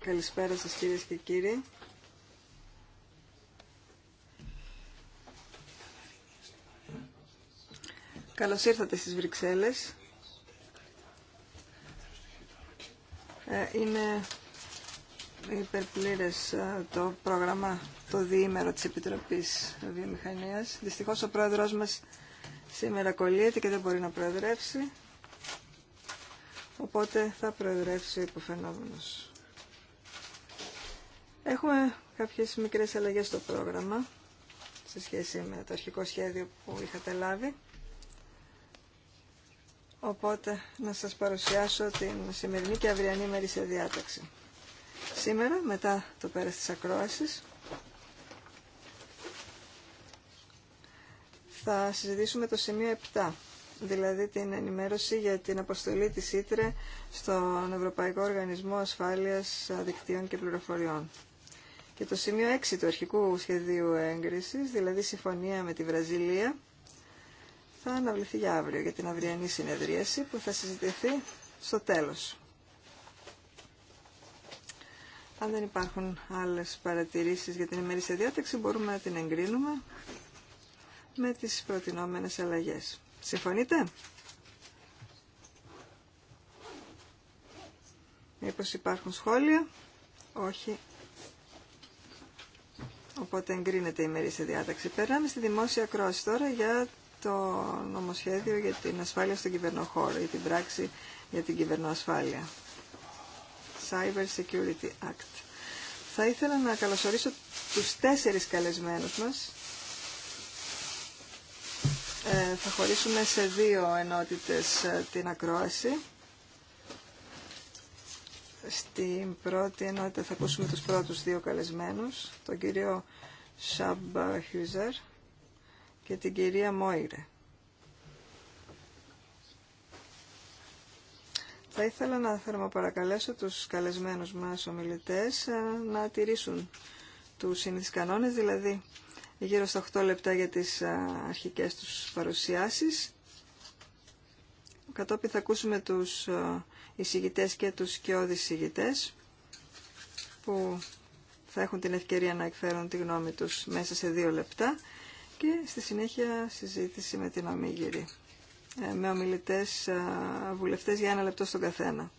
Καλησπέρα σας κυρίες και κύριοι. Καλώς ήρθατε στις Βρυξέλλες. Ε, είναι υπερπλήρες ε, το πρόγραμμα το διήμερο της Επιτροπής Βιομηχανίας. Δυστυχώς ο πρόεδρος μας σήμερα κολλείται και δεν μπορεί να προεδρεύσει οπότε θα προεδρεύσει ο υποφαινόμενος. Έχουμε κάποιες μικρές αλλαγές στο πρόγραμμα σε σχέση με το αρχικό σχέδιο που είχατε λάβει. Οπότε να σας παρουσιάσω την σημερινή και αυριανή μέρη σε διάταξη. Σήμερα, μετά το πέρας της ακρόασης, θα συζητήσουμε το σημείο 7 δηλαδή την ενημέρωση για την αποστολή της ήτρε στον Ευρωπαϊκό Οργανισμό Ασφάλειας Δικτύων και Πληροφοριών. Και το σημείο 6 του αρχικού σχεδίου έγκρισης, δηλαδή συμφωνία με τη Βραζιλία, θα αναβληθεί για αύριο, για την αυριανή συνεδρίαση που θα συζητηθεί στο τέλος. Αν δεν υπάρχουν άλλες παρατηρήσεις για την ημερήσια διάταξη, μπορούμε να την εγκρίνουμε με τις προτινόμενες αλλαγές. Συμφωνείτε? Μήπως υπάρχουν σχόλια? Όχι. Οπότε εγκρίνεται η μερίσια διάταξη. Περνάμε στη δημόσια κρόση τώρα για το νομοσχέδιο για την ασφάλεια στον κυβερνοχώρο, για την πράξη για την κυβερνοασφάλεια. Cyber Security Act. Θα ήθελα να καλωσορίσω τους τέσσερις καλεσμένους μας ε, θα χωρίσουμε σε δύο ενότητες ε, την ακρόαση. Στην πρώτη ενότητα θα ακούσουμε τους πρώτους δύο καλεσμένους, τον κύριο Σάμπα Χιούζερ και την κυρία Μόιρε. Θα ήθελα να παρακαλέσω τους καλεσμένους μας ομιλητές ε, να τηρήσουν τους συνήθεις δηλαδή γύρω στα 8 λεπτά για τις αρχικές τους παρουσιάσεις. Κατόπιν θα ακούσουμε τους εισηγητές και τους σκιώδεις εισηγητές που θα έχουν την ευκαιρία να εκφέρουν τη γνώμη τους μέσα σε δύο λεπτά και στη συνέχεια συζήτηση με την ομίγυρη ε, με ομιλητές βουλευτές για ένα λεπτό στον καθένα.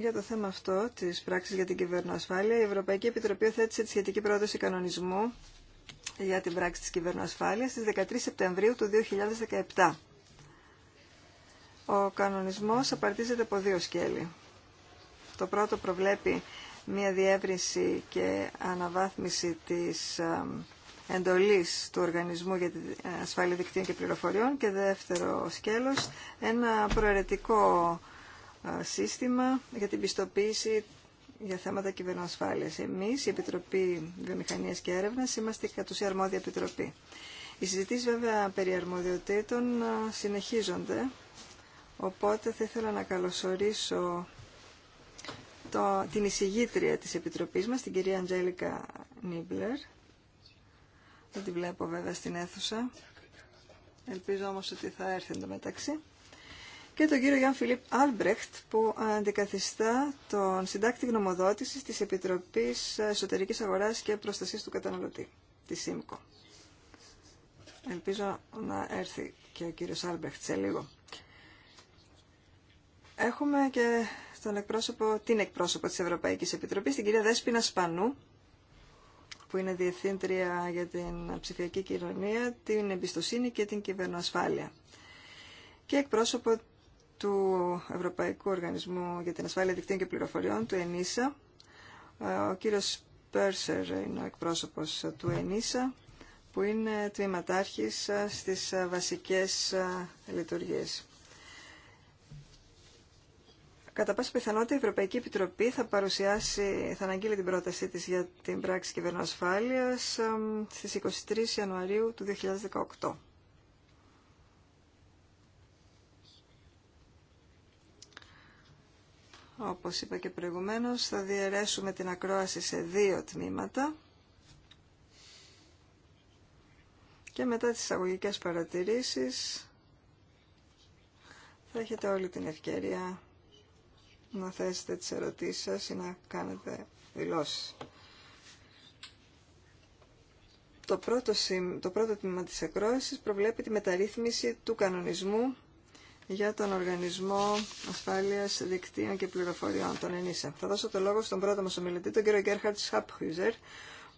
Για το θέμα αυτό τη πράξη για την κυβερνοασφάλεια, η Ευρωπαϊκή Επιτροπή θέτησε τη σχετική πρόταση κανονισμού για την πράξη της κυβερνοασφάλειας στι 13 Σεπτεμβρίου του 2017. Ο κανονισμός απαρτίζεται από δύο σκέλη. Το πρώτο προβλέπει μια διεύρυνση και αναβάθμιση της εντολής του Οργανισμού για την ε, Ασφάλεια Δικτύων και Πληροφοριών και δεύτερο σκέλος, ένα προαιρετικό σύστημα για την πιστοποίηση για θέματα κυβερνοασφάλειας. Εμείς, η Επιτροπή Βιομηχανίας και Έρευνας, είμαστε κατ' ουσία αρμόδια επιτροπή. Οι συζητήσεις βέβαια περί αρμοδιοτήτων συνεχίζονται, οπότε θα ήθελα να καλωσορίσω το, την εισηγήτρια της Επιτροπής μας, την κυρία Αντζέλικα Νίμπλερ. Δεν τη βλέπω βέβαια στην αίθουσα. Ελπίζω όμως ότι θα έρθει εντωμεταξύ και τον κύριο Γιάνν Φιλίπ Άλμπρεχτ που αντικαθιστά τον συντάκτη Γνωμοδότηση της Επιτροπής Εσωτερικής Αγοράς και Προστασίας του Καταναλωτή, τη ΣΥΜΚΟ. Ελπίζω να έρθει και ο κύριος Άλμπρεχτ σε λίγο. Έχουμε και τον εκπρόσωπο, την εκπρόσωπο της Ευρωπαϊκής Επιτροπής, την κυρία Δέσποινα Σπανού, που είναι Διευθύντρια για την Ψηφιακή Κοινωνία, την Εμπιστοσύνη και την Κυβερνοασφάλεια και εκπρόσωπο του Ευρωπαϊκού Οργανισμού για την Ασφάλεια Δικτύων και Πληροφοριών, του ΕΝΙΣΑ. Ε, ο κύριος Πέρσερ είναι ο εκπρόσωπος του ΕΝΙΣΑ, που είναι τμήματάρχης ε, στις ε, βασικές λειτουργίες. Κατά πάση πιθανότητα η Ευρωπαϊκή Επιτροπή θα παρουσιάσει, θα αναγγείλει την πρότασή της για την πράξη κυβερνοασφάλειας στις 23 Ιανουαρίου του 2018. Όπως είπα και προηγουμένως, θα διαιρέσουμε την ακρόαση σε δύο τμήματα και μετά τις εισαγωγικές παρατηρήσεις θα έχετε όλη την ευκαιρία να θέσετε τις ερωτήσεις σας ή να κάνετε δηλώσεις. Το πρώτο, το πρώτο τμήμα της ακρόασης προβλέπει τη μεταρρύθμιση του κανονισμού για τον Οργανισμό ασφάλεια Δικτύων και Πληροφοριών, τον ΕΝΙΣΑ. Θα δώσω το λόγο στον πρώτο μας ομιλητή, τον κύριο Γκέρχαρτ Σάπχουζερ,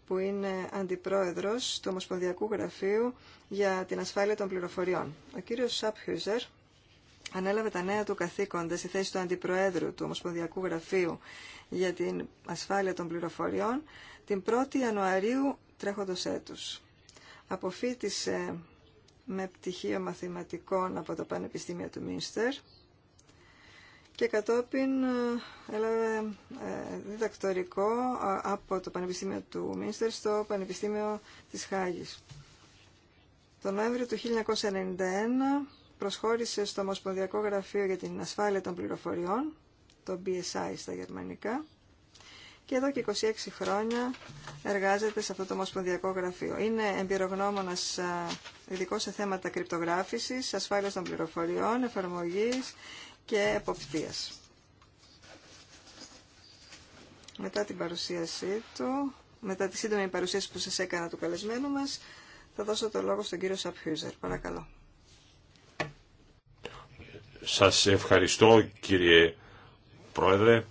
που είναι αντιπρόεδρο του Ομοσπονδιακού Γραφείου για την Ασφάλεια των Πληροφοριών. Ο κύριο Σάπχουζερ ανέλαβε τα νέα του καθήκοντα στη θέση του Αντιπροέδρου του Ομοσπονδιακού Γραφείου για την Ασφάλεια των Πληροφοριών την 1η Ιανουαρίου τρέχοντος έτου. Αποφύτησε με πτυχίο μαθηματικών από το Πανεπιστήμιο του Μίνστερ και κατόπιν ε, έλαβε ε, διδακτορικό από το Πανεπιστήμιο του Μίνστερ στο Πανεπιστήμιο της Χάγης. Το Νοέμβριο του 1991 προσχώρησε στο Ομοσπονδιακό Γραφείο για την Ασφάλεια των Πληροφοριών, το BSI στα γερμανικά, και εδώ και 26 χρόνια εργάζεται σε αυτό το ομοσπονδιακό γραφείο. Είναι εμπειρογνώμονας ειδικό σε θέματα κρυπτογράφησης, ασφάλειας των πληροφοριών, εφαρμογής και εποπτείας. Μετά την παρουσίασή του, μετά τη σύντομη παρουσίαση που σας έκανα του καλεσμένου μας, θα δώσω το λόγο στον κύριο Σαπχιούζερ. Παρακαλώ. Σας ευχαριστώ κύριε Πρόεδρε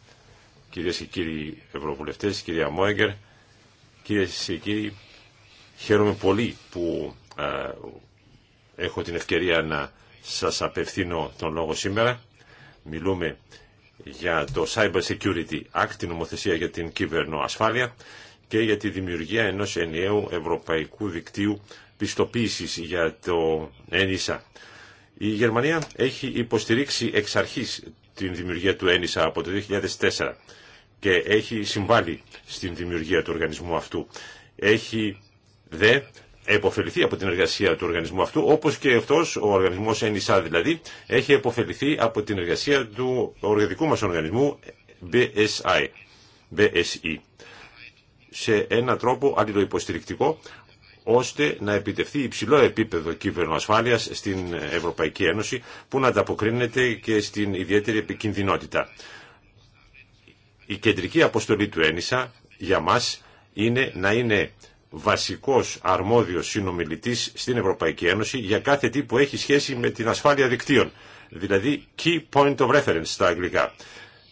κυρίες και κύριοι ευρωβουλευτές, κυρία Μόγκερ, κυρίες και κύριοι, χαίρομαι πολύ που ε, έχω την ευκαιρία να σας απευθύνω τον λόγο σήμερα. Μιλούμε για το Cyber Security Act, την νομοθεσία για την κυβερνοασφάλεια και για τη δημιουργία ενός ενιαίου ευρωπαϊκού δικτύου πιστοποίησης για το ΕΝΙΣΑ. Η Γερμανία έχει υποστηρίξει εξ αρχής την δημιουργία του ΕΝΙΣΑ από το 2004 και έχει συμβάλει στην δημιουργία του οργανισμού αυτού. Έχει δε εποφεληθεί από την εργασία του οργανισμού αυτού, όπως και αυτός ο οργανισμός ΕΝΙΣΑ δηλαδή, έχει εποφεληθεί από την εργασία του οργανικού μας οργανισμού BSI. E, σε ένα τρόπο αλληλοϊποστηρικτικό ώστε να επιτευχθεί υψηλό επίπεδο κύβερνο ασφάλεια στην Ευρωπαϊκή Ένωση που να ανταποκρίνεται και στην ιδιαίτερη επικινδυνότητα. Η κεντρική αποστολή του Ένισα για μας είναι να είναι βασικός αρμόδιος συνομιλητής στην Ευρωπαϊκή Ένωση για κάθε τι που έχει σχέση με την ασφάλεια δικτύων, δηλαδή Key Point of Reference στα αγγλικά.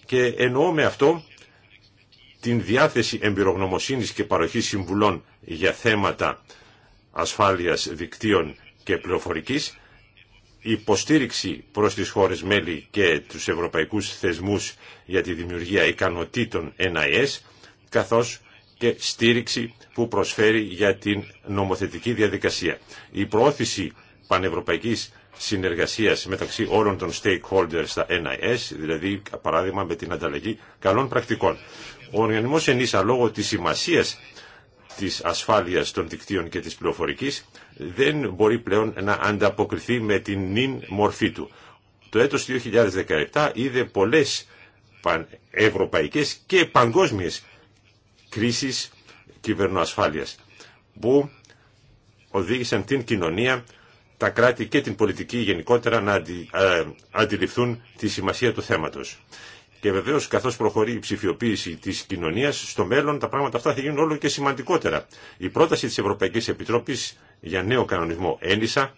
Και εννοώ με αυτό την διάθεση εμπειρογνωμοσύνης και παροχή συμβουλών για θέματα ασφάλειας δικτύων και πληροφορικής υποστήριξη προς τις χώρες μέλη και τους ευρωπαϊκούς θεσμούς για τη δημιουργία ικανοτήτων NIS, καθώς και στήριξη που προσφέρει για την νομοθετική διαδικασία. Η προώθηση πανευρωπαϊκής συνεργασίας μεταξύ όλων των stakeholders στα NIS, δηλαδή παράδειγμα με την ανταλλαγή καλών πρακτικών. Ο οργανισμός ενίσα λόγω της σημασίας της ασφάλειας των δικτύων και της πληροφορικής δεν μπορεί πλέον να ανταποκριθεί με την νυν μορφή του. Το έτος 2017 είδε πολλές ευρωπαϊκές και παγκόσμιες κρίσεις κυβερνοασφάλειας που οδήγησαν την κοινωνία, τα κράτη και την πολιτική γενικότερα να αντι, αντιληφθούν τη σημασία του θέματος. Και βεβαίως καθώς προχωρεί η ψηφιοποίηση της κοινωνίας, στο μέλλον τα πράγματα αυτά θα γίνουν όλο και σημαντικότερα. Η πρόταση της Ευρωπαϊκής Επιτροπής για νέο κανονισμό ένισα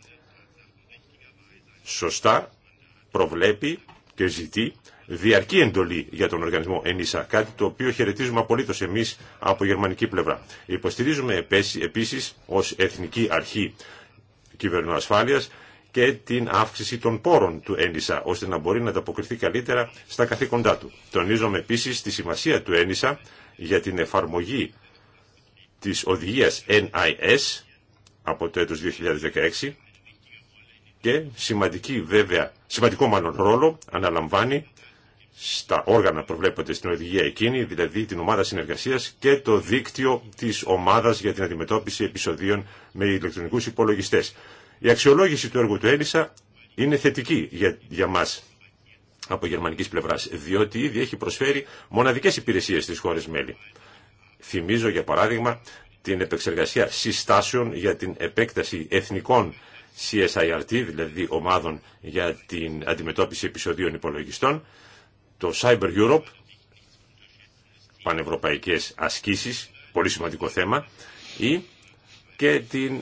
σωστά προβλέπει και ζητεί διαρκή εντολή για τον οργανισμό ΕΝΙΣΑ, κάτι το οποίο χαιρετίζουμε απολύτως εμείς από γερμανική πλευρά. Υποστηρίζουμε επίσης ως Εθνική Αρχή Κυβερνοασφάλειας και την αύξηση των πόρων του ΕΝΙΣΑ, ώστε να μπορεί να ανταποκριθεί καλύτερα στα καθήκοντά του. Τονίζουμε επίσης τη σημασία του ΕΝΙΣΑ για την εφαρμογή της οδηγίας NIS από το έτος 2016 και σημαντική βέβαια, σημαντικό μάλλον ρόλο αναλαμβάνει στα όργανα προβλέπονται στην οδηγία εκείνη, δηλαδή την ομάδα συνεργασίας και το δίκτυο της ομάδας για την αντιμετώπιση επεισοδίων με ηλεκτρονικούς υπολογιστές. Η αξιολόγηση του έργου του Έλισσα είναι θετική για, για μας από γερμανικής πλευράς, διότι ήδη έχει προσφέρει μοναδικές υπηρεσίες στις χώρες μέλη. Θυμίζω για παράδειγμα την επεξεργασία συστάσεων για την επέκταση εθνικών CSIRT, δηλαδή ομάδων για την αντιμετώπιση επεισοδίων υπολογιστών, το Cyber Europe, πανευρωπαϊκές ασκήσεις, πολύ σημαντικό θέμα, ή και την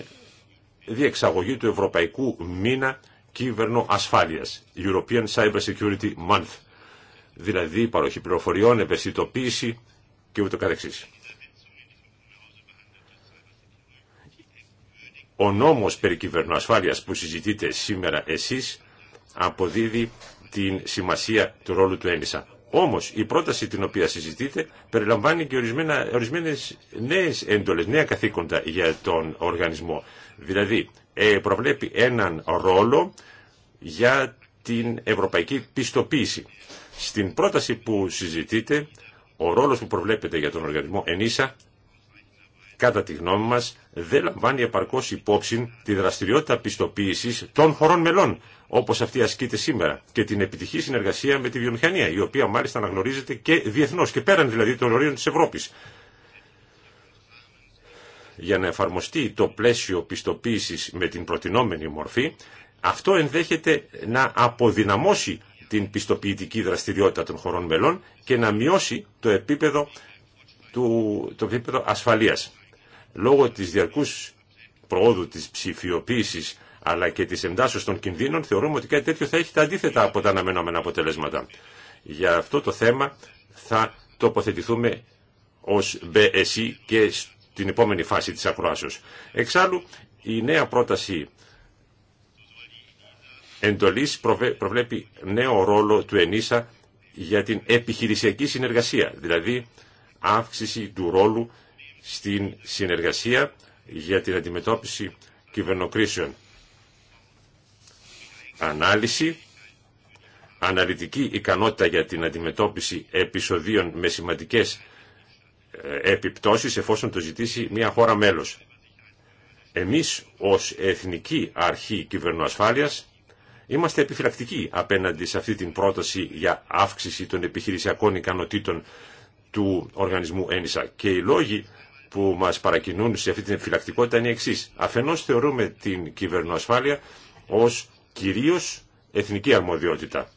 διεξαγωγή του Ευρωπαϊκού Μήνα Κύβερνο Ασφάλειας, European Cyber Security Month, δηλαδή παροχή πληροφοριών, ευαισθητοποίηση και ούτω Ο νόμος περί κυβερνοασφάλειας που συζητείτε σήμερα εσείς αποδίδει την σημασία του ρόλου του ένισα. Όμως η πρόταση την οποία συζητείτε περιλαμβάνει και ορισμένα, ορισμένες νέες έντολες, νέα καθήκοντα για τον οργανισμό. Δηλαδή ε, προβλέπει έναν ρόλο για την ευρωπαϊκή πιστοποίηση. Στην πρόταση που συζητείτε, ο ρόλος που προβλέπεται για τον οργανισμό ΕΝΙΣΑ, κατά τη γνώμη μας, δεν λαμβάνει επαρκώς υπόψη τη δραστηριότητα πιστοποίησης των χωρών μελών, όπως αυτή ασκείται σήμερα, και την επιτυχή συνεργασία με τη βιομηχανία, η οποία μάλιστα αναγνωρίζεται και διεθνώς και πέραν δηλαδή των ορίων της Ευρώπης. Για να εφαρμοστεί το πλαίσιο πιστοποίησης με την προτινόμενη μορφή, αυτό ενδέχεται να αποδυναμώσει την πιστοποιητική δραστηριότητα των χωρών μελών και να μειώσει το επίπεδο, του, το επίπεδο ασφαλείας λόγω της διαρκούς προόδου της ψηφιοποίησης αλλά και της εντάσσεως των κινδύνων θεωρούμε ότι κάτι τέτοιο θα έχει τα αντίθετα από τα αναμενόμενα αποτελέσματα. Για αυτό το θέμα θα τοποθετηθούμε ως BSE και στην επόμενη φάση της ακροάσεως. Εξάλλου η νέα πρόταση εντολής προβλέπει νέο ρόλο του ΕΝΙΣΑ για την επιχειρησιακή συνεργασία, δηλαδή αύξηση του ρόλου στην συνεργασία για την αντιμετώπιση κυβερνοκρίσεων. Ανάλυση, αναλυτική ικανότητα για την αντιμετώπιση επεισοδίων με σημαντικές ε, επιπτώσεις εφόσον το ζητήσει μια χώρα μέλος. Εμείς ως Εθνική Αρχή Κυβερνοασφάλειας είμαστε επιφυλακτικοί απέναντι σε αυτή την πρόταση για αύξηση των επιχειρησιακών ικανοτήτων του οργανισμού ένισα και οι λόγοι που μα παρακινούν σε αυτή την επιφυλακτικότητα είναι η εξή. Αφενό θεωρούμε την κυβερνοασφάλεια ω κυρίω εθνική αρμοδιότητα.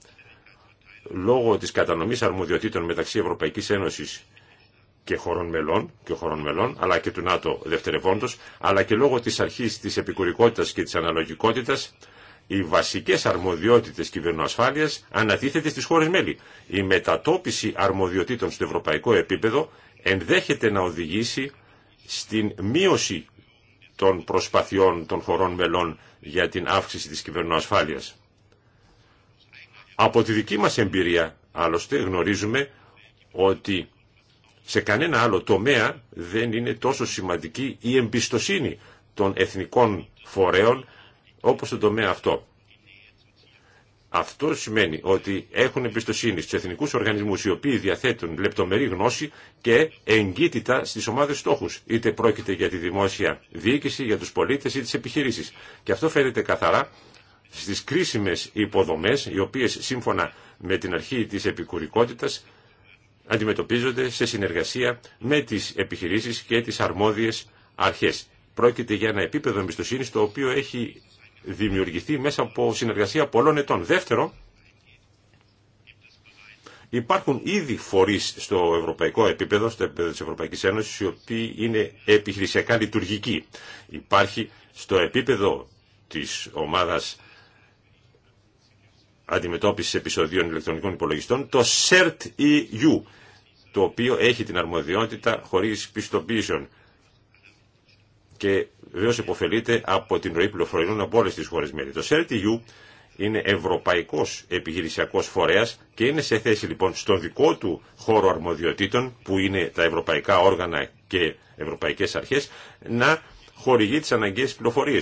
Λόγω τη κατανομής αρμοδιοτήτων μεταξύ Ευρωπαϊκή Ένωση και χωρών μελών, και χωρών μελών αλλά και του ΝΑΤΟ δευτερευόντω, αλλά και λόγω τη αρχή τη επικουρικότητα και τη αναλογικότητα, οι βασικέ αρμοδιότητε κυβερνοασφάλειας ανατίθεται στι χώρε μέλη. Η μετατόπιση αρμοδιοτήτων στο ευρωπαϊκό επίπεδο ενδέχεται να οδηγήσει στην μείωση των προσπαθειών των χωρών μελών για την αύξηση της κυβερνοασφάλειας. Από τη δική μας εμπειρία, άλλωστε, γνωρίζουμε ότι σε κανένα άλλο τομέα δεν είναι τόσο σημαντική η εμπιστοσύνη των εθνικών φορέων όπως στον τομέα αυτό. Αυτό σημαίνει ότι έχουν εμπιστοσύνη στους εθνικούς οργανισμούς οι οποίοι διαθέτουν λεπτομερή γνώση και εγκύτητα στις ομάδες στόχους, είτε πρόκειται για τη δημόσια διοίκηση, για τους πολίτες ή τις επιχειρήσεις. Και αυτό φαίνεται καθαρά στις κρίσιμες υποδομές, οι οποίες σύμφωνα με την αρχή της επικουρικότητας αντιμετωπίζονται σε συνεργασία με τις επιχειρήσεις και τις αρμόδιες αρχές. Πρόκειται για ένα επίπεδο εμπιστοσύνη το οποίο έχει δημιουργηθεί μέσα από συνεργασία πολλών ετών. Δεύτερο, υπάρχουν ήδη φορείς στο ευρωπαϊκό επίπεδο, στο επίπεδο της Ευρωπαϊκής Ένωσης, οι οποίοι είναι επιχειρησιακά λειτουργικοί. Υπάρχει στο επίπεδο της ομάδας αντιμετώπισης επεισοδίων ηλεκτρονικών υπολογιστών, το CERT-EU, το οποίο έχει την αρμοδιότητα χωρίς πιστοποίησεων και βεβαίω υποφελείται από την ροή πληροφοριών από όλε τι χώρε μέλη. Το CRTU είναι ευρωπαϊκό επιχειρησιακό φορέα και είναι σε θέση λοιπόν στον δικό του χώρο αρμοδιοτήτων, που είναι τα ευρωπαϊκά όργανα και ευρωπαϊκέ αρχέ, να χορηγεί τι αναγκαίε πληροφορίε.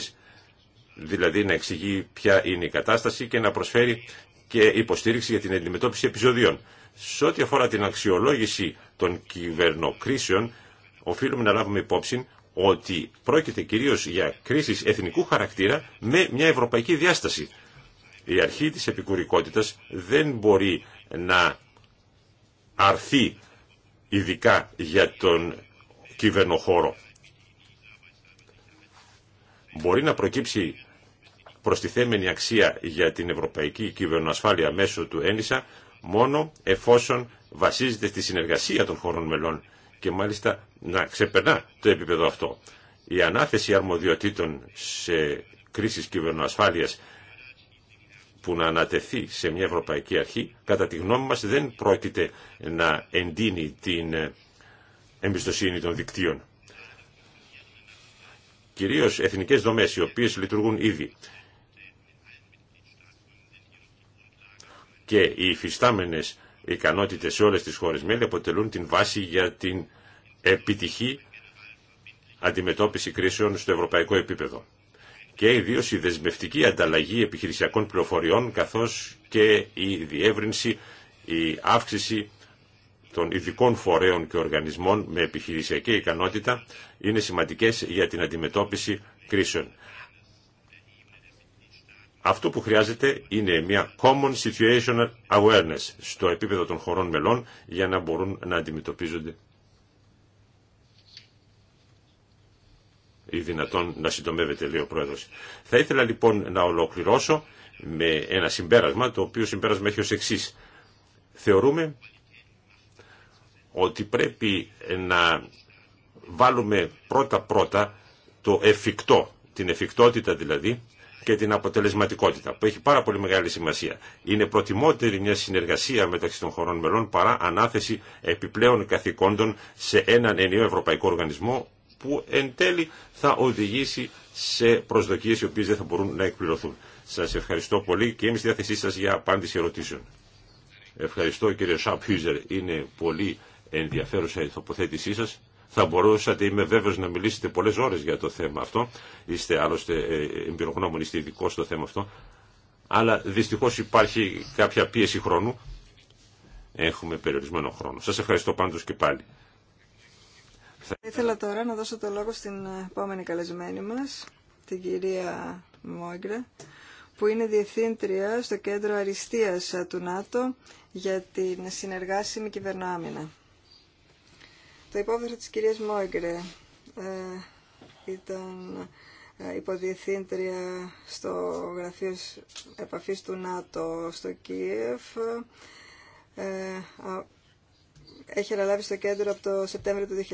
Δηλαδή να εξηγεί ποια είναι η κατάσταση και να προσφέρει και υποστήριξη για την αντιμετώπιση επεισοδιών. Σε ό,τι αφορά την αξιολόγηση των κυβερνοκρίσεων, οφείλουμε να λάβουμε υπόψη ότι πρόκειται κυρίως για κρίσεις εθνικού χαρακτήρα με μια ευρωπαϊκή διάσταση. Η αρχή της επικουρικότητας δεν μπορεί να αρθεί ειδικά για τον κυβερνοχώρο. Μπορεί να προκύψει προστιθέμενη αξία για την ευρωπαϊκή κυβερνοασφάλεια μέσω του ένισα μόνο εφόσον βασίζεται στη συνεργασία των χωρών μελών και μάλιστα να ξεπερνά το επίπεδο αυτό. Η ανάθεση αρμοδιοτήτων σε κρίσεις κυβερνοασφάλειας που να ανατεθεί σε μια ευρωπαϊκή αρχή, κατά τη γνώμη μας δεν πρόκειται να εντείνει την εμπιστοσύνη των δικτύων. Κυρίως εθνικές δομές, οι οποίες λειτουργούν ήδη και οι υφιστάμενες ικανότητες σε όλες τις χώρες μέλη αποτελούν την βάση για την επιτυχή αντιμετώπιση κρίσεων στο ευρωπαϊκό επίπεδο. Και ιδίω η δεσμευτική ανταλλαγή επιχειρησιακών πληροφοριών καθώς και η διεύρυνση, η αύξηση των ειδικών φορέων και οργανισμών με επιχειρησιακή ικανότητα είναι σημαντικές για την αντιμετώπιση κρίσεων. Αυτό που χρειάζεται είναι μια common situational awareness στο επίπεδο των χωρών μελών για να μπορούν να αντιμετωπίζονται ή δυνατόν να συντομεύεται, λέει ο Πρόεδρος. Θα ήθελα λοιπόν να ολοκληρώσω με ένα συμπέρασμα, το οποίο συμπέρασμα έχει ως εξής. Θεωρούμε ότι πρέπει να βάλουμε πρώτα-πρώτα το εφικτό, την εφικτότητα δηλαδή, και την αποτελεσματικότητα, που έχει πάρα πολύ μεγάλη σημασία. Είναι προτιμότερη μια συνεργασία μεταξύ των χωρών μελών παρά ανάθεση επιπλέον καθηκόντων σε έναν ενιαίο ευρωπαϊκό οργανισμό που εν τέλει θα οδηγήσει σε προσδοκίες οι οποίες δεν θα μπορούν να εκπληρωθούν. Σας ευχαριστώ πολύ και είμαι στη διάθεσή σα για απάντηση ερωτήσεων. Ευχαριστώ κύριε Σαπ Είναι πολύ ενδιαφέρουσα η τοποθέτησή σας. Θα μπορούσατε, είμαι βέβαιος, να μιλήσετε πολλές ώρες για το θέμα αυτό. Είστε άλλωστε ε, ε, εμπειρογνώμων, είστε ειδικό στο θέμα αυτό. Αλλά δυστυχώς υπάρχει κάποια πίεση χρόνου. Έχουμε περιορισμένο χρόνο. Σας ευχαριστώ πάντως και πάλι. Θα ήθελα τώρα να δώσω το λόγο στην επόμενη καλεσμένη μας, την κυρία Μόγκρα, που είναι διευθύντρια στο κέντρο αριστείας του ΝΑΤΟ για την συνεργάσιμη κυβερνοάμυνα. Το υπόβαθρο της κυρίας Μόγκρε ε, ήταν ε, υποδιευθύντρια στο γραφείο επαφής του ΝΑΤΟ στο ΚΙΕΦ. Ε, έχει αναλάβει στο κέντρο από το Σεπτέμβριο του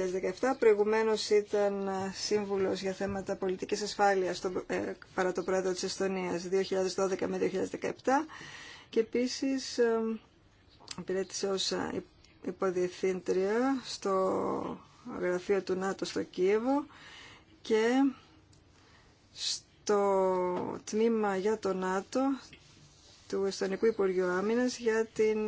2017. Προηγουμένως ήταν ε, σύμβουλος για θέματα πολιτικής ασφάλειας στο, ε, παρά το πρόεδρο της Εστονίας 2012 με 2017 και επίσης ε, υπηρέτησε ως ε, υποδιευθύντρια στο γραφείο του ΝΑΤΟ στο Κίεβο και στο τμήμα για το ΝΑΤΟ του Εστονικού Υπουργείου Άμυνας για την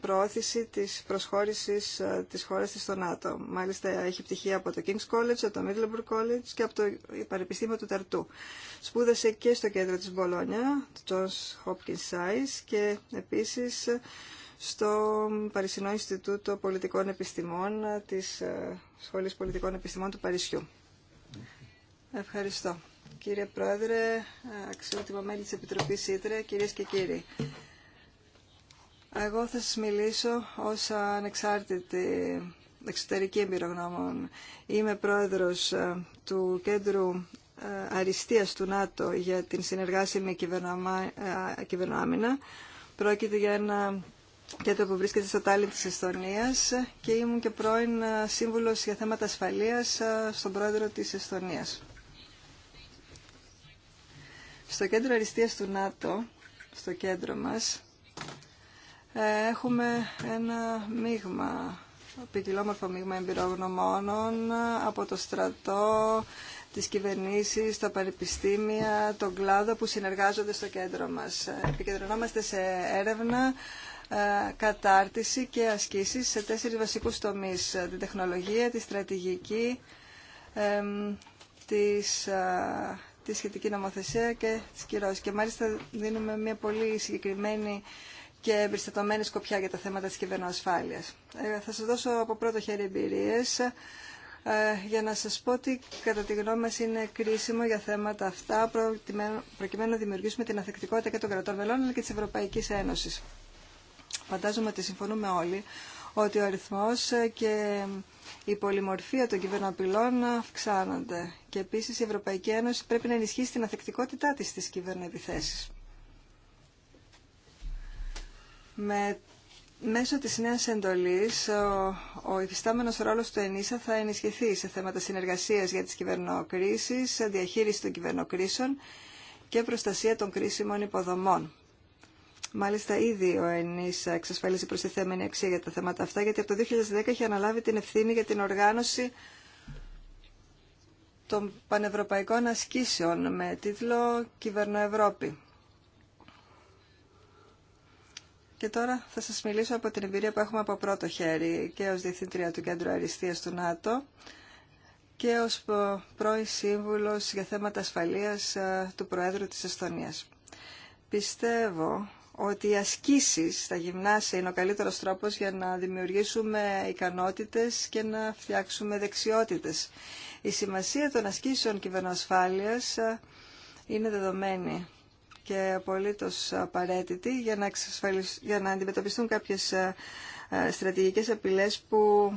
προώθηση της προσχώρησης της χώρας της στο ΝΑΤΟ. Μάλιστα έχει πτυχία από το King's College, από το Middleburg College και από το Πανεπιστήμιο του Ταρτού. Σπούδασε και στο κέντρο της Μπολόνια, του Johns Hopkins Science και επίσης στο Παρισινό Ινστιτούτο Πολιτικών Επιστημών της ε, Σχολής Πολιτικών Επιστημών του Παρισιού. Ευχαριστώ. Κύριε Πρόεδρε, αξιότιμα μέλη της Επιτροπής Ήτρε, κυρίες και κύριοι. Εγώ θα σας μιλήσω ως ανεξάρτητη εξωτερική εμπειρογνώμων. Είμαι πρόεδρος ε, του Κέντρου ε, Αριστείας του ΝΑΤΟ για την συνεργάσιμη με κυβερνοάμυνα. Πρόκειται για ένα και το που βρίσκεται στο Τάλιν της Εστονίας και ήμουν και πρώην ε, σύμβουλος για θέματα ασφαλείας ε, στον πρόεδρο της Εστονίας. Στο κέντρο αριστείας του ΝΑΤΟ, στο κέντρο μας, ε, έχουμε ένα μείγμα, ποικιλόμορφο μείγμα εμπειρογνωμόνων από το στρατό, τις κυβερνήσεις, τα πανεπιστήμια, τον κλάδο που συνεργάζονται στο κέντρο μας. Επικεντρωνόμαστε σε έρευνα, ε, κατάρτιση και ασκήσεις σε τέσσερις βασικούς τομείς. Ε, την τεχνολογία, τη στρατηγική, ε, τη σχετική νομοθεσία και τις κυρώσεις. Και μάλιστα δίνουμε μια πολύ συγκεκριμένη και εμπεριστατωμένη σκοπιά για τα θέματα της κυβερνοασφάλειας. θα σας δώσω από πρώτο χέρι εμπειρίες για να σας πω ότι κατά τη γνώμη μας είναι κρίσιμο για θέματα αυτά προκειμένου να δημιουργήσουμε την αθεκτικότητα και των κρατών μελών αλλά και της Ευρωπαϊκής Ένωσης φαντάζομαι ότι συμφωνούμε όλοι, ότι ο αριθμός και η πολυμορφία των κυβερνοαπειλών αυξάνονται. Και επίσης η Ευρωπαϊκή Ένωση πρέπει να ενισχύσει την αθεκτικότητά της στις κυβερνοεπιθέσεις. Με Μέσω της νέας εντολής, ο, ο υφιστάμενος ρόλος του ΕΝΙΣΑ θα ενισχυθεί σε θέματα συνεργασίας για τις κυβερνοκρίσεις, διαχείριση των κυβερνοκρίσεων και προστασία των κρίσιμων υποδομών. Μάλιστα ήδη ο ΕΝΗΣΑ εξασφάλισε προστιθέμενη αξία για τα θέματα αυτά, γιατί από το 2010 έχει αναλάβει την ευθύνη για την οργάνωση των πανευρωπαϊκών ασκήσεων με τίτλο «Κυβερνοευρώπη». Και τώρα θα σας μιλήσω από την εμπειρία που έχουμε από πρώτο χέρι και ως Διευθύντρια του Κέντρου Αριστείας του ΝΑΤΟ και ως πρώην σύμβουλος για θέματα ασφαλείας ε, του Προέδρου της Εστονίας. Πιστεύω ότι οι ασκήσεις στα γυμνάσια είναι ο καλύτερος τρόπος για να δημιουργήσουμε ικανότητες και να φτιάξουμε δεξιότητες. Η σημασία των ασκήσεων κυβερνοασφάλειας ε, είναι δεδομένη και απολύτως απαραίτητη για να, για να αντιμετωπιστούν κάποιες ε, ε, στρατηγικές απειλές που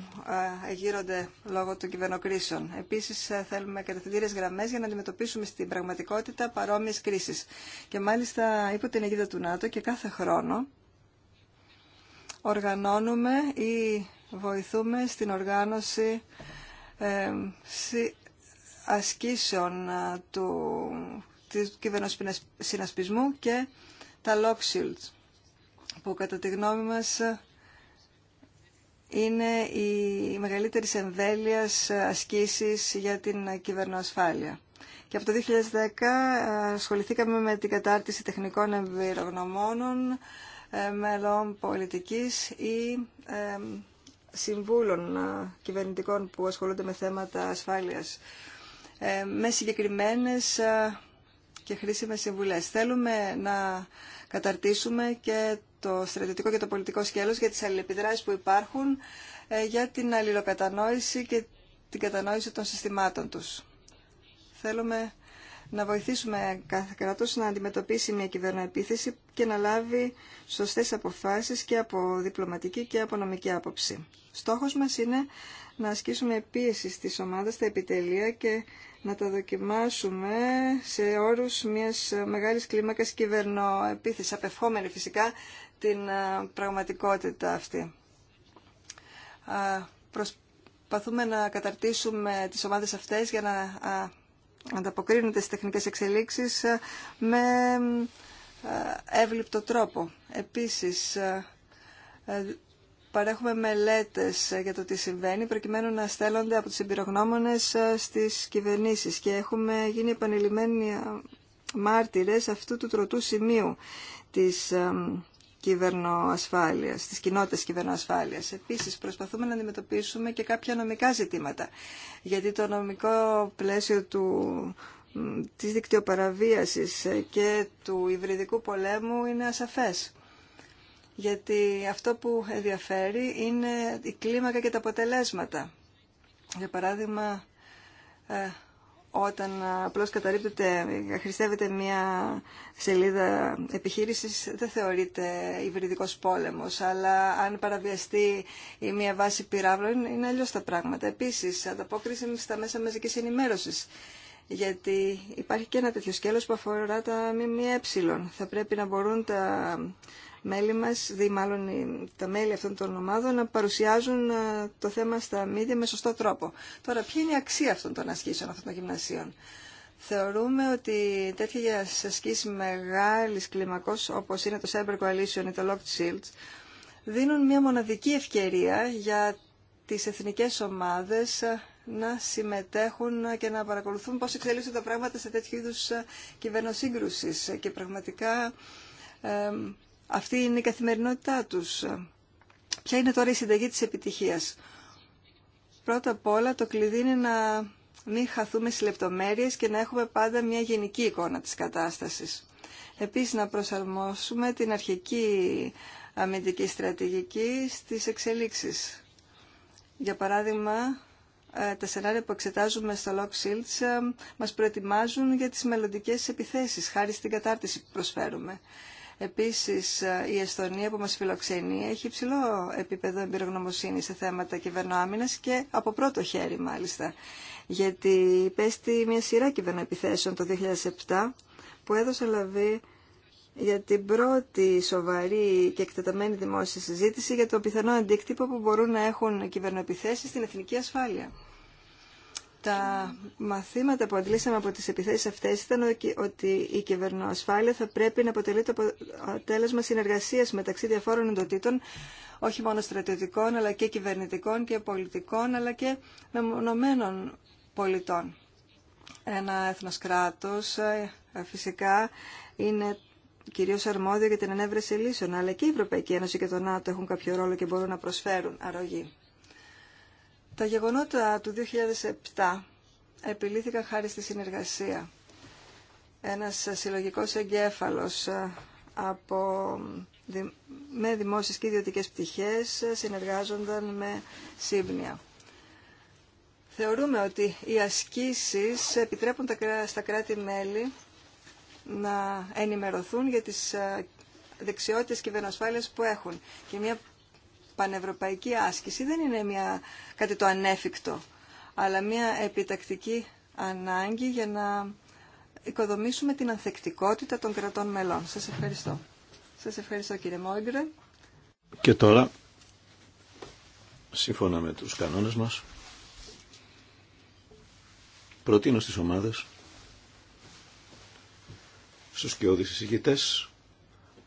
ε, γύρονται λόγω των κυβερνοκρίσεων. Επίσης ε, θέλουμε κατευθυντήρες γραμμές για να αντιμετωπίσουμε στην πραγματικότητα παρόμοιες κρίσεις. Και μάλιστα υπό την αιγίδα του ΝΑΤΟ και κάθε χρόνο οργανώνουμε ή βοηθούμε στην οργάνωση ασκήσεων του, του κυβερνοσυνασπισμού και τα Lock που κατά τη γνώμη μας είναι οι μεγαλύτερη εμβέλειας ασκήσεις για την κυβερνοασφάλεια. Και από το 2010 ε, ασχοληθήκαμε με την κατάρτιση τεχνικών εμπειρογνωμόνων, ε, μελών πολιτικής ή ε, συμβούλων κυβερνητικών που ασχολούνται με θέματα ασφάλειας, με συγκεκριμένες και χρήσιμες συμβουλές. Θέλουμε να καταρτήσουμε και το στρατιωτικό και το πολιτικό σκέλος, για τις αλληλεπιδράσεις που υπάρχουν, ε, για την αλληλοκατανόηση και την κατανόηση των συστημάτων τους. Θέλουμε να βοηθήσουμε κάθε κράτος να αντιμετωπίσει μια κυβερνοεπίθεση και να λάβει σωστές αποφάσεις και από διπλωματική και από νομική άποψη. Στόχος μας είναι να ασκήσουμε πίεση στις ομάδες στα επιτελεία και να τα δοκιμάσουμε σε όρους μιας μεγάλης κλίμακας κυβερνοεπίθεσης, απευχόμενη φυσικά την ε, πραγματικότητα αυτή. Προσπαθούμε να καταρτήσουμε τις ομάδες αυτές για να ανταποκρίνονται στις τεχνικές εξελίξεις ε, με ε, εύληπτο τρόπο. Επίσης, παρέχουμε μελέτες για το τι συμβαίνει προκειμένου να στέλνονται από τους εμπειρογνώμονες στις κυβερνήσεις και έχουμε γίνει επανειλημμένοι μάρτυρες αυτού του τροτού σημείου της κυβερνοασφάλειας, της κοινότητας κυβερνοασφάλειας. Επίσης, προσπαθούμε να αντιμετωπίσουμε και κάποια νομικά ζητήματα, γιατί το νομικό πλαίσιο του, της δικτυοπαραβίασης και του υβριδικού πολέμου είναι ασαφές. Γιατί αυτό που ενδιαφέρει είναι η κλίμακα και τα αποτελέσματα. Για παράδειγμα, ε, όταν απλώς ε, καταρρύπτεται, ε, χρηστεύεται μια σελίδα επιχείρησης, δεν θεωρείται υβριδικός πόλεμος, αλλά αν παραβιαστεί η μια βάση πυράβλων είναι αλλιώς τα πράγματα. Επίσης, ανταπόκριση στα μέσα μαζικής ενημέρωσης, γιατί υπάρχει και ένα τέτοιο σκέλος που αφορά τα ΜΜΕ. Θα πρέπει να μπορούν τα μέλη μας, δηλαδή μάλλον τα μέλη αυτών των ομάδων, να παρουσιάζουν ε, το θέμα στα μίδια με σωστό τρόπο. Τώρα, ποια είναι η αξία αυτών των ασκήσεων, αυτών των γυμνασίων. Θεωρούμε ότι τέτοια ασκήσει μεγάλη κλιμακό, όπω είναι το Cyber Coalition ή το Locked Shields, δίνουν μια μοναδική ευκαιρία για τις εθνικές ομάδες ε, να συμμετέχουν και να παρακολουθούν πώς εξελίσσονται τα πράγματα σε τέτοιου είδους ε, κυβερνοσύγκρουσης. Και πραγματικά αυτή είναι η καθημερινότητά τους. Ποια είναι τώρα η συνταγή της επιτυχίας. Πρώτα απ' όλα το κλειδί είναι να μην χαθούμε στις λεπτομέρειες και να έχουμε πάντα μια γενική εικόνα της κατάστασης. Επίσης να προσαρμόσουμε την αρχική αμυντική στρατηγική στις εξελίξεις. Για παράδειγμα, ε, τα σενάρια που εξετάζουμε στο Lock Shields ε, μας προετοιμάζουν για τις μελλοντικές επιθέσεις, χάρη στην κατάρτιση που προσφέρουμε. Επίσης, η Εστονία που μας φιλοξενεί έχει υψηλό επίπεδο εμπειρογνωμοσύνη σε θέματα κυβερνοάμυνας και από πρώτο χέρι μάλιστα. Γιατί υπέστη μια σειρά κυβερνοεπιθέσεων το 2007 που έδωσε λαβή για την πρώτη σοβαρή και εκτεταμένη δημόσια συζήτηση για το πιθανό αντίκτυπο που μπορούν να έχουν κυβερνοεπιθέσεις στην εθνική ασφάλεια τα μαθήματα που αντλήσαμε από τις επιθέσεις αυτές ήταν ότι η κυβερνοασφάλεια θα πρέπει να αποτελεί το αποτέλεσμα συνεργασίας μεταξύ διαφόρων εντοτήτων, όχι μόνο στρατιωτικών, αλλά και κυβερνητικών και πολιτικών, αλλά και μεμονωμένων πολιτών. Ένα έθνος κράτος ε, φυσικά είναι κυρίως αρμόδιο για την ανέβρεση λύσεων, αλλά και η Ευρωπαϊκή Ένωση και το ΝΑΤΟ έχουν κάποιο ρόλο και μπορούν να προσφέρουν αρρωγή. Τα γεγονότα του 2007 επιλήθηκαν χάρη στη συνεργασία. Ένας συλλογικός εγκέφαλος ε, από, με δημόσιες και ιδιωτικές πτυχές ε, συνεργάζονταν με σύμπνια. Θεωρούμε ότι οι ασκήσεις επιτρέπουν στα κράτη-μέλη να ενημερωθούν για τις ε, δεξιότητες κυβερνοασφάλειας που έχουν. Και μια πανευρωπαϊκή άσκηση δεν είναι μια, κάτι το ανέφικτο, αλλά μια επιτακτική ανάγκη για να οικοδομήσουμε την ανθεκτικότητα των κρατών μελών. Σας ευχαριστώ. Σας ευχαριστώ κύριε Μόγκρε. Και τώρα, σύμφωνα με τους κανόνες μας, προτείνω στις ομάδες, στους κοιόδης εισηγητές,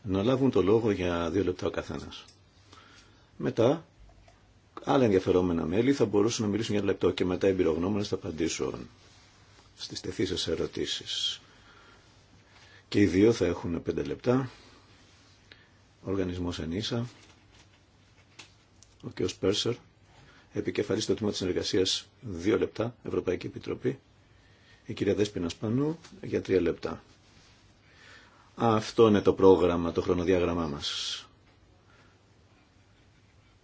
να λάβουν το λόγο για δύο λεπτά ο καθένας. Μετά, άλλα ενδιαφερόμενα μέλη θα μπορούσαν να μιλήσουν για ένα λεπτό και μετά οι θα απαντήσουν στις σα ερωτήσει. Και οι δύο θα έχουν πέντε λεπτά. Οργανισμός ΕΝΗΣΑ, ο κ. Πέρσερ, επικεφαλής στο τμήμα της συνεργασία. δύο λεπτά, Ευρωπαϊκή Επιτροπή, η κυρία Δέσπινα Σπανού για τρία λεπτά. Αυτό είναι το πρόγραμμα, το χρονοδιάγραμμά μας.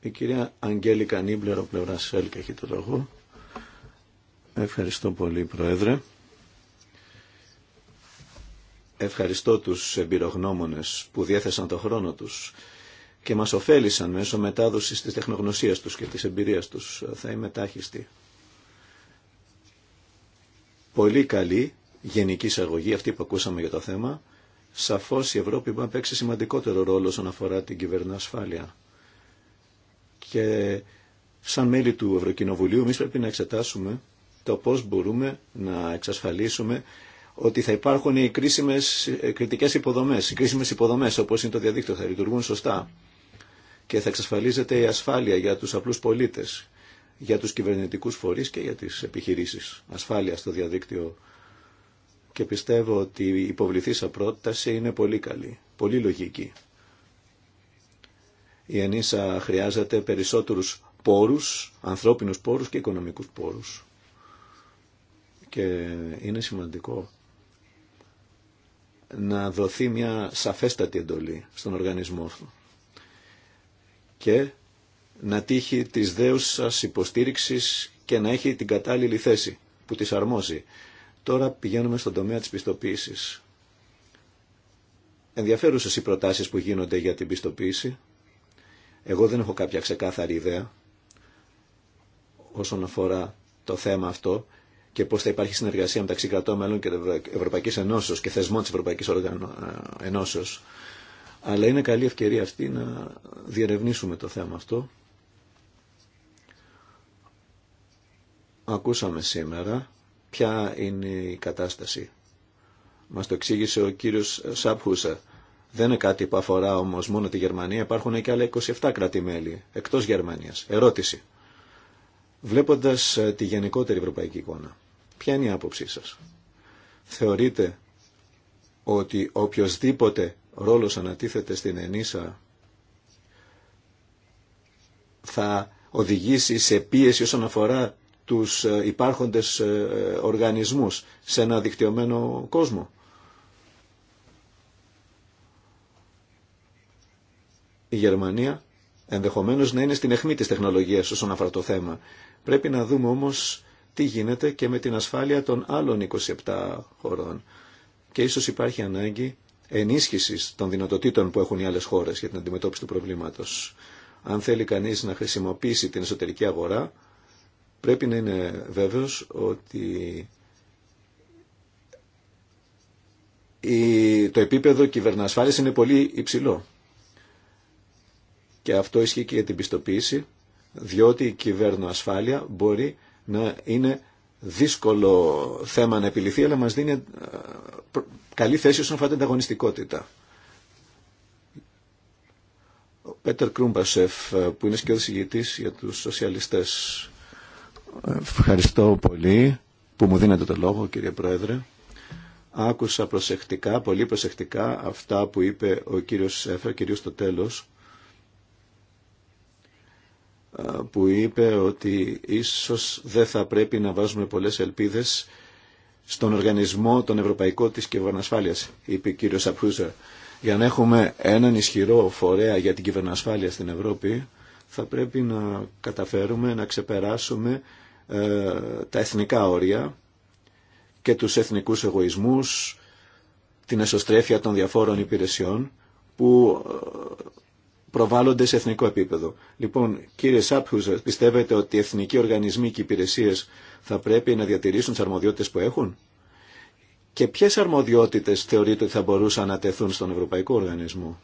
Η κυρία Αγγέλικα Νίμπλερ, ο πλευρά ΣΕΛΚ, έχει το λόγο. Ευχαριστώ πολύ, Πρόεδρε. Ευχαριστώ τους εμπειρογνώμονες που διέθεσαν το χρόνο τους και μας ωφέλησαν μέσω μετάδοσης της τεχνογνωσίας τους και της εμπειρίας τους. Θα είμαι τάχιστη. Πολύ καλή γενική εισαγωγή αυτή που ακούσαμε για το θέμα. Σαφώς η Ευρώπη μπορεί να παίξει σημαντικότερο ρόλο όσον αφορά την κυβερνά ασφάλεια. Και σαν μέλη του Ευρωκοινοβουλίου εμεί πρέπει να εξετάσουμε το πώς μπορούμε να εξασφαλίσουμε ότι θα υπάρχουν οι κρίσιμες ε, κριτικές υποδομές, οι κρίσιμες υποδομές όπως είναι το διαδίκτυο, θα λειτουργούν σωστά και θα εξασφαλίζεται η ασφάλεια για τους απλούς πολίτες, για τους κυβερνητικούς φορείς και για τις επιχειρήσεις. Ασφάλεια στο διαδίκτυο και πιστεύω ότι η υποβληθήσα πρόταση είναι πολύ καλή, πολύ λογική. Η ΕΝΗΣΑ χρειάζεται περισσότερους πόρους, ανθρώπινους πόρους και οικονομικούς πόρους. Και είναι σημαντικό να δοθεί μια σαφέστατη εντολή στον οργανισμό αυτό και να τύχει της δέουσας υποστήριξης και να έχει την κατάλληλη θέση που της αρμόζει. Τώρα πηγαίνουμε στον τομέα της πιστοποίησης. Ενδιαφέρουσες οι προτάσεις που γίνονται για την πιστοποίηση εγώ δεν έχω κάποια ξεκάθαρη ιδέα όσον αφορά το θέμα αυτό και πώς θα υπάρχει συνεργασία μεταξύ κρατών μέλων και Ευρωπαϊκής Ενώσεως και θεσμών της Ευρωπαϊκής Ενώσεως. Αλλά είναι καλή ευκαιρία αυτή να διερευνήσουμε το θέμα αυτό. Ακούσαμε σήμερα ποια είναι η κατάσταση. Μας το εξήγησε ο κύριος Σάπχουσα δεν είναι κάτι που αφορά όμω μόνο τη Γερμανία, υπάρχουν και άλλα 27 κράτη-μέλη εκτό Γερμανία. Ερώτηση. Βλέποντα ε, τη γενικότερη ευρωπαϊκή εικόνα, ποια είναι η άποψή σα. Θεωρείτε ότι οποιοδήποτε ρόλος ανατίθεται στην ενίσα θα οδηγήσει σε πίεση όσον αφορά τους ε, υπάρχοντες ε, οργανισμούς σε ένα δικτυωμένο κόσμο. Η Γερμανία ενδεχομένως να είναι στην αιχμή της τεχνολογίας όσον αφορά το θέμα. Πρέπει να δούμε όμως τι γίνεται και με την ασφάλεια των άλλων 27 χωρών. Και ίσως υπάρχει ανάγκη ενίσχυσης των δυνατοτήτων που έχουν οι άλλες χώρες για την αντιμετώπιση του προβλήματος. Αν θέλει κανείς να χρησιμοποιήσει την εσωτερική αγορά, πρέπει να είναι βέβαιος ότι το επίπεδο κυβερνασφάλειας είναι πολύ υψηλό. Και αυτό ισχύει και για την πιστοποίηση, διότι η κυβέρνοασφάλεια μπορεί να είναι δύσκολο θέμα να επιληθεί, αλλά μας δίνει ε, καλή θέση όσον αφορά την ανταγωνιστικότητα. Ο Πέτερ Κρούμπασεφ, ε, που είναι σχεδόν συγγητής για τους σοσιαλιστές. Ε, ευχαριστώ πολύ που μου δίνετε το λόγο, κύριε Πρόεδρε. Άκουσα προσεκτικά, πολύ προσεκτικά, αυτά που είπε ο κύριος Σέφερ, κυρίως στο τέλος, που είπε ότι ίσως δεν θα πρέπει να βάζουμε πολλές ελπίδες στον οργανισμό τον ευρωπαϊκό της Κυβερνασφάλειας, είπε ο κύριος Απρούζερ. Για να έχουμε έναν ισχυρό φορέα για την κυβερνασφάλεια στην Ευρώπη, θα πρέπει να καταφέρουμε να ξεπεράσουμε ε, τα εθνικά όρια και τους εθνικούς εγωισμούς, την εσωστρέφεια των διαφόρων υπηρεσιών, που ε, προβάλλονται σε εθνικό επίπεδο. Λοιπόν, κύριε Σάπχουζα, πιστεύετε ότι οι εθνικοί οργανισμοί και υπηρεσίε θα πρέπει να διατηρήσουν τι αρμοδιότητε που έχουν. Και ποιε αρμοδιότητε θεωρείτε ότι θα μπορούσαν να τεθούν στον Ευρωπαϊκό Οργανισμό.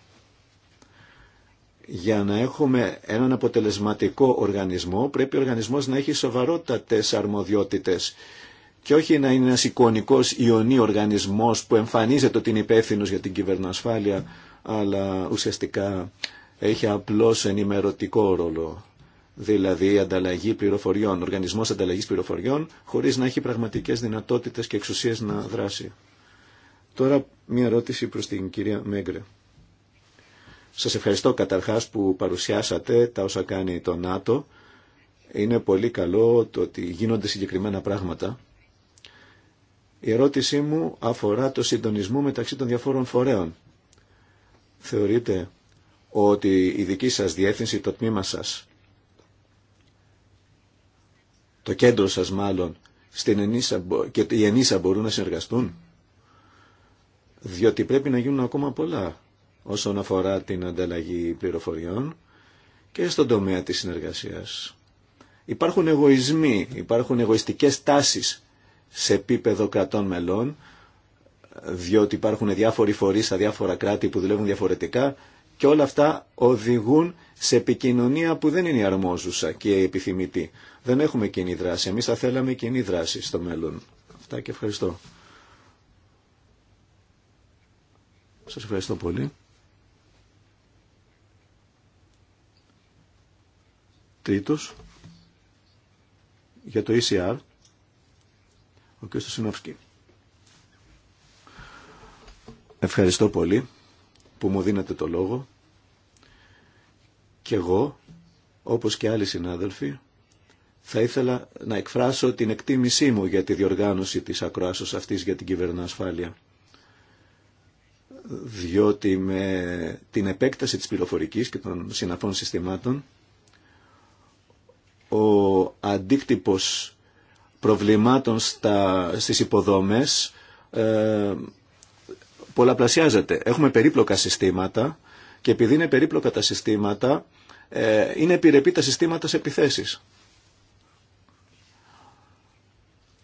Για να έχουμε έναν αποτελεσματικό οργανισμό, πρέπει ο οργανισμό να έχει σοβαρότατε αρμοδιότητε. Και όχι να είναι ένα εικονικό ιονή οργανισμό που εμφανίζεται ότι είναι υπεύθυνο για την κυβερνοασφάλεια, αλλά ουσιαστικά έχει απλώς ενημερωτικό ρόλο. Δηλαδή ανταλλαγή πληροφοριών, οργανισμός ανταλλαγής πληροφοριών, χωρίς να έχει πραγματικές δυνατότητες και εξουσίες να δράσει. Τώρα μια ερώτηση προς την κυρία Μέγκρε. Σας ευχαριστώ καταρχάς που παρουσιάσατε τα όσα κάνει το ΝΑΤΟ. Είναι πολύ καλό το ότι γίνονται συγκεκριμένα πράγματα. Η ερώτησή μου αφορά το συντονισμό μεταξύ των διαφόρων φορέων. Θεωρείτε ότι η δική σας διεύθυνση, το τμήμα σας, το κέντρο σας μάλλον, στην Ενίσα, και η Ενίσα μπορούν να συνεργαστούν. Διότι πρέπει να γίνουν ακόμα πολλά όσον αφορά την ανταλλαγή πληροφοριών και στον τομέα της συνεργασίας. Υπάρχουν εγωισμοί, υπάρχουν εγωιστικές τάσεις σε επίπεδο κρατών μελών, διότι υπάρχουν διάφοροι φορείς στα διάφορα κράτη που δουλεύουν διαφορετικά και όλα αυτά οδηγούν σε επικοινωνία που δεν είναι η αρμόζουσα και η επιθυμητή. Δεν έχουμε κοινή δράση. Εμείς θα θέλαμε κοινή δράση στο μέλλον. Αυτά και ευχαριστώ. Σας ευχαριστώ πολύ. Τρίτος, για το ECR, ο κ. Σινόφσκι. Ευχαριστώ πολύ που μου δίνετε το λόγο. Και εγώ, όπως και άλλοι συνάδελφοι, θα ήθελα να εκφράσω την εκτίμησή μου για τη διοργάνωση της ακροάσεως αυτής για την ασφάλεια. Διότι με την επέκταση της πληροφορικής και των συναφών συστημάτων, ο αντίκτυπος προβλημάτων στα, στις υποδόμες ε, πολλαπλασιάζεται. Έχουμε περίπλοκα συστήματα και επειδή είναι περίπλοκα τα συστήματα, ε, είναι επιρρεπή τα συστήματα σε επιθέσεις.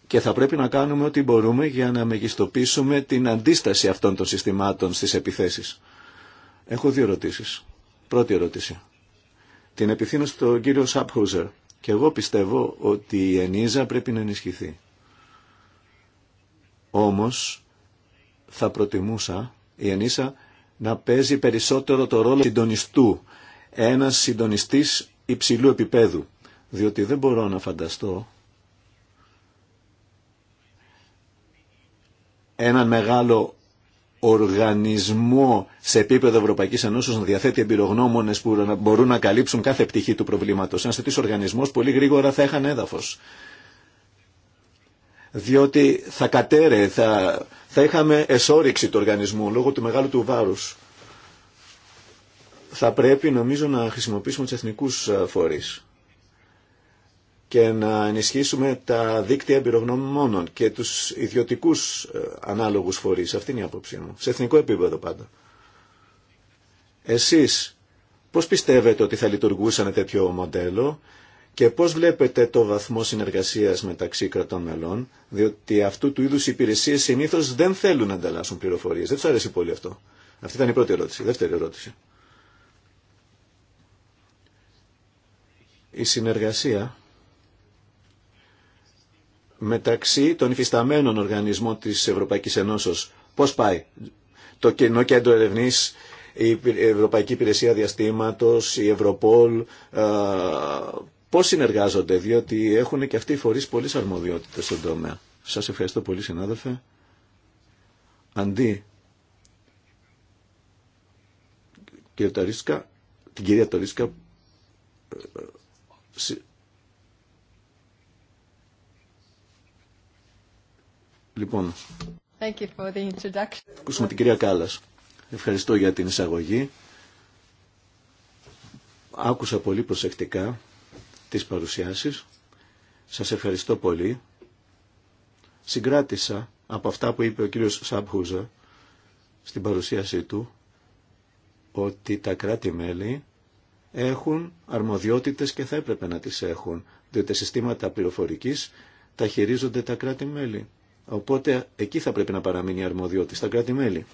Και θα πρέπει να κάνουμε ό,τι μπορούμε για να μεγιστοποιήσουμε την αντίσταση αυτών των συστημάτων στις επιθέσεις. Έχω δύο ερωτήσεις. Πρώτη ερώτηση. Την επιθύνω στον κύριο Σαπχούζερ. Και εγώ πιστεύω ότι η ΕΝΙΖΑ πρέπει να ενισχυθεί. Όμως θα προτιμούσα η ΕΝΙΖΑ να παίζει περισσότερο το ρόλο συντονιστού, ένας συντονιστής υψηλού επίπεδου, διότι δεν μπορώ να φανταστώ έναν μεγάλο οργανισμό σε επίπεδο Ευρωπαϊκή Ενώσεω να διαθέτει εμπειρογνώμονε που μπορούν να καλύψουν κάθε πτυχή του προβλήματο. Ένας τέτοιο οργανισμό πολύ γρήγορα θα έχανε έδαφο διότι θα κατέρε, θα, θα είχαμε εσόριξη του οργανισμού λόγω του μεγάλου του βάρους. Θα πρέπει νομίζω να χρησιμοποιήσουμε τους εθνικούς φορείς και να ενισχύσουμε τα δίκτυα εμπειρογνωμόνων και τους ιδιωτικούς ε, ανάλογους φορείς. Αυτή είναι η άποψή μου. Σε εθνικό επίπεδο πάντα. Εσείς πώς πιστεύετε ότι θα λειτουργούσε ένα τέτοιο μοντέλο και πώς βλέπετε το βαθμό συνεργασίας μεταξύ κρατών μελών, διότι αυτού του είδους οι υπηρεσίες συνήθως δεν θέλουν να ανταλλάσσουν πληροφορίες. Δεν τους αρέσει πολύ αυτό. Αυτή ήταν η πρώτη ερώτηση. δεύτερη ερώτηση. Η συνεργασία μεταξύ των υφισταμένων οργανισμών της Ευρωπαϊκής Ενώσεως. Πώς πάει το Κοινό Κέντρο ερευνή, η Ευρωπαϊκή Υπηρεσία Διαστήματος, η Ευρωπόλ, ε, πώς συνεργάζονται, διότι έχουν και αυτοί οι φορείς πολλές αρμοδιότητες στον τομέα. Σας ευχαριστώ πολύ συνάδελφε. Αντί την κυρία Ταρίσκα ε, Λοιπόν, Thank you for the introduction. ακούσουμε την κυρία Κάλλας. Ευχαριστώ για την εισαγωγή. Άκουσα πολύ προσεκτικά τις παρουσιάσεις. Σας ευχαριστώ πολύ. Συγκράτησα από αυτά που είπε ο κύριος Σαμπχούζα στην παρουσίασή του ότι τα κράτη-μέλη έχουν αρμοδιότητες και θα έπρεπε να τις έχουν, διότι τα συστήματα πληροφορικής τα χειρίζονται τα κράτη-μέλη. Οπότε εκεί θα πρέπει να παραμείνει η αρμοδιότητα, στα κράτη-μέλη.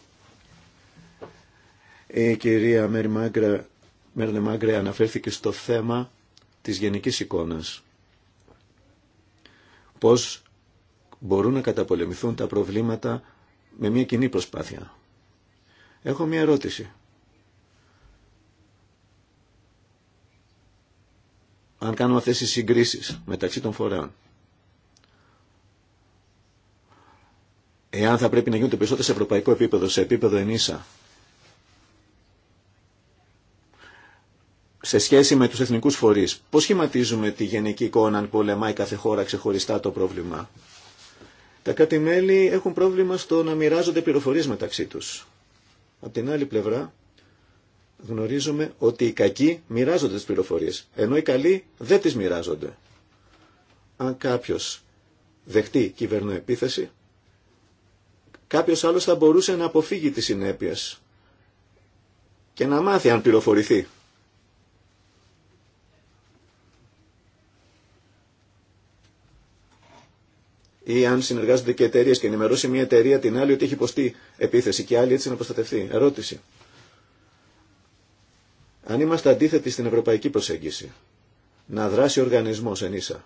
Η κυρία Μέρνε Μάγκρε αναφέρθηκε στο θέμα της γενικής εικόνας. Πώς μπορούν να καταπολεμηθούν τα προβλήματα με μια κοινή προσπάθεια. Έχω μια ερώτηση. Αν κάνουμε αυτές τις συγκρίσεις μεταξύ των φορέων, εάν θα πρέπει να γίνονται περισσότερο σε ευρωπαϊκό επίπεδο, σε επίπεδο ενίσα, σε σχέση με τους εθνικούς φορείς. Πώς σχηματίζουμε τη γενική εικόνα αν πολεμάει κάθε χώρα ξεχωριστά το πρόβλημα. Τα κάτι μελη έχουν πρόβλημα στο να μοιράζονται πληροφορίες μεταξύ τους. Από την άλλη πλευρά γνωρίζουμε ότι οι κακοί μοιράζονται τις πληροφορίες, ενώ οι καλοί δεν τις μοιράζονται. Αν κάποιος δεχτεί κυβερνοεπίθεση, κάποιος άλλος θα μπορούσε να αποφύγει τις συνέπειες και να μάθει αν πληροφορηθεί. ή αν συνεργάζονται και εταιρείε και ενημερώσει μια εταιρεία την άλλη ότι έχει υποστεί επίθεση και άλλη έτσι να προστατευτεί. Ερώτηση. Αν είμαστε αντίθετοι στην ευρωπαϊκή προσέγγιση, να δράσει ο οργανισμό εν ίσα,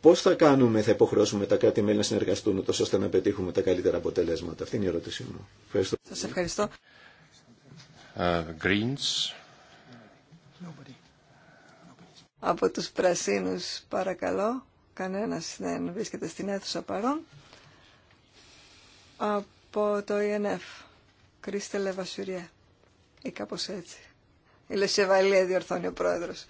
πώ θα κάνουμε, θα υποχρεώσουμε τα κράτη-μέλη να συνεργαστούν, τόσο ώστε να πετύχουμε τα καλύτερα αποτελέσματα. Αυτή είναι η ερώτησή μου. Ευχαριστώ. Σα ευχαριστώ. Ε, greens. Από τους πρασίνους παρακαλώ κανένας δεν βρίσκεται στην αίθουσα παρόν, από το ΙΕΝΕΦ, e Κρίστε Λεβασουριέ, ή κάπως έτσι. Η Λεσεβαλία διορθώνει ο πρόεδρος.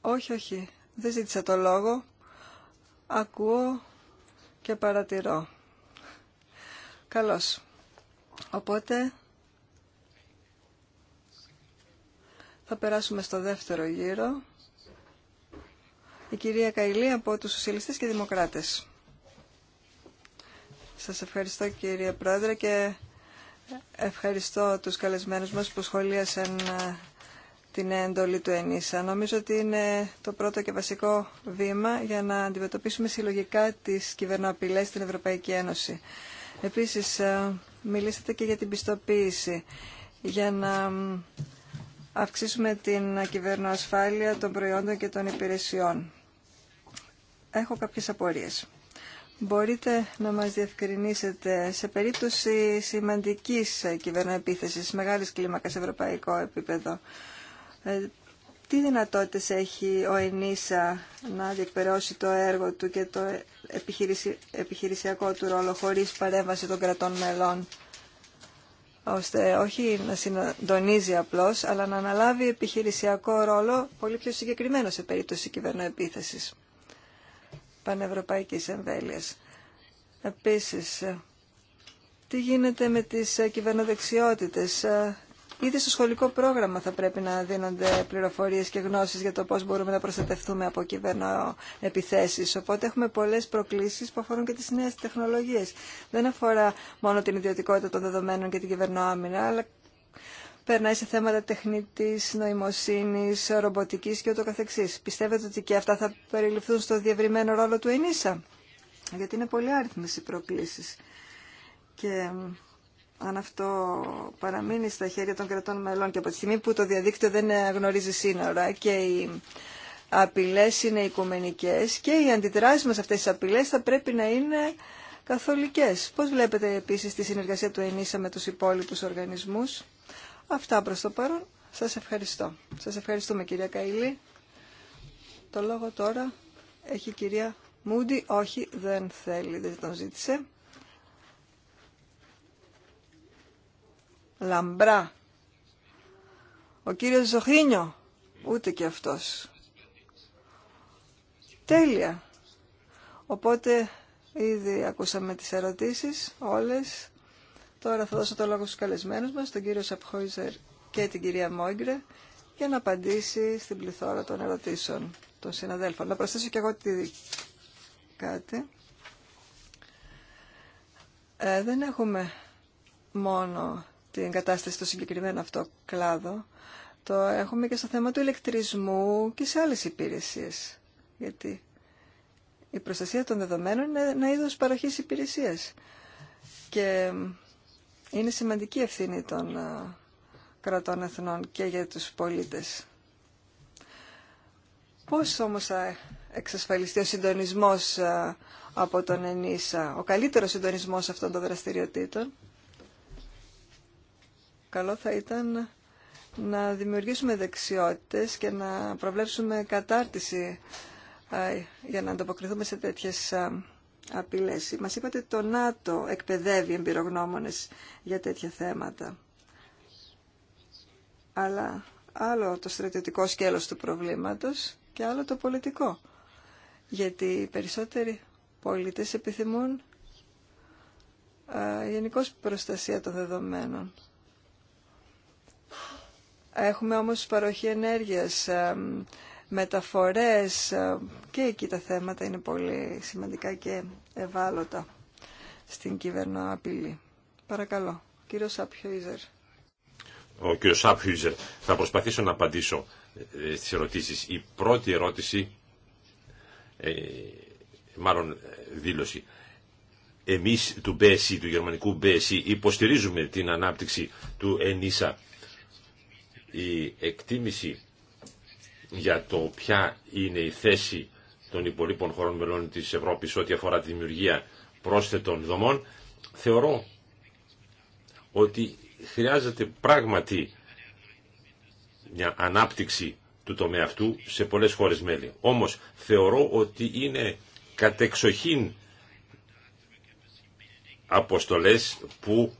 Όχι, όχι, δεν ζήτησα το λόγο. Ακούω και παρατηρώ. Καλώς. Οπότε Θα περάσουμε στο δεύτερο γύρο. Η κυρία Καηλή από τους Σοσιαλιστές και Δημοκράτες. Σας ευχαριστώ κύριε Πρόεδρε και ευχαριστώ τους καλεσμένους μας που σχολίασαν ε, την έντολη του ΕΝΙΣΑ. Νομίζω ότι είναι το πρώτο και βασικό βήμα για να αντιμετωπίσουμε συλλογικά τις κυβερνοαπειλές στην Ευρωπαϊκή Ένωση. Επίσης, ε, μιλήσατε και για την πιστοποίηση, για να αυξήσουμε την κυβερνοασφάλεια των προϊόντων και των υπηρεσιών. Έχω κάποιες απορίες. Μπορείτε να μας διευκρινίσετε σε περίπτωση σημαντικής κυβερνοεπίθεσης, μεγάλης κλίμακας σε ευρωπαϊκό επίπεδο, ε, τι δυνατότητες έχει ο ΕΝΙΣΑ να διεκπαιρεώσει το έργο του και το επιχειρησιακό του ρόλο χωρίς παρέμβαση των κρατών μελών ώστε όχι να συντονίζει απλώς, αλλά να αναλάβει επιχειρησιακό ρόλο πολύ πιο συγκεκριμένο σε περίπτωση κυβερνοεπίθεσης πανευρωπαϊκής εμβέλειας. Επίσης, τι γίνεται με τις ε, κυβερνοδεξιότητες, ε, Ήδη στο σχολικό πρόγραμμα θα πρέπει να δίνονται πληροφορίε και γνώσει για το πώ μπορούμε να προστατευτούμε από κυβερνοεπιθέσει. Οπότε έχουμε πολλέ προκλήσει που αφορούν και τι νέε τεχνολογίε. Δεν αφορά μόνο την ιδιωτικότητα των δεδομένων και την κυβερνοάμυνα, αλλά περνάει σε θέματα τεχνητή, νοημοσύνης, ρομποτική και ούτω καθεξής. Πιστεύετε ότι και αυτά θα περιληφθούν στο διευρυμένο ρόλο του ΕΝΙΣΑ, γιατί είναι πολύ άριθμες οι προκλήσεις. Και αν αυτό παραμείνει στα χέρια των κρατών μελών και από τη στιγμή που το διαδίκτυο δεν γνωρίζει σύνορα και οι απειλές είναι οικουμενικές και οι αντιδράσεις μας αυτές τις απειλές θα πρέπει να είναι καθολικές. Πώς βλέπετε επίσης τη συνεργασία του ΕΝΙΣΑ με τους υπόλοιπους οργανισμούς. Αυτά προς το παρόν. Σας ευχαριστώ. Σας ευχαριστούμε κυρία Καϊλή. Το λόγο τώρα έχει η κυρία Μούντι. Όχι, δεν θέλει, δεν τον ζήτησε. λαμπρά. Ο κύριος Ζωχρίνιο, ούτε και αυτός. Τέλεια. Οπότε ήδη ακούσαμε τις ερωτήσεις όλες. Τώρα θα δώσω το λόγο στους καλεσμένους μας, τον κύριο Σαπχόιζερ και την κυρία Μόγκρε, για να απαντήσει στην πληθώρα των ερωτήσεων των συναδέλφων. Να προσθέσω και εγώ τη... κάτι. Ε, δεν έχουμε μόνο την κατάσταση στο συγκεκριμένο αυτό κλάδο. Το έχουμε και στο θέμα του ηλεκτρισμού και σε άλλες υπηρεσίες. Γιατί η προστασία των δεδομένων είναι ένα είδος παροχής υπηρεσίας. Και είναι σημαντική ευθύνη των κρατών εθνών και για τους πολίτες. Πώς όμως θα εξασφαλιστεί ο συντονισμός από τον ΕΝΙΣΑ, ο καλύτερος συντονισμός αυτών των δραστηριοτήτων καλό θα ήταν να δημιουργήσουμε δεξιότητες και να προβλέψουμε κατάρτιση για να ανταποκριθούμε σε τέτοιες απειλές. Μας είπατε το ΝΑΤΟ εκπαιδεύει εμπειρογνώμονες για τέτοια θέματα. Αλλά άλλο το στρατιωτικό σκέλος του προβλήματος και άλλο το πολιτικό. Γιατί οι περισσότεροι πολίτες επιθυμούν γενικώ προστασία των δεδομένων. Έχουμε όμως παροχή ενέργειας, μεταφορές και εκεί τα θέματα είναι πολύ σημαντικά και ευάλωτα στην κυβερνοαπειλή. Παρακαλώ, κύριο Σάπιουιζερ. Ο κύριο Σάπιουιζερ, θα προσπαθήσω να απαντήσω ε, ε, στις ερωτήσεις. Η πρώτη ερώτηση, ε, μάλλον δήλωση, εμείς του BSE, του γερμανικού BSE, υποστηρίζουμε την ανάπτυξη του ΕΝΙΣΑ η εκτίμηση για το ποια είναι η θέση των υπολείπων χωρών μελών της Ευρώπης ό,τι αφορά τη δημιουργία πρόσθετων δομών, θεωρώ ότι χρειάζεται πράγματι μια ανάπτυξη του τομέα αυτού σε πολλές χώρες μέλη. Όμως θεωρώ ότι είναι κατεξοχήν αποστολές που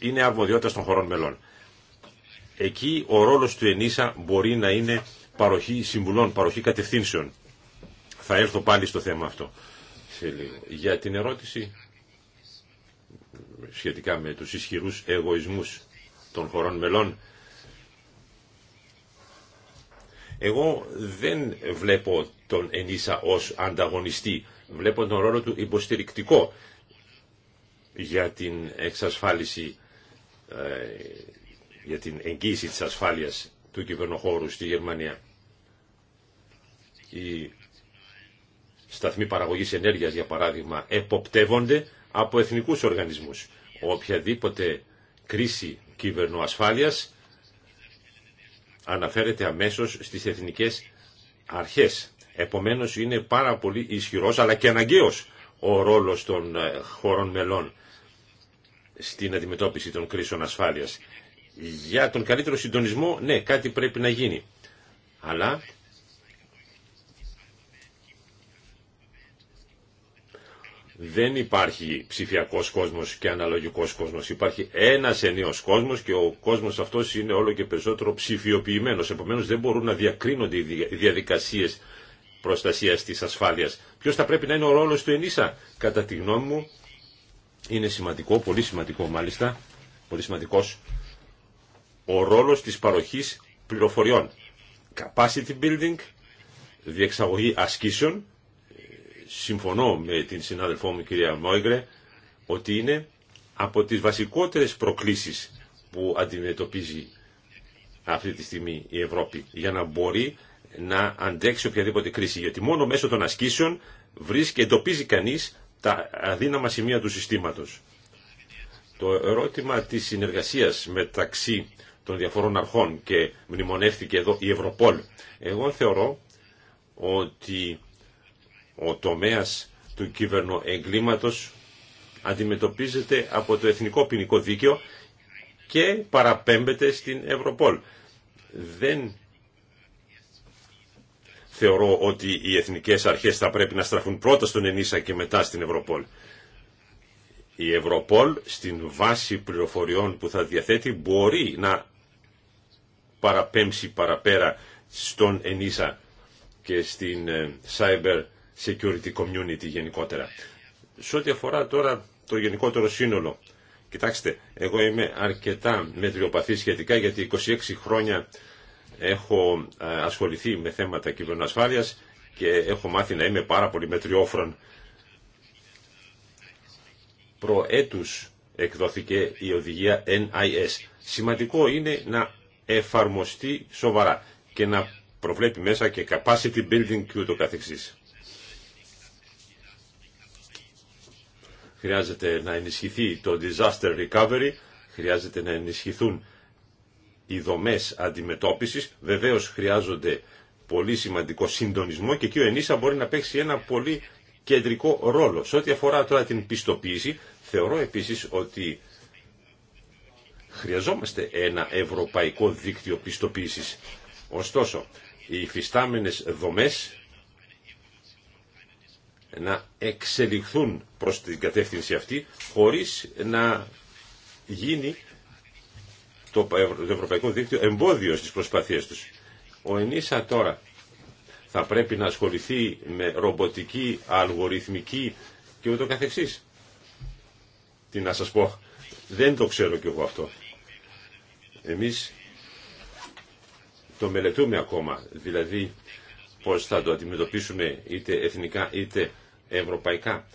είναι αρμοδιότητα των χωρών μελών. Εκεί ο ρόλος του ΕΝΙΣΑ μπορεί να είναι παροχή συμβουλών, παροχή κατευθύνσεων. Θα έρθω πάλι στο θέμα αυτό Για την ερώτηση σχετικά με τους ισχυρούς εγωισμούς των χωρών μελών. Εγώ δεν βλέπω τον Ενίσα ως ανταγωνιστή. Βλέπω τον ρόλο του υποστηρικτικό για την εξασφάλιση ε, για την εγγύηση της ασφάλειας του κυβερνοχώρου στη Γερμανία. Οι σταθμοί παραγωγής ενέργειας, για παράδειγμα, εποπτεύονται από εθνικούς οργανισμούς. Οποιαδήποτε κρίση κυβερνοασφάλειας αναφέρεται αμέσως στις εθνικές αρχές. Επομένως είναι πάρα πολύ ισχυρός αλλά και αναγκαίος ο ρόλος των ε, χωρών μελών στην αντιμετώπιση των κρίσεων ασφάλειας. Για τον καλύτερο συντονισμό, ναι, κάτι πρέπει να γίνει. Αλλά δεν υπάρχει ψηφιακός κόσμος και αναλογικός κόσμος. Υπάρχει ένας ενίος κόσμος και ο κόσμος αυτός είναι όλο και περισσότερο ψηφιοποιημένος. Επομένως δεν μπορούν να διακρίνονται οι διαδικασίες προστασίας της ασφάλειας. Ποιος θα πρέπει να είναι ο ρόλος του ΕΝΙΣΑ. Κατά τη γνώμη μου είναι σημαντικό, πολύ σημαντικό μάλιστα, πολύ σημαντικός ο ρόλος της παροχής πληροφοριών. Capacity building, διεξαγωγή ασκήσεων. Συμφωνώ με την συνάδελφό μου κυρία Μόιγκρε ότι είναι από τις βασικότερες προκλήσεις που αντιμετωπίζει αυτή τη στιγμή η Ευρώπη για να μπορεί να αντέξει οποιαδήποτε κρίση. Γιατί μόνο μέσω των ασκήσεων βρίσκει, εντοπίζει κανείς τα αδύναμα σημεία του συστήματος. Το ερώτημα της συνεργασίας μεταξύ των διαφορών αρχών και μνημονεύτηκε εδώ η Ευρωπόλ. Εγώ θεωρώ ότι ο τομέας του κυβερνοεγκλήματος αντιμετωπίζεται από το Εθνικό Ποινικό Δίκαιο και παραπέμπεται στην Ευρωπόλ. Δεν θεωρώ ότι οι εθνικές αρχές θα πρέπει να στραφούν πρώτα στον Ενίσα και μετά στην Ευρωπόλ. Η Ευρωπόλ στην βάση πληροφοριών που θα διαθέτει μπορεί να παραπέμψει παραπέρα στον ΕΝΙΣΑ και στην ε, Cyber Security Community γενικότερα. Σε ό,τι αφορά τώρα το γενικότερο σύνολο, κοιτάξτε, εγώ είμαι αρκετά μετριοπαθή σχετικά γιατί 26 χρόνια έχω ε, ασχοληθεί με θέματα κυβερνοασφάλειας και έχω μάθει να είμαι πάρα πολύ μετριόφρον. Προέτους εκδόθηκε η οδηγία NIS. Σημαντικό είναι να εφαρμοστεί σοβαρά και να προβλέπει μέσα και capacity building και ούτω καθεξής. Χρειάζεται να ενισχυθεί το disaster recovery, χρειάζεται να ενισχυθούν οι δομές αντιμετώπισης, βεβαίως χρειάζονται πολύ σημαντικό συντονισμό και εκεί ο ΕΝΙΣΑ μπορεί να παίξει ένα πολύ κεντρικό ρόλο. Σε ό,τι αφορά τώρα την πιστοποίηση, θεωρώ επίσης ότι Χρειαζόμαστε ένα ευρωπαϊκό δίκτυο πιστοποίησης. Ωστόσο, οι υφιστάμενες δομές να εξελιχθούν προς την κατεύθυνση αυτή χωρίς να γίνει το Ευρωπαϊκό Δίκτυο εμπόδιο στις προσπάθειές τους. Ο ΕΝΙΣΑ τώρα θα πρέπει να ασχοληθεί με ρομποτική, αλγοριθμική και ούτω καθεξής. Τι να σας πω, δεν το ξέρω κι εγώ αυτό. Εμείς το μελετούμε ακόμα, δηλαδή πώς θα το αντιμετωπίσουμε είτε εθνικά είτε ευρωπαϊκά.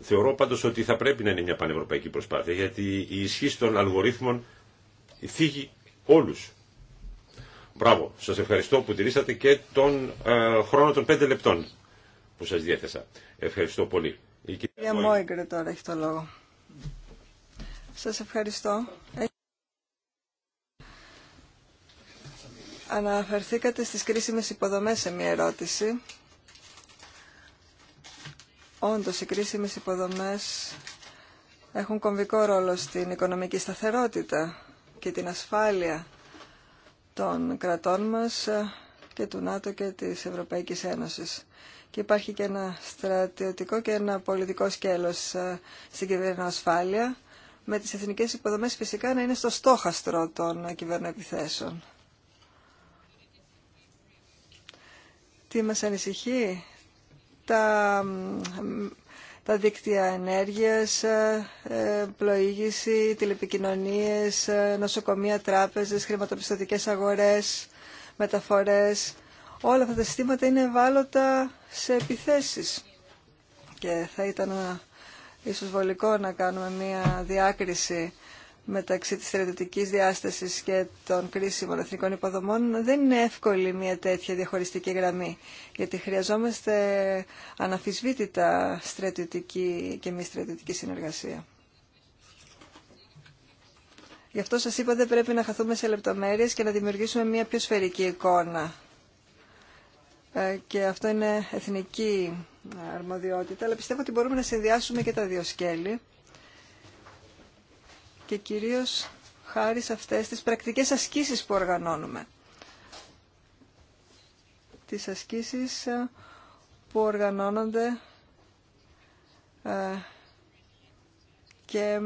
Θεωρώ πάντως ότι θα πρέπει να είναι μια πανευρωπαϊκή προσπάθεια, γιατί η ισχύ των αλγορίθμων θίγει όλους. Μπράβο, σας ευχαριστώ που τηρήσατε και τον ε, χρόνο των πέντε λεπτών που σας διέθεσα. Ευχαριστώ πολύ. Αναφερθήκατε στις κρίσιμες υποδομές σε μια ερώτηση. Όντως, οι κρίσιμες υποδομές έχουν κομβικό ρόλο στην οικονομική σταθερότητα και την ασφάλεια των κρατών μας και του ΝΑΤΟ και της Ευρωπαϊκής Ένωσης. Και υπάρχει και ένα στρατιωτικό και ένα πολιτικό σκέλος στην ασφάλεια, με τις εθνικές υποδομές φυσικά να είναι στο στόχαστρο των κυβερνοεπιθέσεων. Τι μας ανησυχεί, τα, τα δίκτυα ενέργειας, ε, πλοήγηση, τηλεπικοινωνίες, ε, νοσοκομεία, τράπεζες, χρηματοπιστωτικές αγορές, μεταφορές. Όλα αυτά τα συστήματα είναι ευάλωτα σε επιθέσεις και θα ήταν ίσως βολικό να κάνουμε μία διάκριση μεταξύ της στρατιωτικής διάστασης και των κρίσιμων εθνικών υποδομών δεν είναι εύκολη μια τέτοια διαχωριστική γραμμή, γιατί χρειαζόμαστε αναφυσβήτητα στρατιωτική και μη στρατιωτική συνεργασία. Γι' αυτό σας είπα δεν πρέπει να χαθούμε σε λεπτομέρειες και να δημιουργήσουμε μια πιο σφαιρική εικόνα. Ε, και αυτό είναι εθνική αρμοδιότητα, αλλά πιστεύω ότι μπορούμε να συνδυάσουμε και τα δύο σκέλη και κυρίως χάρη σε αυτές τις πρακτικές ασκήσεις που οργανώνουμε. Τις ασκήσεις ε, που οργανώνονται ε, και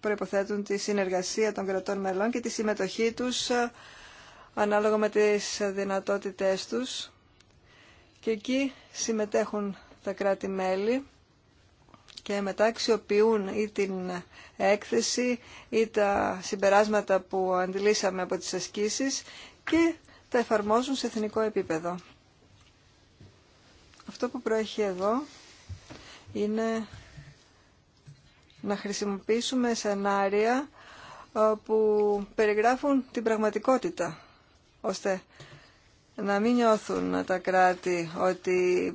προϋποθέτουν τη συνεργασία των κρατών μελών και τη συμμετοχή τους ε, ανάλογα με τις δυνατότητές τους. Και εκεί συμμετέχουν τα κράτη-μέλη και μετά αξιοποιούν ή την έκθεση ή τα συμπεράσματα που αντιλήσαμε από τις ασκήσεις και τα εφαρμόζουν σε εθνικό επίπεδο. Αυτό που προέχει εδώ είναι να χρησιμοποιήσουμε σενάρια ε, που περιγράφουν την πραγματικότητα, ώστε να μην νιώθουν τα κράτη ότι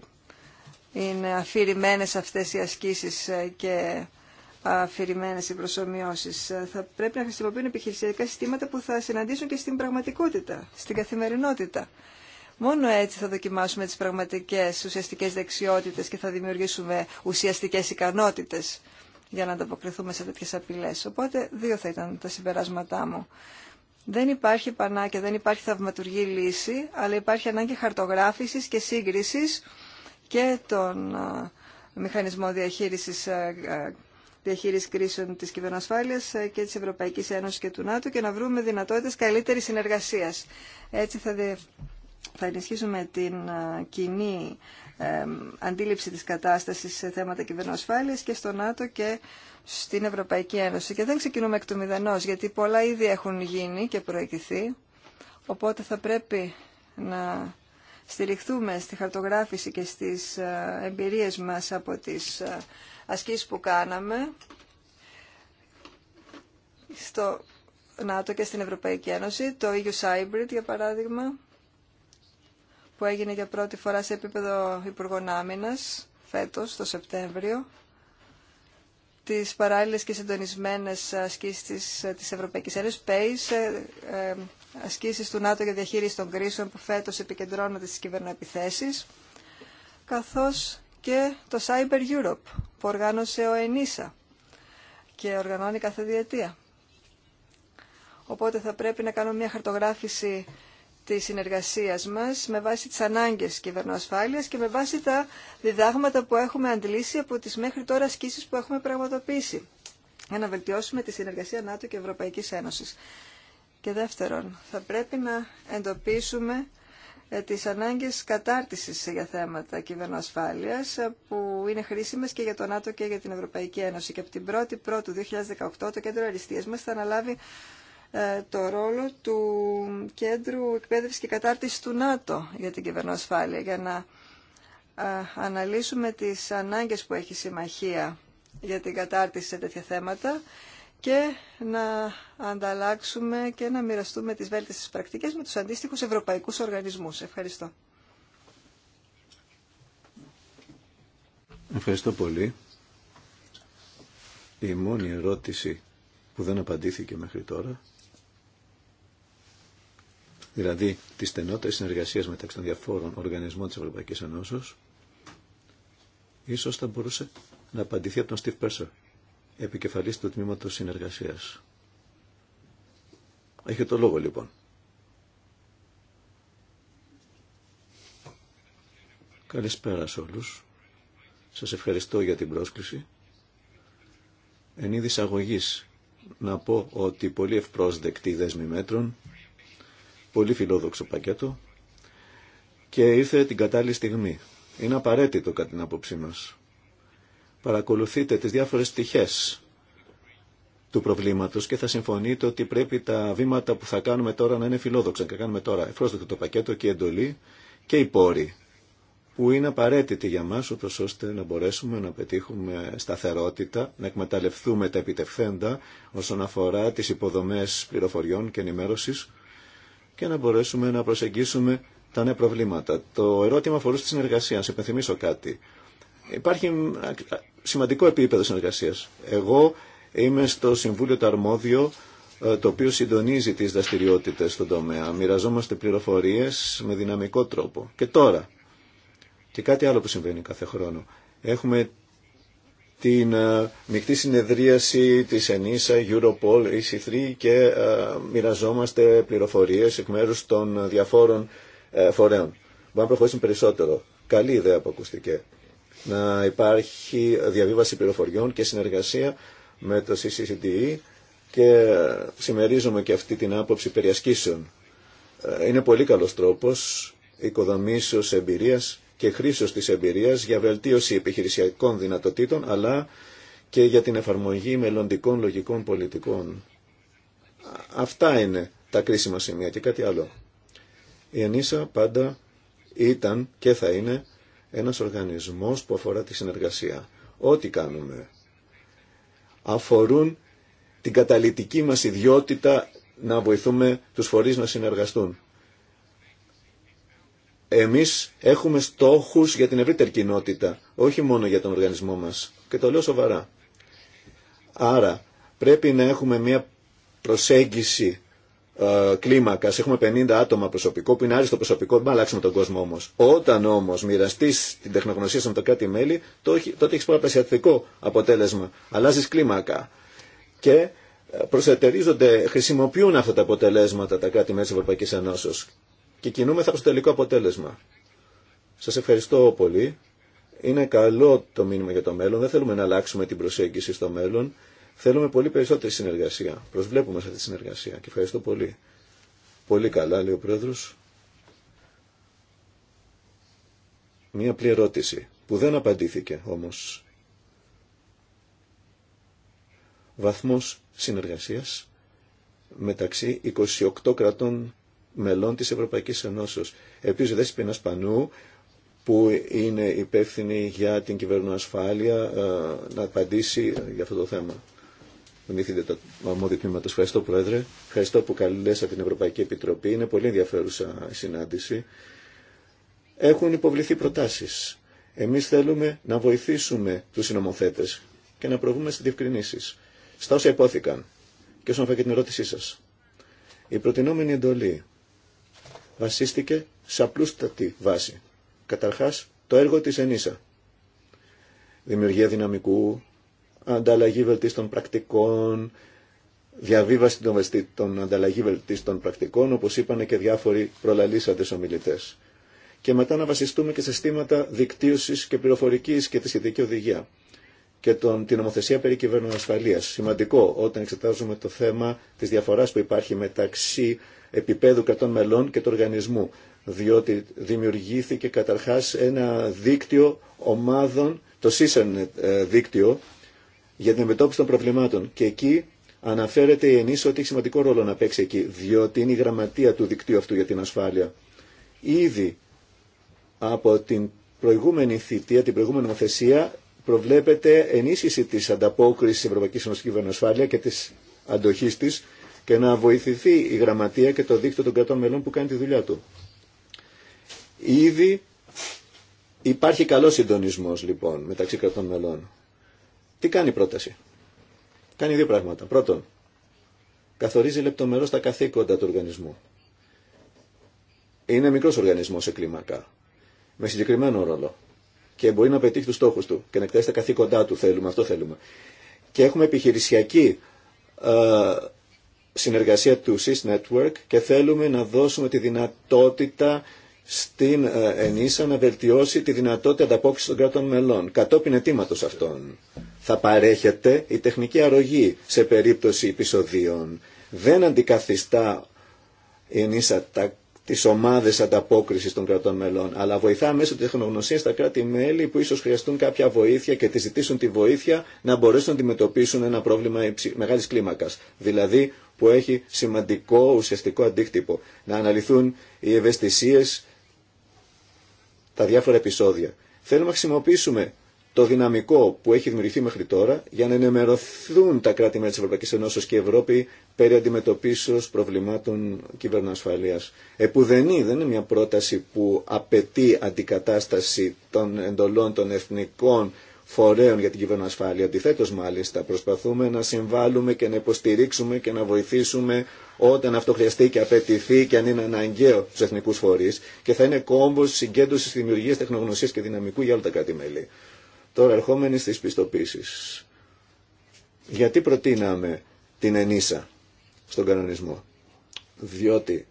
είναι αφηρημένες αυτές οι ασκήσεις ε, και αφηρημένες οι προσωμιώσεις. Ε, θα πρέπει να χρησιμοποιούν επιχειρησιακά συστήματα που θα συναντήσουν και στην πραγματικότητα, στην καθημερινότητα. Μόνο έτσι θα δοκιμάσουμε τις πραγματικές ουσιαστικές δεξιότητες και θα δημιουργήσουμε ουσιαστικές ικανότητες για να ανταποκριθούμε σε τέτοιες απειλές. Οπότε δύο θα ήταν τα συμπεράσματά μου. Δεν υπάρχει πανάκια, δεν υπάρχει θαυματουργή λύση, αλλά υπάρχει ανάγκη χαρτογράφησης και σύγκρισης και τον μηχανισμό διαχείρισης, διαχείρισης κρίσεων της κυβερνοασφάλειας και της Ευρωπαϊκής Ένωσης και του ΝΑΤΟ και να βρούμε δυνατότητες καλύτερης συνεργασίας. Έτσι θα, θα ενισχύσουμε την κοινή ε, αντίληψη της κατάστασης σε θέματα κυβερνοασφάλειας και στο ΝΑΤΟ και στην Ευρωπαϊκή Ένωση. Και δεν ξεκινούμε εκ του μηδενός, γιατί πολλά ήδη έχουν γίνει και προηγηθεί, οπότε θα πρέπει να στηριχθούμε στη χαρτογράφηση και στις ε, εμπειρίες μας από τις ε, ασκήσεις που κάναμε στο ΝΑΤΟ και στην Ευρωπαϊκή Ένωση, το EU Cybrid για παράδειγμα, που έγινε για πρώτη φορά σε επίπεδο Υπουργών Άμυνας φέτος, το Σεπτέμβριο, τις παράλληλες και συντονισμένες ασκήσεις της, ε, της Ευρωπαϊκής Ένωσης, ασκήσεις του ΝΑΤΟ για διαχείριση των κρίσεων που φέτος επικεντρώνονται στις κυβερνοεπιθέσεις, καθώς και το Cyber Europe που οργάνωσε ο ΕΝΙΣΑ και οργανώνει κάθε διετία. Οπότε θα πρέπει να κάνουμε μια χαρτογράφηση της συνεργασίας μας με βάση τις ανάγκες κυβερνοασφάλειας και με βάση τα διδάγματα που έχουμε αντλήσει από τις μέχρι τώρα ασκήσεις που έχουμε πραγματοποιήσει για να βελτιώσουμε τη συνεργασία ΝΑΤΟ και Ευρωπαϊκής Ένωσης. Και δεύτερον, θα πρέπει να εντοπίσουμε ε, τις ανάγκες κατάρτισης για θέματα κυβερνοασφάλειας ε, που είναι χρήσιμες και για τον ΝΑΤΟ και για την Ευρωπαϊκή Ένωση. Και από την 1η Πρώτου 2018 το Κέντρο Αριστείας μας θα αναλάβει ε, το ρόλο του Κέντρου Εκπαίδευσης και Κατάρτισης του ΝΑΤΟ για την κυβερνοασφάλεια για να αναλύσουμε τις ανάγκες που έχει η Συμμαχία για την κατάρτιση σε τέτοια θέματα και να ανταλλάξουμε και να μοιραστούμε τις βέλτιστες πρακτικές με τους αντίστοιχους ευρωπαϊκούς οργανισμούς. Ευχαριστώ. Ευχαριστώ πολύ. Η μόνη ερώτηση που δεν απαντήθηκε μέχρι τώρα, δηλαδή τη στενότερη συνεργασία μεταξύ των διαφόρων οργανισμών της Ευρωπαϊκής Ενώσεως, ίσως θα μπορούσε να απαντηθεί από τον Steve Purser επικεφαλής του Τμήματος Συνεργασίας. Έχετε το λόγο λοιπόν. Καλησπέρα σε όλους. Σας ευχαριστώ για την πρόσκληση. Εν είδη αγωγής, να πω ότι πολύ ευπρόσδεκτη δέσμη μέτρων, πολύ φιλόδοξο πακέτο και ήρθε την κατάλληλη στιγμή. Είναι απαραίτητο κατά την άποψή μας παρακολουθείτε τις διάφορες στοιχές του προβλήματος και θα συμφωνείτε ότι πρέπει τα βήματα που θα κάνουμε τώρα να είναι φιλόδοξα και κάνουμε τώρα ευπρόσδεκτο το πακέτο και η εντολή και οι πόροι που είναι απαραίτητοι για μας ούτως ώστε να μπορέσουμε να πετύχουμε σταθερότητα, να εκμεταλλευτούμε τα επιτευθέντα όσον αφορά τις υποδομές πληροφοριών και ενημέρωσης και να μπορέσουμε να προσεγγίσουμε τα νέα προβλήματα. Το ερώτημα αφορούσε τη συνεργασία. Να υπενθυμίσω κάτι. Υπάρχει σημαντικό επίπεδο συνεργασία. Εγώ είμαι στο Συμβούλιο το Αρμόδιο, ε, το οποίο συντονίζει τις δραστηριότητες στον τομέα. Μοιραζόμαστε πληροφορίες με δυναμικό τρόπο. Και τώρα, και κάτι άλλο που συμβαίνει κάθε χρόνο, έχουμε την ε, μεικτή συνεδρίαση της ΕΝΙΣΑ, Europol, EC3 και ε, μοιραζόμαστε πληροφορίες εκ μέρους των διαφόρων φορέων. Μπορούμε να προχωρήσουμε περισσότερο. Καλή ιδέα που ακούστηκε να υπάρχει διαβίβαση πληροφοριών και συνεργασία με το CCCDE και συμμερίζομαι και αυτή την άποψη περιασκήσεων. Ε, είναι πολύ καλός τρόπος οικοδομήσεως εμπειρίας και χρήσεως της εμπειρίας για βελτίωση επιχειρησιακών δυνατοτήτων αλλά και για την εφαρμογή μελλοντικών λογικών πολιτικών. Αυτά είναι τα κρίσιμα σημεία και κάτι άλλο. Η Ενίσα πάντα ήταν και θα είναι ένας οργανισμός που αφορά τη συνεργασία. Ό,τι κάνουμε αφορούν την καταλητική μας ιδιότητα να βοηθούμε τους φορείς να συνεργαστούν. Εμείς έχουμε στόχους για την ευρύτερη κοινότητα, όχι μόνο για τον οργανισμό μας. Και το λέω σοβαρά. Άρα πρέπει να έχουμε μια προσέγγιση ε, κλίμακα, έχουμε 50 άτομα προσωπικό που είναι άριστο προσωπικό, δεν αλλάξουμε τον κόσμο όμω. Όταν όμω μοιραστεί την τεχνογνωσία σου με το κάτι μέλη, τότε έχει παραπλασιατικό αποτέλεσμα. Αλλάζει κλίμακα. Και ε, προσετερίζονται, χρησιμοποιούν αυτά τα αποτελέσματα τα κράτη μέλη τη Ευρωπαϊκή Ενώσεω. Και κινούμεθα προ το τελικό αποτέλεσμα. Σα ευχαριστώ πολύ. Είναι καλό το μήνυμα για το μέλλον. Δεν θέλουμε να αλλάξουμε την προσέγγιση στο μέλλον. Θέλουμε πολύ περισσότερη συνεργασία. Προσβλέπουμε σε αυτή τη συνεργασία και ευχαριστώ πολύ. Πολύ καλά, λέει ο Πρόεδρος. Μία απλή ερώτηση που δεν απαντήθηκε όμως. Βαθμός συνεργασίας μεταξύ 28 κρατών μελών της Ευρωπαϊκής Ενώσεως. Επίσης δεν σπινάς πανού που είναι υπεύθυνη για την κυβερνοασφάλεια ε, να απαντήσει για αυτό το θέμα το Ευχαριστώ, Πρόεδρε. Ευχαριστώ που καλέσατε την Ευρωπαϊκή Επιτροπή. Είναι πολύ ενδιαφέρουσα η συνάντηση. Έχουν υποβληθεί προτάσει. Εμεί θέλουμε να βοηθήσουμε του συνομοθέτε και να προβούμε στι διευκρινήσει. Στα όσα υπόθηκαν και όσον αφορά και την ερώτησή σα. Η προτινόμενη εντολή βασίστηκε σε απλούστατη βάση. Καταρχά, το έργο τη ΕΝΗΣΑ. Δημιουργία δυναμικού, ανταλλαγή βελτίστων πρακτικών, διαβίβαση των των ανταλλαγή βελτίστων πρακτικών, όπως είπαν και διάφοροι προλαλήσαντες ομιλητές. Και μετά να βασιστούμε και σε στήματα δικτύωσης και πληροφορικής και τη σχετική οδηγία και τον, την νομοθεσία περί ασφαλεία. Σημαντικό όταν εξετάζουμε το θέμα της διαφοράς που υπάρχει μεταξύ επίπεδου κρατών μελών και του οργανισμού, διότι δημιουργήθηκε καταρχάς ένα δίκτυο ομάδων, το ΣΥΣΕΝ δίκτυο, για την αντιμετώπιση των προβλημάτων. Και εκεί αναφέρεται η ενίσχυση ότι έχει σημαντικό ρόλο να παίξει εκεί, διότι είναι η γραμματεία του δικτύου αυτού για την ασφάλεια. Ήδη από την προηγούμενη θητεία, την προηγούμενη νομοθεσία, προβλέπεται ενίσχυση τη ανταπόκριση τη Ευρωπαϊκή και τη αντοχή τη και να βοηθηθεί η γραμματεία και το δίκτυο των κρατών μελών που κάνει τη δουλειά του. Ήδη υπάρχει καλό συντονισμό λοιπόν μεταξύ κρατών μελών. Τι κάνει η πρόταση. Κάνει δύο πράγματα. Πρώτον, καθορίζει λεπτομερώς τα καθήκοντα του οργανισμού. Είναι μικρός οργανισμός σε κλίμακα, με συγκεκριμένο ρόλο και μπορεί να πετύχει τους στόχους του και να εκτάσει τα καθήκοντά του θέλουμε, αυτό θέλουμε. Και έχουμε επιχειρησιακή ε, συνεργασία του SIS Network και θέλουμε να δώσουμε τη δυνατότητα στην ε, ΕΝΗΣΑ να βελτιώσει τη δυνατότητα ανταπόκριση των κράτων μελών, κατόπιν αιτήματος αυτών θα παρέχεται η τεχνική αρρωγή σε περίπτωση επεισοδίων. Δεν αντικαθιστά η τι ομάδε ανταπόκριση των κρατών μελών, αλλά βοηθά μέσω τη τεχνογνωσία τα κράτη-μέλη που ίσω χρειαστούν κάποια βοήθεια και τη ζητήσουν τη βοήθεια να μπορέσουν να αντιμετωπίσουν ένα πρόβλημα μεγάλη κλίμακα. Δηλαδή που έχει σημαντικό ουσιαστικό αντίκτυπο. Να αναλυθούν οι ευαισθησίε, τα διάφορα επεισόδια. Θέλουμε να χρησιμοποιήσουμε το δυναμικό που έχει δημιουργηθεί μέχρι τώρα για να ενημερωθούν τα κράτη-μέλη της Ευρωπαϊκής Ένωση και η Ευρώπη περί αντιμετωπίσεω προβλημάτων κυβερνοασφαλείας. Επουδενή δεν είναι μια πρόταση που απαιτεί αντικατάσταση των εντολών των εθνικών φορέων για την κυβερνοασφάλεια. Αντιθέτω, μάλιστα, προσπαθούμε να συμβάλλουμε και να υποστηρίξουμε και να βοηθήσουμε όταν αυτό χρειαστεί και απαιτηθεί και αν είναι αναγκαίο του εθνικού φορεί και θα είναι κόμβο συγκέντρωση δημιουργία τεχνογνωσία και δυναμικού για όλα τα κράτη-μέλη. Τώρα ερχόμενοι στις πιστοποίησεις. Γιατί προτείναμε την ενίσα στον κανονισμό. Διότι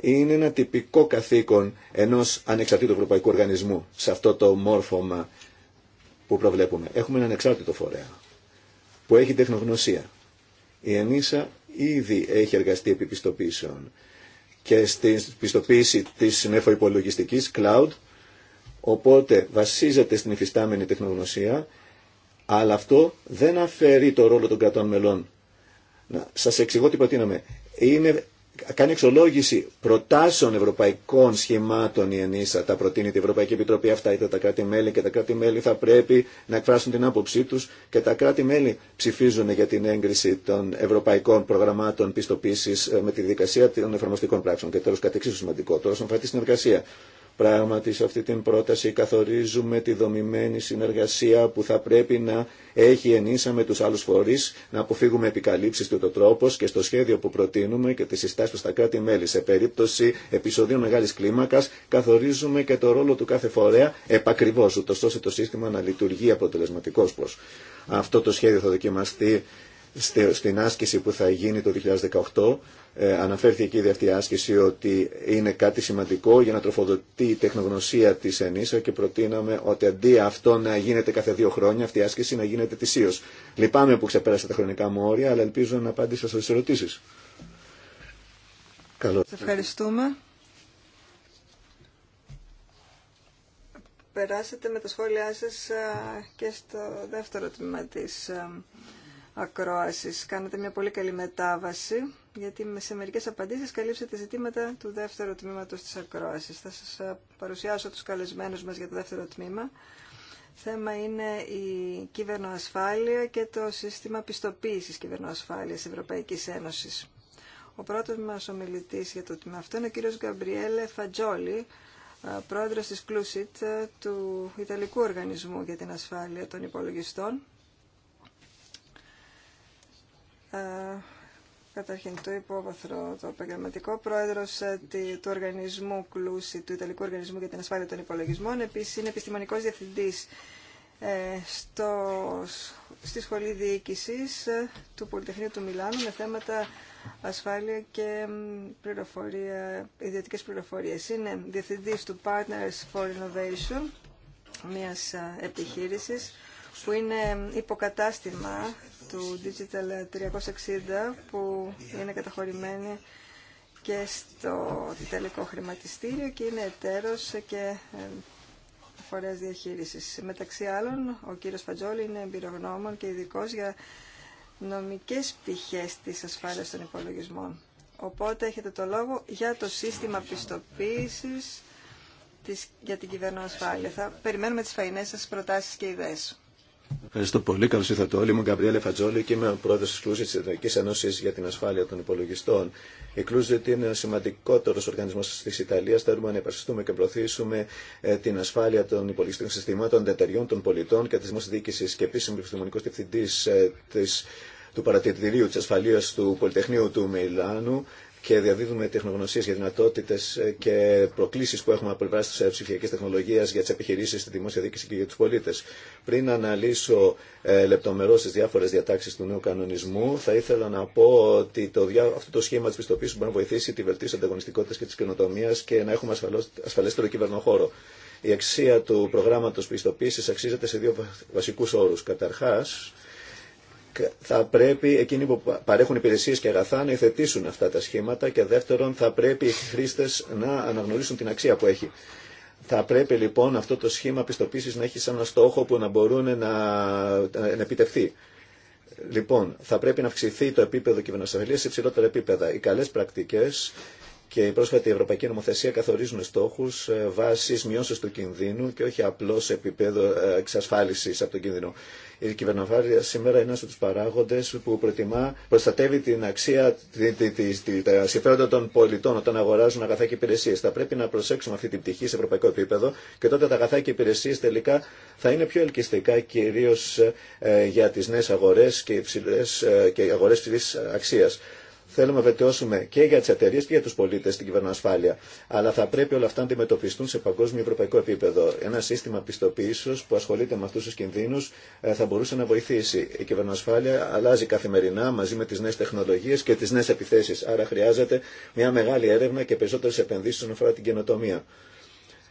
είναι ένα τυπικό καθήκον ενός ανεξαρτήτου ευρωπαϊκού οργανισμού σε αυτό το μόρφωμα που προβλέπουμε. Έχουμε έναν ανεξάρτητο φορέα που έχει τεχνογνωσία. Η ενίσα ήδη έχει εργαστεί επί πιστοποίησεων και στην πιστοποίηση της νεφοϋπολογιστικής cloud Οπότε βασίζεται στην υφιστάμενη τεχνογνωσία, αλλά αυτό δεν αφαιρεί το ρόλο των κρατών μελών. Να σας εξηγώ τι προτείναμε. Είναι, κάνει εξολόγηση προτάσεων ευρωπαϊκών σχημάτων η ΕΝΗΣΑ, τα προτείνει την Ευρωπαϊκή Επιτροπή, αυτά είτε τα κράτη-μέλη και τα κράτη-μέλη θα πρέπει να εκφράσουν την άποψή τους και τα κράτη-μέλη ψηφίζουν για την έγκριση των ευρωπαϊκών προγραμμάτων πιστοποίησης ε, με τη δικασία των εφαρμοστικών πράξεων και τέλος κατεξίσου σημαντικό τώρα στον συνεργασία. Πράγματι σε αυτή την πρόταση καθορίζουμε τη δομημένη συνεργασία που θα πρέπει να έχει ενίσα με τους άλλους φορείς, να αποφύγουμε επικαλύψεις του το τρόπος και στο σχέδιο που προτείνουμε και τις συστάσεις του στα κράτη-μέλη. Σε περίπτωση επεισοδίων μεγάλης κλίμακας καθορίζουμε και το ρόλο του κάθε φορέα επακριβώς, ούτως ώστε το σύστημα να λειτουργεί αποτελεσματικός πως. Αυτό το σχέδιο θα δοκιμαστεί στην άσκηση που θα γίνει το 2018 ε, αναφέρθηκε ήδη αυτή η άσκηση ότι είναι κάτι σημαντικό για να τροφοδοτεί η τεχνογνωσία τη ΕΝΗΣΑ και προτείναμε ότι αντί αυτό να γίνεται κάθε δύο χρόνια, αυτή η άσκηση να γίνεται ετησίω. Λυπάμαι που ξεπέρασα τα χρονικά μου όρια, αλλά ελπίζω να απάντησα στι ερωτήσει. Καλώ. Ευχαριστούμε. Περάσετε με τα σχόλιά σας ε, και στο δεύτερο τμήμα της ε, ακρόασης. Κάνατε μια πολύ καλή μετάβαση, γιατί σε μερικές απαντήσεις καλύψετε ζητήματα του δεύτερου τμήματος της ακρόασης. Θα σας ε, παρουσιάσω τους καλεσμένους μας για το δεύτερο τμήμα. Θέμα είναι η κυβερνοασφάλεια και το σύστημα πιστοποίησης κυβερνοασφάλειας Ευρωπαϊκής Ένωσης. Ο πρώτος μας ομιλητής για το τμήμα αυτό είναι ο κύριο Γκαμπριέλε Φατζόλη, ε, πρόεδρος της Κλούσιτ ε, του Ιταλικού Οργανισμού για την Ασφάλεια των Υπολογιστών ε, καταρχήν το υπόβαθρο, το επαγγελματικό πρόεδρο ε, του οργανισμού Κλούση, του Ιταλικού Οργανισμού για την Ασφάλεια των Υπολογισμών. Επίση είναι επιστημονικό διευθυντή ε, στο, στη Σχολή Διοίκηση του Πολυτεχνείου του Μιλάνου με θέματα ασφάλεια και πληροφορία, ιδιωτικές πληροφορίες. Είναι διευθυντής του Partners for Innovation, μιας επιχείρησης που είναι υποκατάστημα του Digital 360 που είναι καταχωρημένη και στο τελικό χρηματιστήριο και είναι εταίρος και ε, φορέας διαχείρισης. Μεταξύ άλλων, ο κύριος Φαντζόλη είναι εμπειρογνώμων και ειδικό για νομικές πτυχές της ασφάλειας των υπολογισμών. Οπότε έχετε το λόγο για το σύστημα πιστοποίησης της, για την κυβέρνηση ασφάλεια. Θα περιμένουμε τις φαϊνές σας προτάσεις και ιδέες. Ευχαριστώ πολύ. Καλώ ήρθατε όλοι. Είμαι ο Γκαμπριέλε Φατζόλη και είμαι ο πρόεδρο τη Κλούζη τη Εθνική Ένωση για την Ασφάλεια των Υπολογιστών. Η Κλούζη είναι ο σημαντικότερο οργανισμό τη Ιταλία. Θέλουμε να υπερασπιστούμε και προωθήσουμε ε, την ασφάλεια των υπολογιστικών συστημάτων, των εταιριών, των πολιτών και τη δημοσιοδιοίκηση Και επίση είμαι επιστημονικό διευθυντή ε, του παρατηρητηρίου τη ασφαλεία του Πολυτεχνείου του Μιλάνου και διαδίδουμε τεχνογνωσίε για δυνατότητε ε, και προκλήσει που έχουμε από πλευρά τη ε, ψηφιακή τεχνολογία για τι επιχειρήσει, τη δημόσια διοίκηση και για του πολίτε. Πριν αναλύσω ε, λεπτομερώ τι διάφορε διατάξει του νέου κανονισμού, θα ήθελα να πω ότι το, αυτό το σχήμα τη πιστοποίηση μπορεί να βοηθήσει τη βελτίωση ανταγωνιστικότητα και τη καινοτομία και να έχουμε ασφαλέστερο χώρο. Η αξία του προγράμματο πιστοποίηση αξίζεται σε δύο βασικού όρου. Καταρχά, θα πρέπει εκείνοι που παρέχουν υπηρεσίες και αγαθά να υθετήσουν αυτά τα σχήματα και δεύτερον θα πρέπει οι χρήστες να αναγνωρίσουν την αξία που έχει. Θα πρέπει λοιπόν αυτό το σχήμα πιστοποίησης να έχει σαν ένα στόχο που να μπορούν να, να επιτευχθεί. Λοιπόν, θα πρέπει να αυξηθεί το επίπεδο κυβερνοασφαλείας σε υψηλότερα επίπεδα. Οι καλές πρακτικές και η πρόσφατη Ευρωπαϊκή Νομοθεσία καθορίζουν στόχου ε, βάσει μειώσεω του κινδύνου και όχι απλώ επίπεδο ε, εξασφάλιση από τον κίνδυνο. Η κυβερνοφάρεια σήμερα είναι ένα από του παράγοντε που προτιμά, προστατεύει την αξία, τα συμφέροντα των πολιτών όταν αγοράζουν αγαθά και υπηρεσίε. Θα πρέπει να προσέξουμε αυτή την πτυχή σε ευρωπαϊκό επίπεδο και τότε τα αγαθά και υπηρεσίε τελικά θα είναι πιο ελκυστικά κυρίω ε, για τι νέε αγορέ και, ε, και αγορέ ψηλή αξία. Θέλουμε να βελτιώσουμε και για τι εταιρείε και για του πολίτε την κυβερνοασφάλεια. Αλλά θα πρέπει όλα αυτά να αντιμετωπιστούν σε παγκόσμιο ευρωπαϊκό επίπεδο. Ένα σύστημα πιστοποίηση που ασχολείται με αυτού του κινδύνου ε, θα μπορούσε να βοηθήσει. Η κυβερνοασφάλεια αλλάζει καθημερινά μαζί με τι νέε τεχνολογίε και τι νέε επιθέσει. Άρα χρειάζεται μια μεγάλη έρευνα και περισσότερε επενδύσει όσον αφορά την καινοτομία.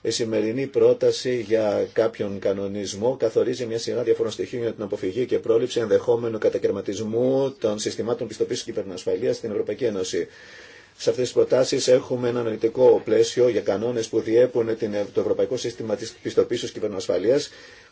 Η σημερινή πρόταση για κάποιον κανονισμό καθορίζει μια σειρά διαφορών στοιχείων για την αποφυγή και πρόληψη ενδεχόμενου κατακαιρματισμού των συστημάτων πιστοποίηση και στην Ευρωπαϊκή Ένωση. Σε αυτέ τι προτάσει έχουμε ένα νοητικό πλαίσιο για κανόνε που διέπουν το Ευρωπαϊκό Σύστημα τη Πιστοποίηση και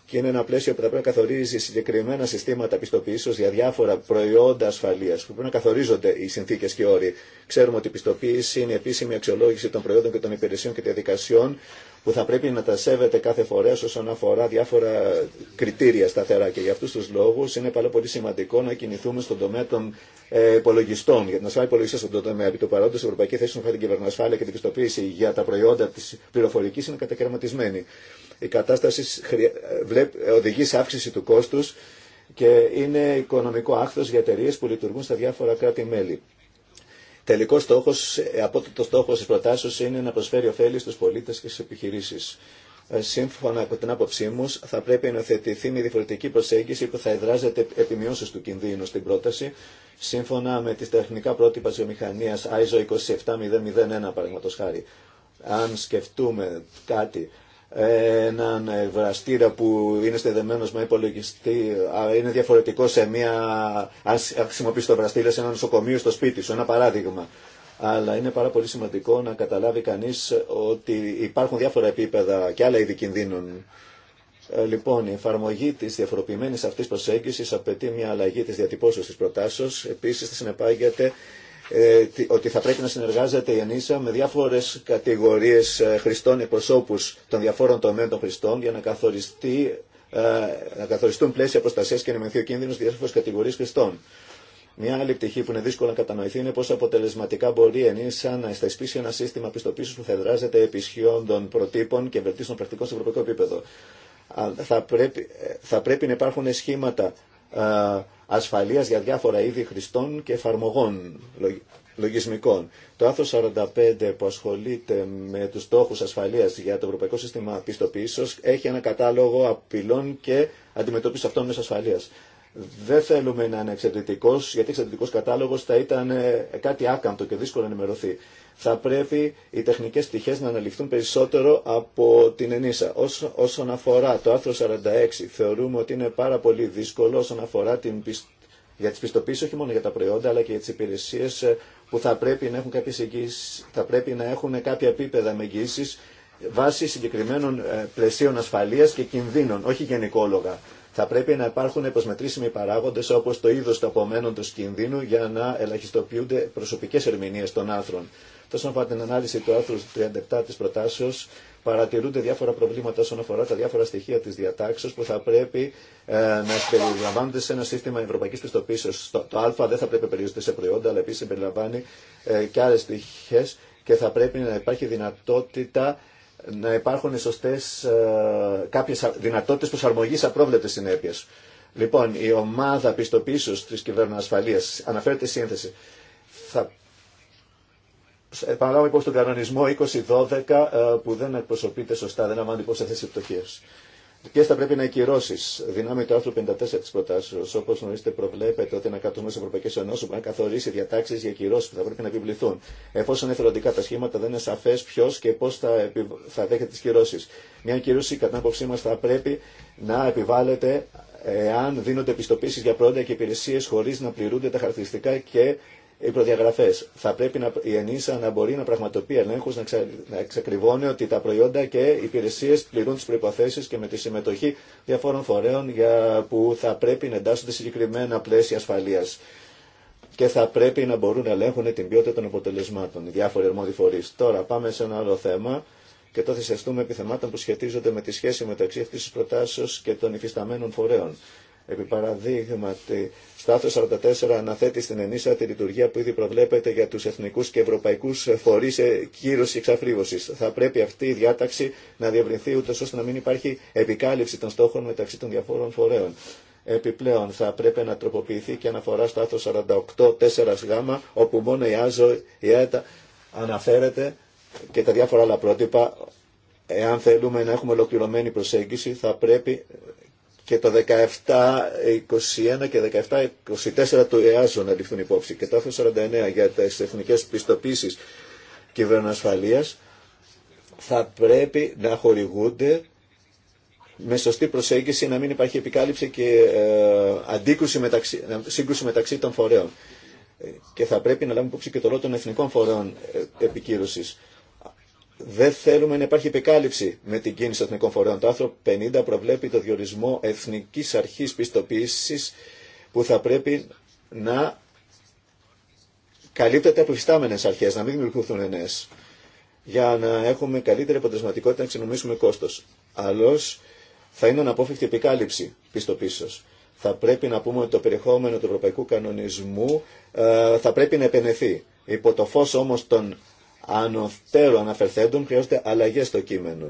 και είναι ένα πλαίσιο που θα πρέπει να καθορίζει συγκεκριμένα συστήματα πιστοποιήσεω για διάφορα προϊόντα ασφαλεία, που πρέπει να καθορίζονται οι συνθήκε και όροι. Ξέρουμε ότι η πιστοποίηση είναι η επίσημη αξιολόγηση των προϊόντων και των υπηρεσιών και διαδικασιών που θα πρέπει να τα σέβεται κάθε φορέα όσον αφορά διάφορα κριτήρια σταθερά. Και για αυτού του λόγου είναι πάρα πολύ σημαντικό να κινηθούμε στον τομέα των ε, υπολογιστών. Για την ασφάλεια υπολογιστών στον τομέα. Επί παρόντο, η Ευρωπαϊκή Θέση την κυβερνοασφάλεια και την πιστοποίηση για τα προϊόντα τη πληροφορική είναι κατακαιρματισμένη η κατάσταση οδηγεί σε αύξηση του κόστους και είναι οικονομικό άχθος για εταιρείε που λειτουργούν στα διάφορα κράτη-μέλη. Τελικό στόχο, ε, απότοτο στόχο τη προτάσεω είναι να προσφέρει ωφέλη στου πολίτε και στι επιχειρήσει. Ε, σύμφωνα με την άποψή μου, θα πρέπει να θετηθεί μια διαφορετική προσέγγιση που θα εδράζεται επιμειώσει του κινδύνου στην πρόταση, σύμφωνα με τι τεχνικά πρότυπα βιομηχανία ISO 27001, παραδείγματο χάρη. Αν σκεφτούμε κάτι έναν βραστήρα που είναι στεδεμένος με υπολογιστή, είναι διαφορετικό σε μια, αν χρησιμοποιήσει το βραστήρα σε ένα νοσοκομείο στο σπίτι σου, ένα παράδειγμα. Αλλά είναι πάρα πολύ σημαντικό να καταλάβει κανείς ότι υπάρχουν διάφορα επίπεδα και άλλα είδη κινδύνων. Ε, λοιπόν, η εφαρμογή τη διαφοροποιημένη αυτή προσέγγιση απαιτεί μια αλλαγή τη διατυπώσεω τη προτάσεω. Επίση, συνεπάγεται ε, ότι θα πρέπει να συνεργάζεται η ΕΝΗΣΑ με διάφορε κατηγορίε ε, χρηστών, εκπροσώπου των διαφόρων τομέων των χρηστών για να καθοριστεί ε, να καθοριστούν πλαίσια προστασία και να μειωθεί ο κίνδυνο διάφορε κατηγορίε χρηστών. Μια άλλη πτυχή που είναι δύσκολο να κατανοηθεί είναι πώ αποτελεσματικά μπορεί η ΕΝΗΣΑ να εστασπίσει ένα σύστημα πιστοποίηση που θα εδράζεται επί ισχυών των προτύπων και βελτίστων πρακτικών σε ευρωπαϊκό επίπεδο. Θα πρέπει, θα πρέπει να υπάρχουν σχήματα ε, ασφαλείας για διάφορα είδη χρηστών και εφαρμογών λογισμικών. Το άθρο 45 που ασχολείται με τους στόχους ασφαλείας για το Ευρωπαϊκό Σύστημα Πιστοποίησης έχει ένα κατάλογο απειλών και αντιμετώπιση αυτών ασφαλείας. Δεν θέλουμε να είναι εξαιρετικό, γιατί εξαιρετικό κατάλογο θα ήταν ε, κάτι άκαμπτο και δύσκολο να ενημερωθεί θα πρέπει οι τεχνικές πτυχές να αναλυφθούν περισσότερο από την ΕΝΙΣΑ. όσον αφορά το άρθρο 46, θεωρούμε ότι είναι πάρα πολύ δύσκολο όσον αφορά την για τις πιστοποίησεις όχι μόνο για τα προϊόντα αλλά και για τις υπηρεσίες ε, που θα πρέπει να έχουν, κάποιες θα πρέπει να έχουν κάποια επίπεδα με εγγύησεις βάσει συγκεκριμένων ε, πλαισίων ασφαλείας και κινδύνων, όχι γενικόλογα. Θα πρέπει να υπάρχουν προσμετρήσιμοι παράγοντε όπω το είδο του του κινδύνου για να ελαχιστοποιούνται προσωπικέ ερμηνείε των άρθρων. Όσον αφορά την ανάλυση του άρθρου 37 τη προτάσεω, παρατηρούνται διάφορα προβλήματα όσον αφορά τα διάφορα στοιχεία τη διατάξεω που θα πρέπει ε, να περιλαμβάνονται σε ένα σύστημα ευρωπαϊκή πιστοποίηση, Το, το α δεν θα πρέπει να περιορίζεται σε προϊόντα, αλλά επίση περιλαμβάνει ε, και άλλε στοιχείε και θα πρέπει να υπάρχει δυνατότητα να υπάρχουν σωστές, ε, κάποιες δυνατότητες προσαρμογής απρόβλεπτε συνέπειε. Λοιπόν, η ομάδα τη κυβέρνηση ασφαλεία, αναφέρεται σύνθεση. Θα επαναλάβω υπό τον κανονισμό 2012 ε, που δεν εκπροσωπείται σωστά, δεν λαμβάνει υπόψη επιτοχέ. οι Ποιε θα πρέπει να ακυρώσει δυνάμει του άρθρου 54 τη προτάσεω. Όπω γνωρίζετε, προβλέπεται ότι ένα κάτω τη Ευρωπαϊκή Ενώση μπορεί να καθορίσει διατάξει για ακυρώσει που θα πρέπει να επιβληθούν. Εφόσον εθελοντικά τα σχήματα δεν είναι σαφέ ποιο και πώ θα, επι... θα δέχεται τι κυρώσει. Μια κυρώση, κατά την άποψή μα, θα πρέπει να επιβάλλεται εάν δίνονται επιστοπίσει για προϊόντα και υπηρεσίε χωρί να πληρούνται τα χαρακτηριστικά και οι προδιαγραφέ. Θα πρέπει να, η ΕΝΗΣΑ να μπορεί να πραγματοποιεί ελέγχου, να, να εξακριβώνει ότι τα προϊόντα και οι υπηρεσίε πληρούν τι προποθέσει και με τη συμμετοχή διαφόρων φορέων για, που θα πρέπει να εντάσσονται συγκεκριμένα πλαίσια ασφαλεία. Και θα πρέπει να μπορούν να ελέγχουν την ποιότητα των αποτελεσμάτων, οι διάφοροι αρμόδιοι φορεί. Τώρα πάμε σε ένα άλλο θέμα και το θυσιαστούμε επιθεμάτων που σχετίζονται με τη σχέση μεταξύ αυτή τη προτάσεω και των υφισταμένων φορέων. Επί παραδείγματι, στο άρθρο 44 αναθέτει στην ενίσα τη λειτουργία που ήδη προβλέπεται για τους εθνικούς και ευρωπαϊκούς φορείς κύρωση εξαφρίβωσης. Θα πρέπει αυτή η διάταξη να διευρυνθεί ούτως ώστε να μην υπάρχει επικάλυψη των στόχων μεταξύ των διαφόρων φορέων. Επιπλέον, θα πρέπει να τροποποιηθεί και αναφορά στο άρθρο 48-4 γ, όπου μόνο η ΆΖΟ, η ΑΕΤΑ αναφέρεται και τα διάφορα άλλα πρότυπα. Εάν θέλουμε να έχουμε ολοκληρωμένη προσέγγιση, θα πρέπει και το 17-21 και 17-24 του ΕΑΖΟ να ληφθούν υπόψη και τα 49 για τις εθνικές πιστοποίησεις κυβερνοασφαλείας θα πρέπει να χορηγούνται με σωστή προσέγγιση να μην υπάρχει επικάλυψη και ε, αντίκρουση μεταξύ, σύγκρουση μεταξύ των φορέων. Ε, και θα πρέπει να λάβουμε υπόψη και το ρόλο των εθνικών φορέων ε, επικύρωσης δεν θέλουμε να υπάρχει επικάλυψη με την κίνηση των εθνικών φορέων. Το άρθρο 50 προβλέπει το διορισμό εθνική αρχή πιστοποίηση που θα πρέπει να καλύπτεται από υφιστάμενε αρχέ, να μην δημιουργηθούν νέε, για να έχουμε καλύτερη αποτελεσματικότητα να ξενομήσουμε κόστο. Αλλιώ θα είναι αναπόφευκτη επικάλυψη πιστοποίησης. Θα πρέπει να πούμε ότι το περιεχόμενο του ευρωπαϊκού κανονισμού ε, θα πρέπει να επενεθεί. Υπό το φω όμω των ανωτέρω αναφερθέντων χρειάζονται αλλαγέ στο κείμενο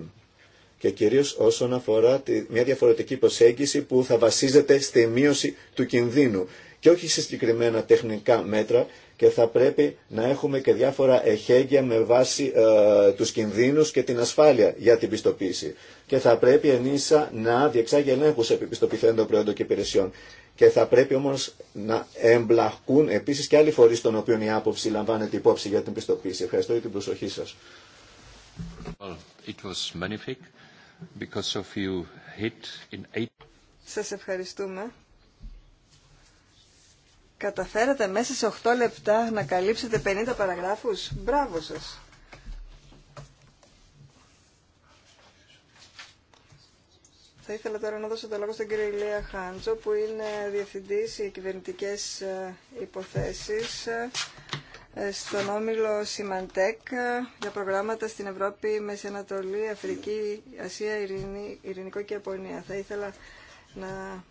και κυρίω όσον αφορά τη, μια διαφορετική προσέγγιση που θα βασίζεται στη μείωση του κινδύνου και όχι σε συγκεκριμένα τεχνικά μέτρα και θα πρέπει να έχουμε και διάφορα εχέγγυα με βάση ε, τους κινδύνους και την ασφάλεια για την πιστοποίηση. Και θα πρέπει ενίσα να διεξάγει ελέγχους επί πιστοποιηθέντων προϊόντων και υπηρεσιών και θα πρέπει όμως να εμπλακούν επίσης και άλλοι φορείς των οποίων η άποψη λαμβάνεται υπόψη για την πιστοποίηση. Ευχαριστώ για την προσοχή σας. Σας ευχαριστούμε. Καταφέρατε μέσα σε 8 λεπτά να καλύψετε 50 παραγράφους. Μπράβο σας. Θα ήθελα τώρα να δώσω το λόγο στον κύριο Ηλία Χάντζο, που είναι διευθυντής για κυβερνητικές ε, υποθέσεις ε, στον όμιλο Σιμαντέκ ε, για προγράμματα στην Ευρώπη, Μέση Ανατολή, Αφρική, Ασία, Ειρηνή, Ειρηνικό και Ιαπωνία. Θα ήθελα να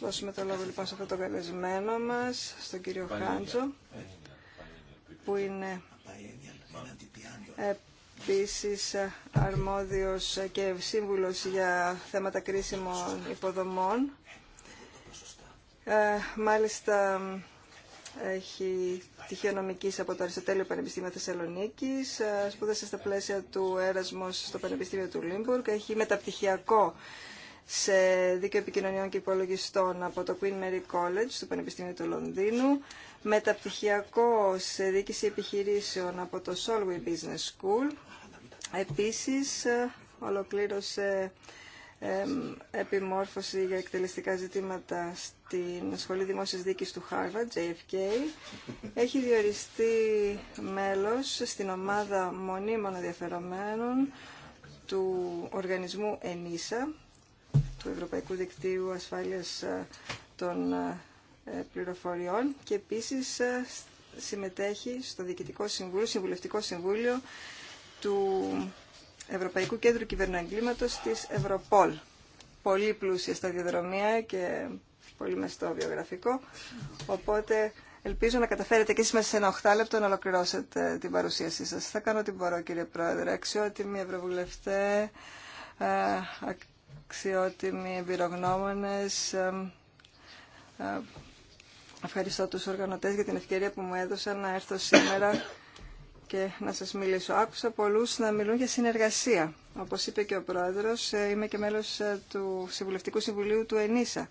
δώσουμε το λόγο λοιπόν σε αυτό το καλεσμένο μας, στον κύριο Χάντζο, που είναι επίσης ε, αρμόδιος ε, και σύμβουλος για θέματα κρίσιμων υποδομών. Ε, μάλιστα, έχει τυχαίο νομικής από το Αριστοτέλειο Πανεπιστήμιο Θεσσαλονίκης, σπούδασε στα πλαίσια του Έρασμος στο Πανεπιστήμιο του Λίμπουργκ, έχει μεταπτυχιακό σε δίκαιο επικοινωνιών και υπολογιστών από το Queen Mary College του Πανεπιστήμιου του Λονδίνου, μεταπτυχιακό σε δίκηση επιχειρήσεων από το Solway Business School Επίσης, ε, ολοκλήρωσε ε, επιμόρφωση για εκτελεστικά ζητήματα στην Σχολή Δημόσιας Δίκης του Harvard, JFK. Έχει διοριστεί μέλος στην ομάδα μονίμων ενδιαφερομένων του οργανισμού ENISA, του Ευρωπαϊκού Δικτύου Ασφάλειας ε, των Πληροφοριών και επίσης συμμετέχει στο Διοικητικό Συμβούλιο, Συμβουλευτικό Συμβούλιο του Ευρωπαϊκού Κέντρου Κυβερνοεγκλήματος της Ευρωπόλ. Πολύ πλούσια στα διαδρομία και πολύ μεστό βιογραφικό, οπότε ελπίζω να καταφέρετε και εσείς μέσα σε ένα οχτάλεπτο να ολοκληρώσετε την παρουσίασή σας. Θα κάνω ό,τι μπορώ κύριε Πρόεδρε, αξιότιμοι ευρωβουλευτέ, ε, αξιότιμοι εμπειρογνώμονες, ε, ε, Ευχαριστώ τους οργανωτές για την ευκαιρία που μου έδωσαν να έρθω σήμερα και να σας μιλήσω. Άκουσα πολλούς να μιλούν για συνεργασία. Όπως είπε και ο Πρόεδρος, ε, είμαι και μέλος ε, του Συμβουλευτικού Συμβουλίου του ΕΝΙΣΑ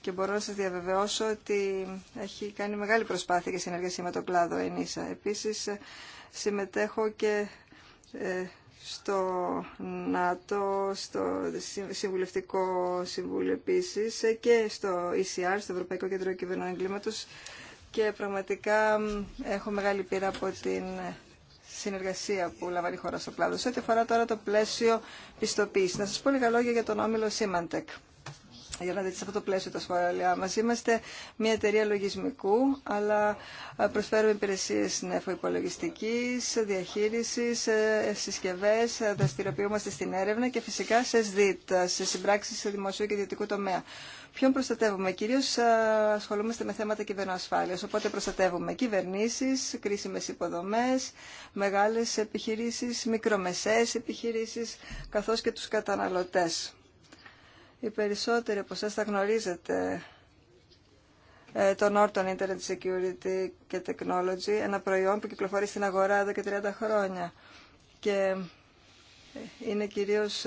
και μπορώ να σας διαβεβαιώσω ότι έχει κάνει μεγάλη προσπάθεια για συνεργασία με τον κλάδο ΕΝΙΣΑ. Επίσης, ε, συμμετέχω και στο ΝΑΤΟ, στο Συμβουλευτικό Συμβούλιο επίσης και στο ECR, στο Ευρωπαϊκό Κέντρο Κυβερνών Εγκλήματος και πραγματικά έχω μεγάλη πείρα από την συνεργασία που λαμβάνει η χώρα στο κλάδο. Σε ό,τι αφορά τώρα το πλαίσιο πιστοποίηση, να σα πω λίγα λόγια για τον όμιλο Symantec. Για να δείτε σε αυτό το πλαίσιο τα σχόλια μα. Είμαστε μια εταιρεία λογισμικού, αλλά προσφέρουμε υπηρεσίε νεφοπολογιστική, διαχείριση, ε, συσκευέ, ε, δραστηριοποιούμαστε στην έρευνα και φυσικά σε ΣΔΙΤ, σε συμπράξει σε δημοσίου και ιδιωτικού τομέα. Ποιον προστατεύουμε. Κυρίως ε, ασχολούμαστε με θέματα κυβερνοασφάλειας, οπότε προστατεύουμε κυβερνήσει, κρίσιμες υποδομές, μεγάλες επιχειρήσεις, μικρομεσαίες επιχειρήσεις, καθώς και τους καταναλωτές. Οι περισσότεροι από εσά θα γνωρίζετε ε, το Norton Internet Security και Technology, ένα προϊόν που κυκλοφορεί στην αγορά εδώ και 30 χρόνια. Και ε, είναι κυρίως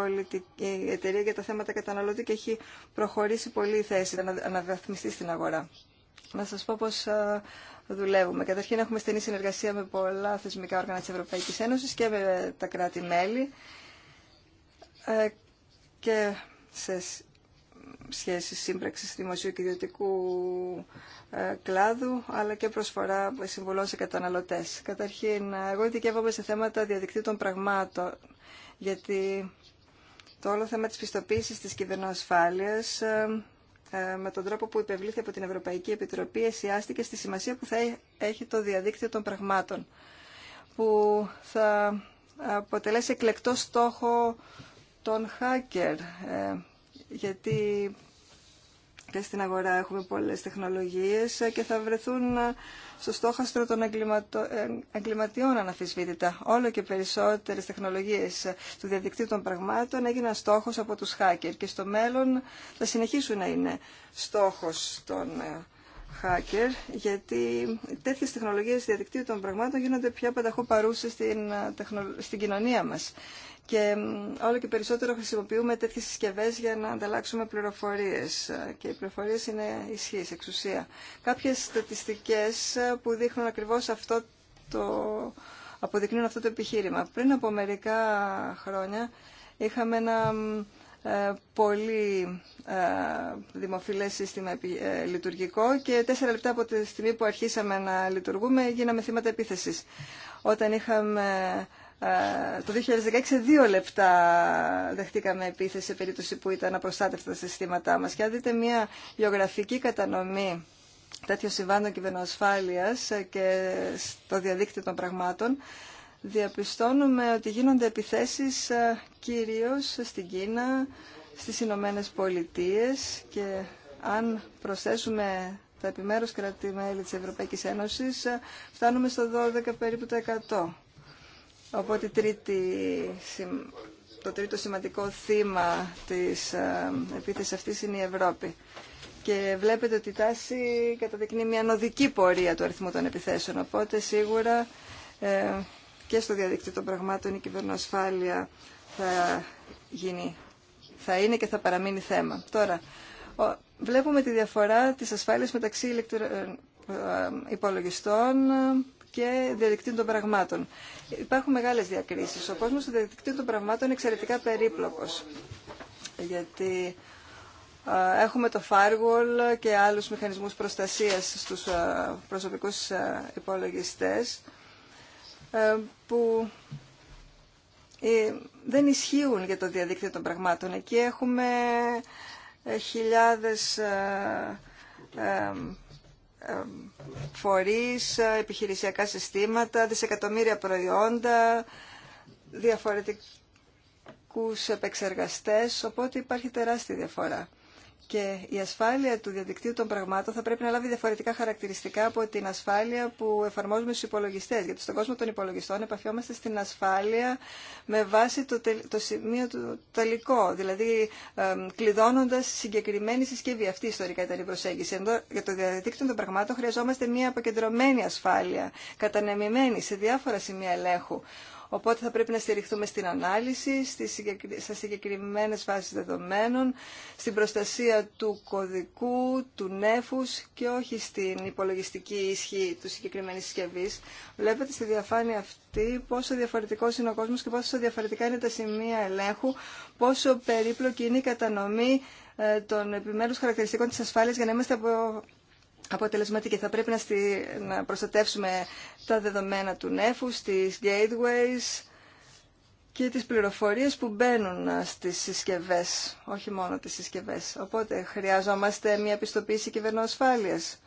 πολιτική εταιρεία για τα θέματα καταναλωτή και έχει προχωρήσει πολύ η θέση να αναβαθμιστεί στην αγορά. Να σας πω πώς ε, δουλεύουμε. Καταρχήν έχουμε στενή συνεργασία με πολλά θεσμικά όργανα της Ευρωπαϊκής Ένωσης και με τα κράτη-μέλη ε, και σε σχέση σύμπραξης δημοσίου και ιδιωτικού ε, κλάδου, αλλά και προσφορά συμβουλών σε καταναλωτές. Καταρχήν, εγώ ειδικεύομαι σε θέματα διαδικτύου των πραγμάτων, γιατί το όλο θέμα της πιστοποίησης της κυβερνοασφάλειας ε, ε, με τον τρόπο που υπευλήθη από την Ευρωπαϊκή Επιτροπή εσιάστηκε στη σημασία που θα έχει το διαδίκτυο των πραγμάτων που θα αποτελέσει εκλεκτό στόχο των hacker ε, γιατί στην αγορά. Έχουμε πολλές τεχνολογίες και θα βρεθούν στο στόχαστρο των ε, εγκληματιών αναφυσβήτητα. Όλο και περισσότερες τεχνολογίες του διαδικτύου των πραγμάτων έγιναν στόχος από τους hacker και στο μέλλον θα συνεχίσουν να είναι στόχος των ε, hacker γιατί τέτοιες τεχνολογίες διαδικτύου των πραγμάτων γίνονται πια πανταχού παρούσες στην, ε, στην κοινωνία μας και όλο και περισσότερο χρησιμοποιούμε τέτοιες συσκευές για να ανταλλάξουμε πληροφορίες ε, και οι πληροφορίες είναι ισχύς, εξουσία. Κάποιες στατιστικές ε, που δείχνουν ακριβώς αυτό το, αποδεικνύουν αυτό το επιχείρημα. Πριν από μερικά χρόνια είχαμε ένα ε, πολύ δημοφιλές σύστημα λειτουργικό και τέσσερα λεπτά από τη στιγμή που αρχίσαμε να λειτουργούμε γίναμε θύματα επίθεσης. Όταν είχαμε ε, το 2016 δύο λεπτά δεχτήκαμε επίθεση σε περίπτωση που ήταν απροστάτευτα τα συστήματά μας. Και αν δείτε μια γεωγραφική κατανομή τέτοιων συμβάντων κυβερνοασφάλειας ε, και στο διαδίκτυο των πραγμάτων, διαπιστώνουμε ότι γίνονται επιθέσεις ε, κυρίως στην Κίνα, στις Ηνωμένε Πολιτείε, και αν προσθέσουμε τα επιμερους κρατημέλη κράτη-μέλη της Ευρωπαϊκής Ένωσης, φτάνουμε στο 12 περίπου το 100. Οπότε το τρίτο σημαντικό θύμα της ε, επίθεσης αυτής είναι η Ευρώπη. Και βλέπετε ότι η τάση καταδεικνύει μια νοδική πορεία του αριθμού των επιθέσεων. Οπότε σίγουρα ε, και στο διαδίκτυο των πραγμάτων η κυβερνοασφάλεια θα, γίνει, θα είναι και θα παραμείνει θέμα. Τώρα, βλέπουμε τη διαφορά της ασφάλειας μεταξύ ε, υπολογιστών, και διαδικτύων των πραγμάτων. Υπάρχουν μεγάλες διακρίσεις. Ο κόσμο των διαδικτύων των πραγμάτων είναι εξαιρετικά περίπλοκος. Γιατί Έχουμε το firewall και άλλους μηχανισμούς προστασίας στου προσωπικούς υπολογιστέ, ε, που ε, δεν ισχύουν για το διαδίκτυο των πραγμάτων. Εκεί έχουμε ε, χιλιάδες φορείς, επιχειρησιακά συστήματα, δισεκατομμύρια προϊόντα, διαφορετικούς επεξεργαστές, οπότε υπάρχει τεράστια διαφορά. Και η ασφάλεια του διαδικτύου των πραγμάτων θα πρέπει να λάβει διαφορετικά χαρακτηριστικά από την ασφάλεια που εφαρμόζουμε στου υπολογιστέ. Γιατί στον κόσμο των υπολογιστών επαφιόμαστε στην ασφάλεια με βάση το, το σημείο του τελικό. Δηλαδή ε, κλειδώνοντα συγκεκριμένη συσκευή. Αυτή ιστορικά ήταν η προσέγγιση. Εδώ, για το διαδίκτυο των πραγμάτων χρειαζόμαστε μια αποκεντρωμένη ασφάλεια, κατανεμημένη σε διάφορα σημεία ελέγχου, Οπότε θα πρέπει να στηριχθούμε στην ανάλυση, στις στα συγκεκριμένες βάσεις δεδομένων, στην προστασία του κωδικού, του νέφους και όχι στην υπολογιστική ισχύ του συγκεκριμένη συσκευή. Βλέπετε στη διαφάνεια αυτή πόσο διαφορετικός είναι ο κόσμος και πόσο διαφορετικά είναι τα σημεία ελέγχου, πόσο περίπλοκη είναι η κατανομή ε, των επιμέρους χαρακτηριστικών της ασφάλειας για να είμαστε αποτελεσματική. Θα πρέπει να, στη, να προστατεύσουμε τα δεδομένα του νεφου, τις gateways και τις πληροφορίες που μπαίνουν ε, στις συσκευές, όχι μόνο τις συσκευές. Οπότε χρειάζομαστε μια πιστοποίηση κυβερνοασφάλειας.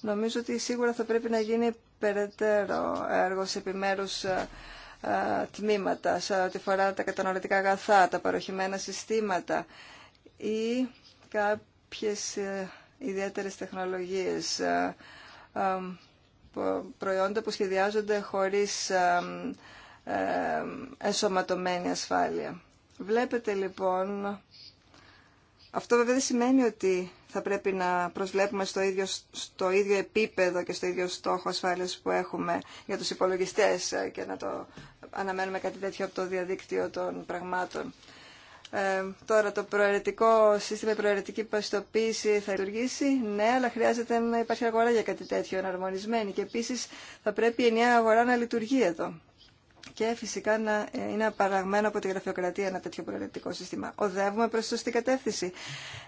Νομίζω ότι σίγουρα θα πρέπει να γίνει περαιτέρω έργο σε επιμέρους ε, ε, τμήματα, σε ό,τι φορά τα καταναλωτικά αγαθά, τα παροχημένα συστήματα ή κάποιες ιδιαίτερες τεχνολογίες, ε, ε, προϊόντα που σχεδιάζονται χωρίς ε, εσωματωμένη ασφάλεια. Βλέπετε λοιπόν, αυτό βέβαια δεν σημαίνει ότι θα πρέπει να προσβλέπουμε στο ίδιο, στο ίδιο επίπεδο και στο ίδιο στόχο ασφάλειας που έχουμε για τους υπολογιστές και να το αναμένουμε κάτι τέτοιο από το διαδίκτυο των πραγμάτων. Ε, τώρα το προαιρετικό σύστημα, η προαιρετική παστοποίηση θα λειτουργήσει. Ναι, αλλά χρειάζεται να υπάρχει αγορά για κάτι τέτοιο, εναρμονισμένη. Και επίση θα πρέπει η ενιαία αγορά να λειτουργεί εδώ. Και φυσικά να είναι απαραγμένο από τη γραφειοκρατία ένα τέτοιο προαιρετικό σύστημα. Οδεύουμε προς σωστή κατεύθυνση.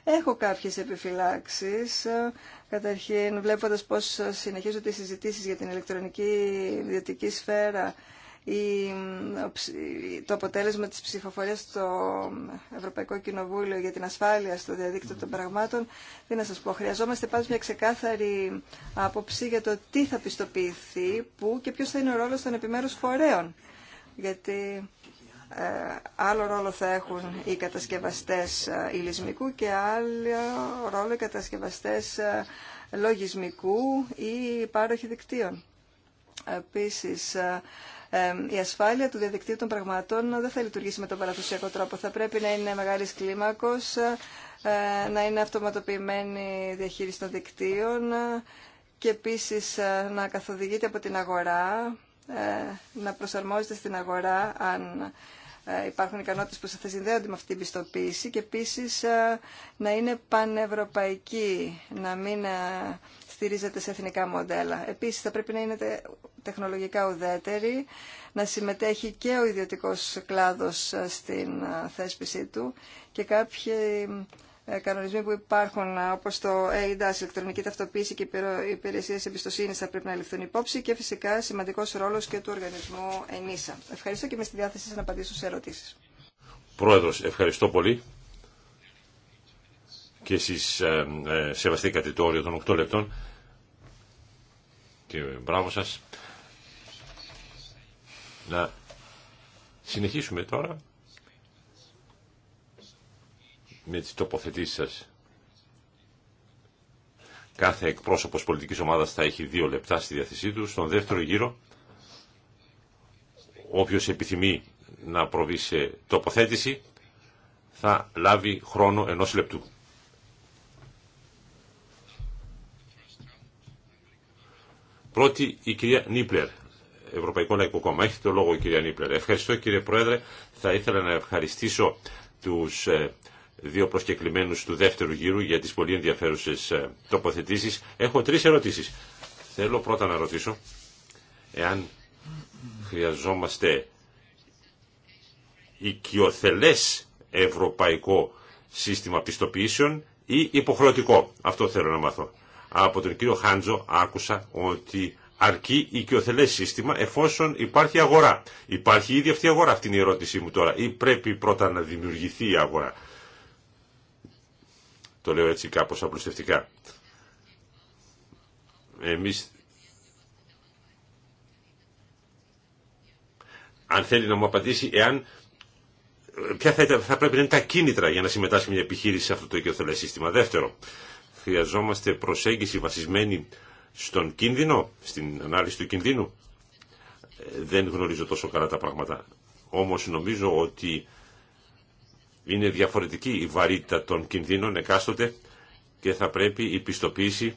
Έχω κάποιε επιφυλάξει. Ε, καταρχήν, βλέποντα πω συνεχίζονται οι συζητήσει για την ηλεκτρονική ιδιωτική σφαίρα το αποτέλεσμα της ψηφοφορίας στο Ευρωπαϊκό Κοινοβούλιο για την ασφάλεια στο διαδίκτυο των πραγμάτων, τι να σας πω, χρειαζόμαστε πάντως μια ξεκάθαρη άποψη για το τι θα πιστοποιηθεί, πού και ποιος θα είναι ο ρόλος των επιμέρους φορέων. Γιατί ε, άλλο ρόλο θα έχουν οι κατασκευαστές ε, ηλισμικού και άλλο ρόλο οι κατασκευαστές ε, λογισμικού ή πάροχοι δικτύων. Επίσης, ε, η ασφάλεια του διαδικτύου των πραγμάτων δεν θα λειτουργήσει με τον παραδοσιακό τρόπο. Θα πρέπει να είναι μεγάλη κλίμακο, ε, να είναι αυτοματοποιημένη διαχείριση των δικτύων και επίση ε, να καθοδηγείται από την αγορά, ε, να προσαρμόζεται στην αγορά αν υπάρχουν ικανότητες που θα συνδέονται με αυτή την πιστοποίηση και επίσης να είναι πανευρωπαϊκή, να μην στηρίζεται σε εθνικά μοντέλα. Επίσης θα πρέπει να είναι τεχνολογικά ουδέτεροι, να συμμετέχει και ο ιδιωτικός κλάδος ε, στην ε, θέσπιση του και κάποιοι ε, κανονισμοί που υπάρχουν όπως το η ηλεκτρονική ταυτοποίηση και υπηρεσίες εμπιστοσύνη θα πρέπει να ληφθούν υπόψη και φυσικά σημαντικός ρόλος και του οργανισμού ΕΝΙΣΑ. Ευχαριστώ και με στη διάθεση να απαντήσω σε ερωτήσεις. Πρόεδρος, ευχαριστώ πολύ και εσείς ε, ε, σεβαστήκατε το όριο των 8 λεπτών και μπράβο σας. Να συνεχίσουμε τώρα με τις τοποθετήσεις σας. Κάθε εκπρόσωπος πολιτικής ομάδας θα έχει δύο λεπτά στη διάθεσή του. Στον δεύτερο γύρο, όποιος επιθυμεί να προβεί σε τοποθέτηση, θα λάβει χρόνο ενός λεπτού. Πρώτη η κυρία Νίπλερ, Ευρωπαϊκό Λαϊκό Κόμμα. Έχετε το λόγο κυρία Νίπλερ. Ευχαριστώ κύριε Πρόεδρε. Θα ήθελα να ευχαριστήσω τους ε, δύο προσκεκλημένους του δεύτερου γύρου για τις πολύ ενδιαφέρουσες ε, τοποθετήσεις. Έχω τρεις ερωτήσεις. Θέλω πρώτα να ρωτήσω εάν χρειαζόμαστε οικειοθελέ ευρωπαϊκό σύστημα πιστοποιήσεων ή υποχρεωτικό. Αυτό θέλω να μάθω από τον κύριο Χάντζο άκουσα ότι αρκεί οικειοθελέ σύστημα εφόσον υπάρχει αγορά. Υπάρχει ήδη αυτή η αγορά, αυτή είναι η ερώτησή μου τώρα. Ή πρέπει πρώτα να δημιουργηθεί η αγορά. Το λέω έτσι κάπως απλουστευτικά. Εμείς... Αν θέλει να μου απαντήσει εάν ποια θα, θα πρέπει να είναι τα κίνητρα για να συμμετάσχει μια επιχείρηση σε αυτό το οικειοθελέ σύστημα. Δεύτερο, Χρειαζόμαστε προσέγγιση βασισμένη στον κίνδυνο, στην ανάλυση του κινδύνου. Ε, δεν γνωρίζω τόσο καλά τα πράγματα. Όμως νομίζω ότι είναι διαφορετική η βαρύτητα των κινδύνων εκάστοτε και θα πρέπει η πιστοποίηση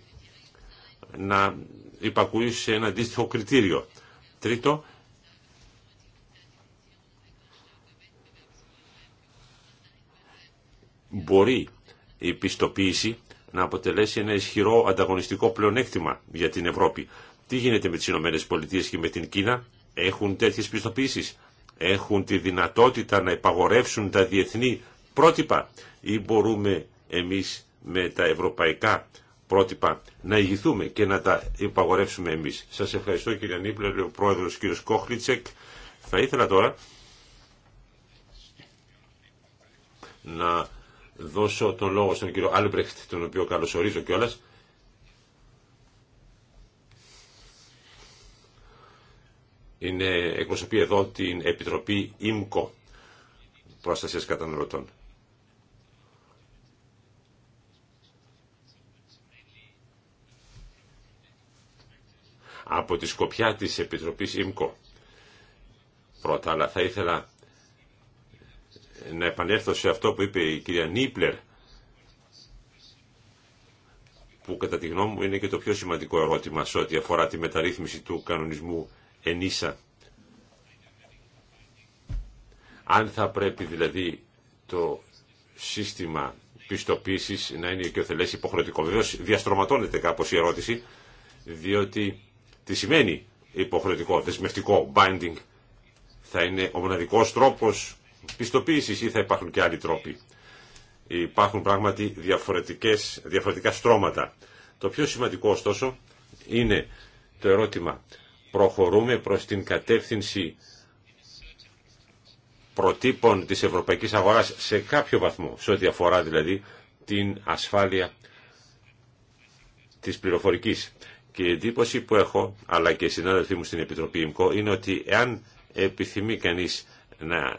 να υπακούει σε ένα αντίστοιχο κριτήριο. Τρίτο, μπορεί η πιστοποίηση να αποτελέσει ένα ισχυρό ανταγωνιστικό πλεονέκτημα για την Ευρώπη. Τι γίνεται με τις ΗΠΑ και με την Κίνα, έχουν τέτοιε πιστοποίησεις, έχουν τη δυνατότητα να υπαγορεύσουν τα διεθνή πρότυπα ή μπορούμε εμείς με τα ευρωπαϊκά πρότυπα να ηγηθούμε και να τα υπαγορεύσουμε εμείς. Σας ευχαριστώ κύριε Νίπλε, ο πρόεδρος κύριος Κόχλιτσεκ. Θα ήθελα τώρα να δώσω τον λόγο στον κύριο Άλμπρεχτ, τον οποίο καλωσορίζω κιόλα. Είναι εκπροσωπή εδώ την Επιτροπή ΙΜΚΟ Προστασίας Καταναλωτών. Από τη σκοπιά της Επιτροπής ΙΜΚΟ. Πρώτα, αλλά θα ήθελα να επανέλθω σε αυτό που είπε η κυρία Νίπλερ, που κατά τη γνώμη μου είναι και το πιο σημαντικό ερώτημα σε ό,τι αφορά τη μεταρρύθμιση του κανονισμού ενίσα. Αν θα πρέπει δηλαδή το σύστημα πιστοποίησης να είναι και ο θελές υποχρεωτικό. Βεβαίως διαστρωματώνεται κάπως η ερώτηση, διότι τι σημαίνει υποχρεωτικό, δεσμευτικό, binding, θα είναι ο μοναδικός τρόπος πιστοποίησης ή θα υπάρχουν και άλλοι τρόποι. Υπάρχουν πράγματι διαφορετικές, διαφορετικά στρώματα. Το πιο σημαντικό ωστόσο είναι το ερώτημα προχωρούμε προς την κατεύθυνση προτύπων της ευρωπαϊκής αγοράς σε κάποιο βαθμό, σε ό,τι αφορά δηλαδή την ασφάλεια της πληροφορικής. Και η εντύπωση που έχω, αλλά και οι συνάδελφοί μου στην Επιτροπή ΙΜΚΟ, είναι ότι εάν επιθυμεί κανείς να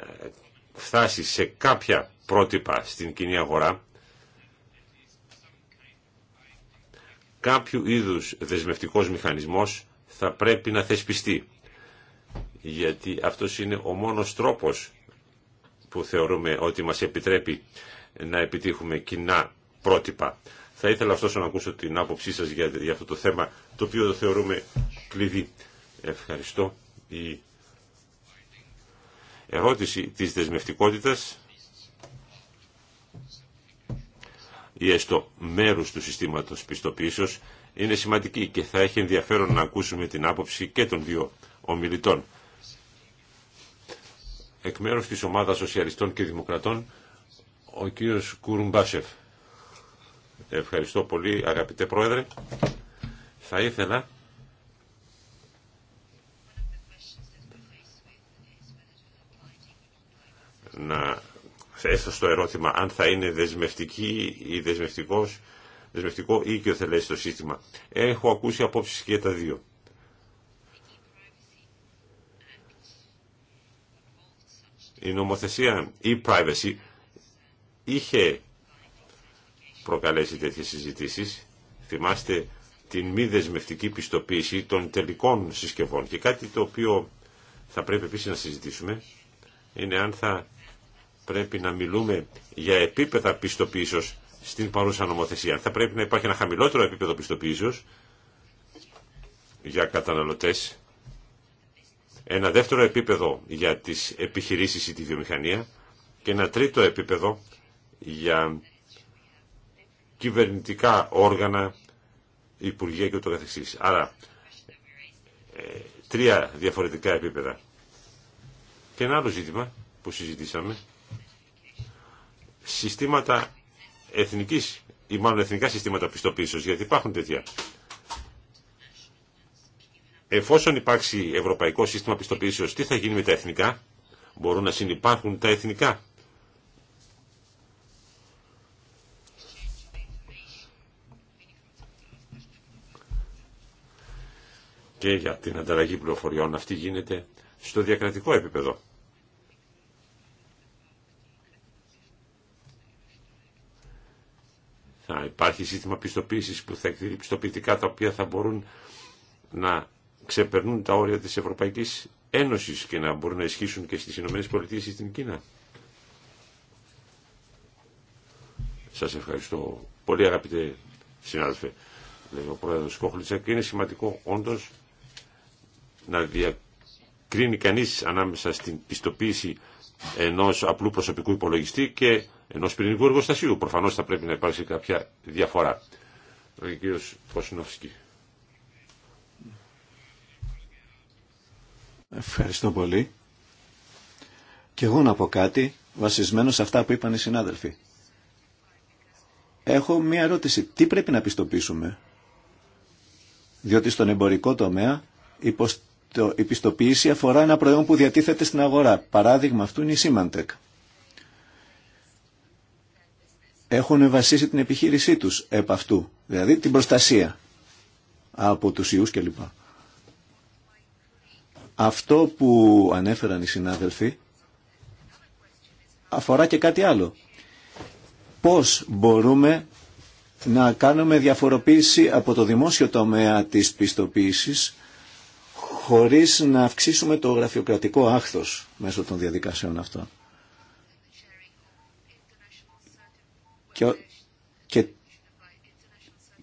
φτάσει σε κάποια πρότυπα στην κοινή αγορά κάποιου είδους δεσμευτικός μηχανισμός θα πρέπει να θεσπιστεί γιατί αυτός είναι ο μόνος τρόπος που θεωρούμε ότι μας επιτρέπει να επιτύχουμε κοινά πρότυπα. Θα ήθελα ωστόσο να ακούσω την άποψή σας για, για αυτό το θέμα, το οποίο το θεωρούμε κλειδί. Ευχαριστώ ερώτηση της δεσμευτικότητας ή έστω μέρους του συστήματος πιστοποίησεως είναι σημαντική και θα έχει ενδιαφέρον να ακούσουμε την άποψη και των δύο ομιλητών. Εκ μέρους της ομάδας Σοσιαλιστών και Δημοκρατών, ο κύριος Κουρουμπάσεφ. Ευχαριστώ πολύ αγαπητέ Πρόεδρε. Θα ήθελα να θέσω στο ερώτημα αν θα είναι δεσμευτική ή δεσμευτικός, δεσμευτικό ή και ο το σύστημα. Έχω ακούσει απόψεις και τα δύο. Η νομοθεσια ή e-privacy είχε προκαλέσει τέτοιες συζητήσεις. Θυμάστε την μη δεσμευτική πιστοποίηση των τελικών συσκευών. Και κάτι το οποίο θα πρέπει επίσης να συζητήσουμε είναι αν θα πρέπει να μιλούμε για επίπεδα πιστοποίησεως στην παρούσα νομοθεσία. Θα πρέπει να υπάρχει ένα χαμηλότερο επίπεδο πιστοποίησεως για καταναλωτές, ένα δεύτερο επίπεδο για τις επιχειρήσεις ή τη βιομηχανία και ένα τρίτο επίπεδο για κυβερνητικά όργανα, υπουργεία και ούτω καθεξής. Άρα, ε, τρία διαφορετικά επίπεδα. Και ένα άλλο ζήτημα που συζητήσαμε συστήματα εθνικής ή μάλλον εθνικά συστήματα πιστοποίησης, γιατί υπάρχουν τέτοια. Εφόσον υπάρξει ευρωπαϊκό σύστημα πιστοποίησης, τι θα γίνει με τα εθνικά, μπορούν να συνεπάρχουν τα εθνικά. Και για την ανταλλαγή πληροφοριών αυτή γίνεται στο διακρατικό επίπεδο. να υπάρχει σύστημα πιστοποίησης που θα εκδίδει πιστοποιητικά τα οποία θα μπορούν να ξεπερνούν τα όρια της Ευρωπαϊκής Ένωσης και να μπορούν να ισχύσουν και στις Ηνωμένες Πολιτείες ή στην Κίνα. Σας ευχαριστώ πολύ αγαπητέ συνάδελφε, λέει ο πρόεδρος Κόχλητσα και είναι σημαντικό όντως να διακρίνει κανείς ανάμεσα στην πιστοποίηση Ενό απλού προσωπικού υπολογιστή και ενό πυρηνικού εργοστασίου. Προφανώς θα πρέπει να υπάρξει κάποια διαφορά. Ο κύριος Κοσινόφσκι. Ευχαριστώ πολύ. Και εγώ να πω κάτι βασισμένο σε αυτά που είπαν οι συνάδελφοι. Έχω μία ερώτηση. Τι πρέπει να πιστοποιήσουμε. Διότι στον εμπορικό τομέα υποστηρίζουμε η πιστοποίηση αφορά ένα προϊόν που διατίθεται στην αγορά. Παράδειγμα αυτού είναι η Symantec. Έχουν βασίσει την επιχείρησή τους επ' αυτού, δηλαδή την προστασία από τους ιούς κλπ. Αυτό που ανέφεραν οι συνάδελφοι αφορά και κάτι άλλο. Πώς μπορούμε να κάνουμε διαφοροποίηση από το δημόσιο τομέα της πιστοποίησης χωρίς να αυξήσουμε το γραφειοκρατικό άχθος μέσω των διαδικασιών αυτών. Και,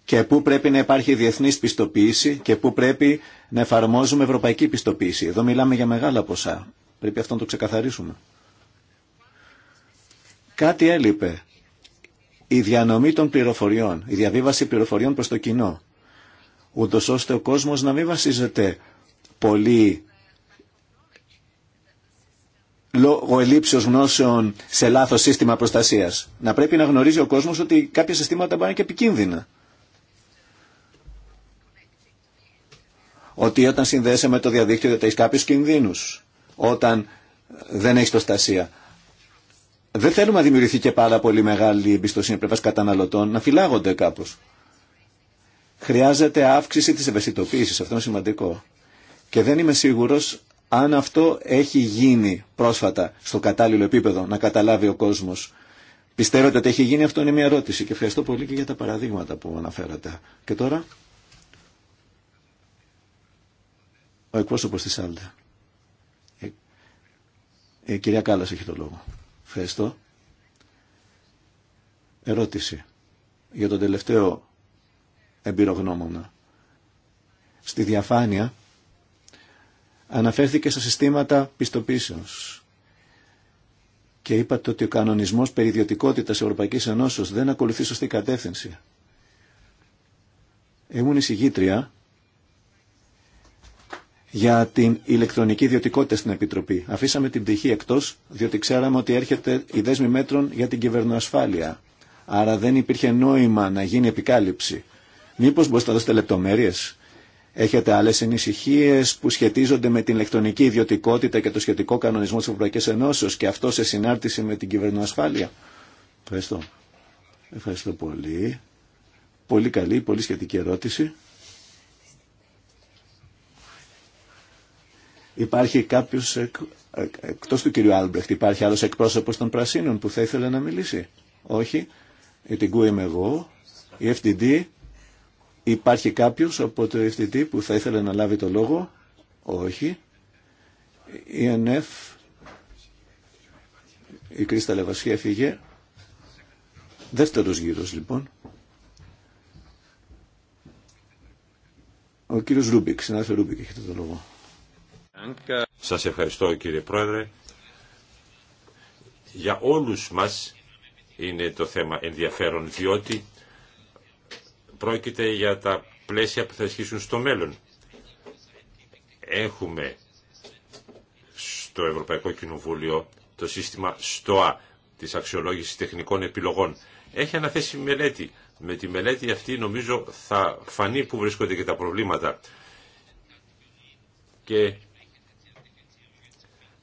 και, πού πρέπει να υπάρχει διεθνής πιστοποίηση και πού πρέπει να εφαρμόζουμε ευρωπαϊκή πιστοποίηση. Εδώ μιλάμε για μεγάλα ποσά. Πρέπει αυτό να το ξεκαθαρίσουμε. Κάτι έλειπε. Η διανομή των πληροφοριών, η διαβίβαση πληροφοριών προς το κοινό ούτως ώστε ο κόσμος να μην βασίζεται πολύ λόγω ελλείψεως γνώσεων σε λάθος σύστημα προστασίας. Να πρέπει να γνωρίζει ο κόσμος ότι κάποια συστήματα μπορεί να είναι και επικίνδυνα. Ότι όταν συνδέεσαι με το διαδίκτυο δεν έχει κάποιους κινδύνους. Όταν δεν έχει προστασία. Δεν θέλουμε να δημιουργηθεί και πάρα πολύ μεγάλη εμπιστοσύνη πρέπει καταναλωτών, να φυλάγονται κάπως. Χρειάζεται αύξηση της ευαισθητοποίησης, αυτό είναι σημαντικό και δεν είμαι σίγουρος αν αυτό έχει γίνει πρόσφατα στο κατάλληλο επίπεδο να καταλάβει ο κόσμος. Πιστεύετε ότι έχει γίνει αυτό είναι μια ερώτηση και ευχαριστώ πολύ και για τα παραδείγματα που αναφέρατε. Και τώρα ο εκπρόσωπος της Άλτα. Η... Ε, ε, κυρία Κάλλας έχει το λόγο. Ευχαριστώ. Ερώτηση για τον τελευταίο εμπειρογνώμονα. Στη διαφάνεια αναφέρθηκε στα συστήματα πιστοποίησεως. Και είπατε ότι ο κανονισμός περί ιδιωτικότητας Ευρωπαϊκής Ενώσεως δεν ακολουθεί σωστή κατεύθυνση. Ήμουν εισηγήτρια για την ηλεκτρονική ιδιωτικότητα στην Επιτροπή. Αφήσαμε την πτυχή εκτός, διότι ξέραμε ότι έρχεται η δέσμη μέτρων για την κυβερνοασφάλεια. Άρα δεν υπήρχε νόημα να γίνει επικάλυψη. Μήπως μπορείτε να δώσετε λεπτομέρειες. Έχετε άλλε ανησυχίε που σχετίζονται με την ηλεκτρονική ιδιωτικότητα και το σχετικό κανονισμό τη Ευρωπαϊκή Ενώσεω και αυτό σε συνάρτηση με την κυβερνοασφάλεια. Ευχαριστώ. Ευχαριστώ πολύ. Πολύ καλή, πολύ σχετική ερώτηση. Υπάρχει κάποιο εκτό του κυρίου Άλμπρεχτ, υπάρχει άλλο εκπρόσωπο των Πρασίνων που θα ήθελε να μιλήσει. Όχι. Η ε, Τιγκού είμαι εγώ. Η FTD. Υπάρχει κάποιος από το FTT που θα ήθελε να λάβει το λόγο. Όχι. Η ΕΝΕΦ, η Κρίστα Λεβασχία φύγε. Δεύτερος γύρος λοιπόν. Ο κύριος Ρούμπικ, συνάδελφε Ρούμπικ, έχετε το λόγο. Σας ευχαριστώ κύριε Πρόεδρε. Για όλους μας είναι το θέμα ενδιαφέρον διότι πρόκειται για τα πλαίσια που θα ισχύσουν στο μέλλον. Έχουμε στο Ευρωπαϊκό Κοινοβούλιο το σύστημα ΣΤΟΑ της αξιολόγησης τεχνικών επιλογών. Έχει αναθέσει μελέτη. Με τη μελέτη αυτή νομίζω θα φανεί που βρίσκονται και τα προβλήματα. Και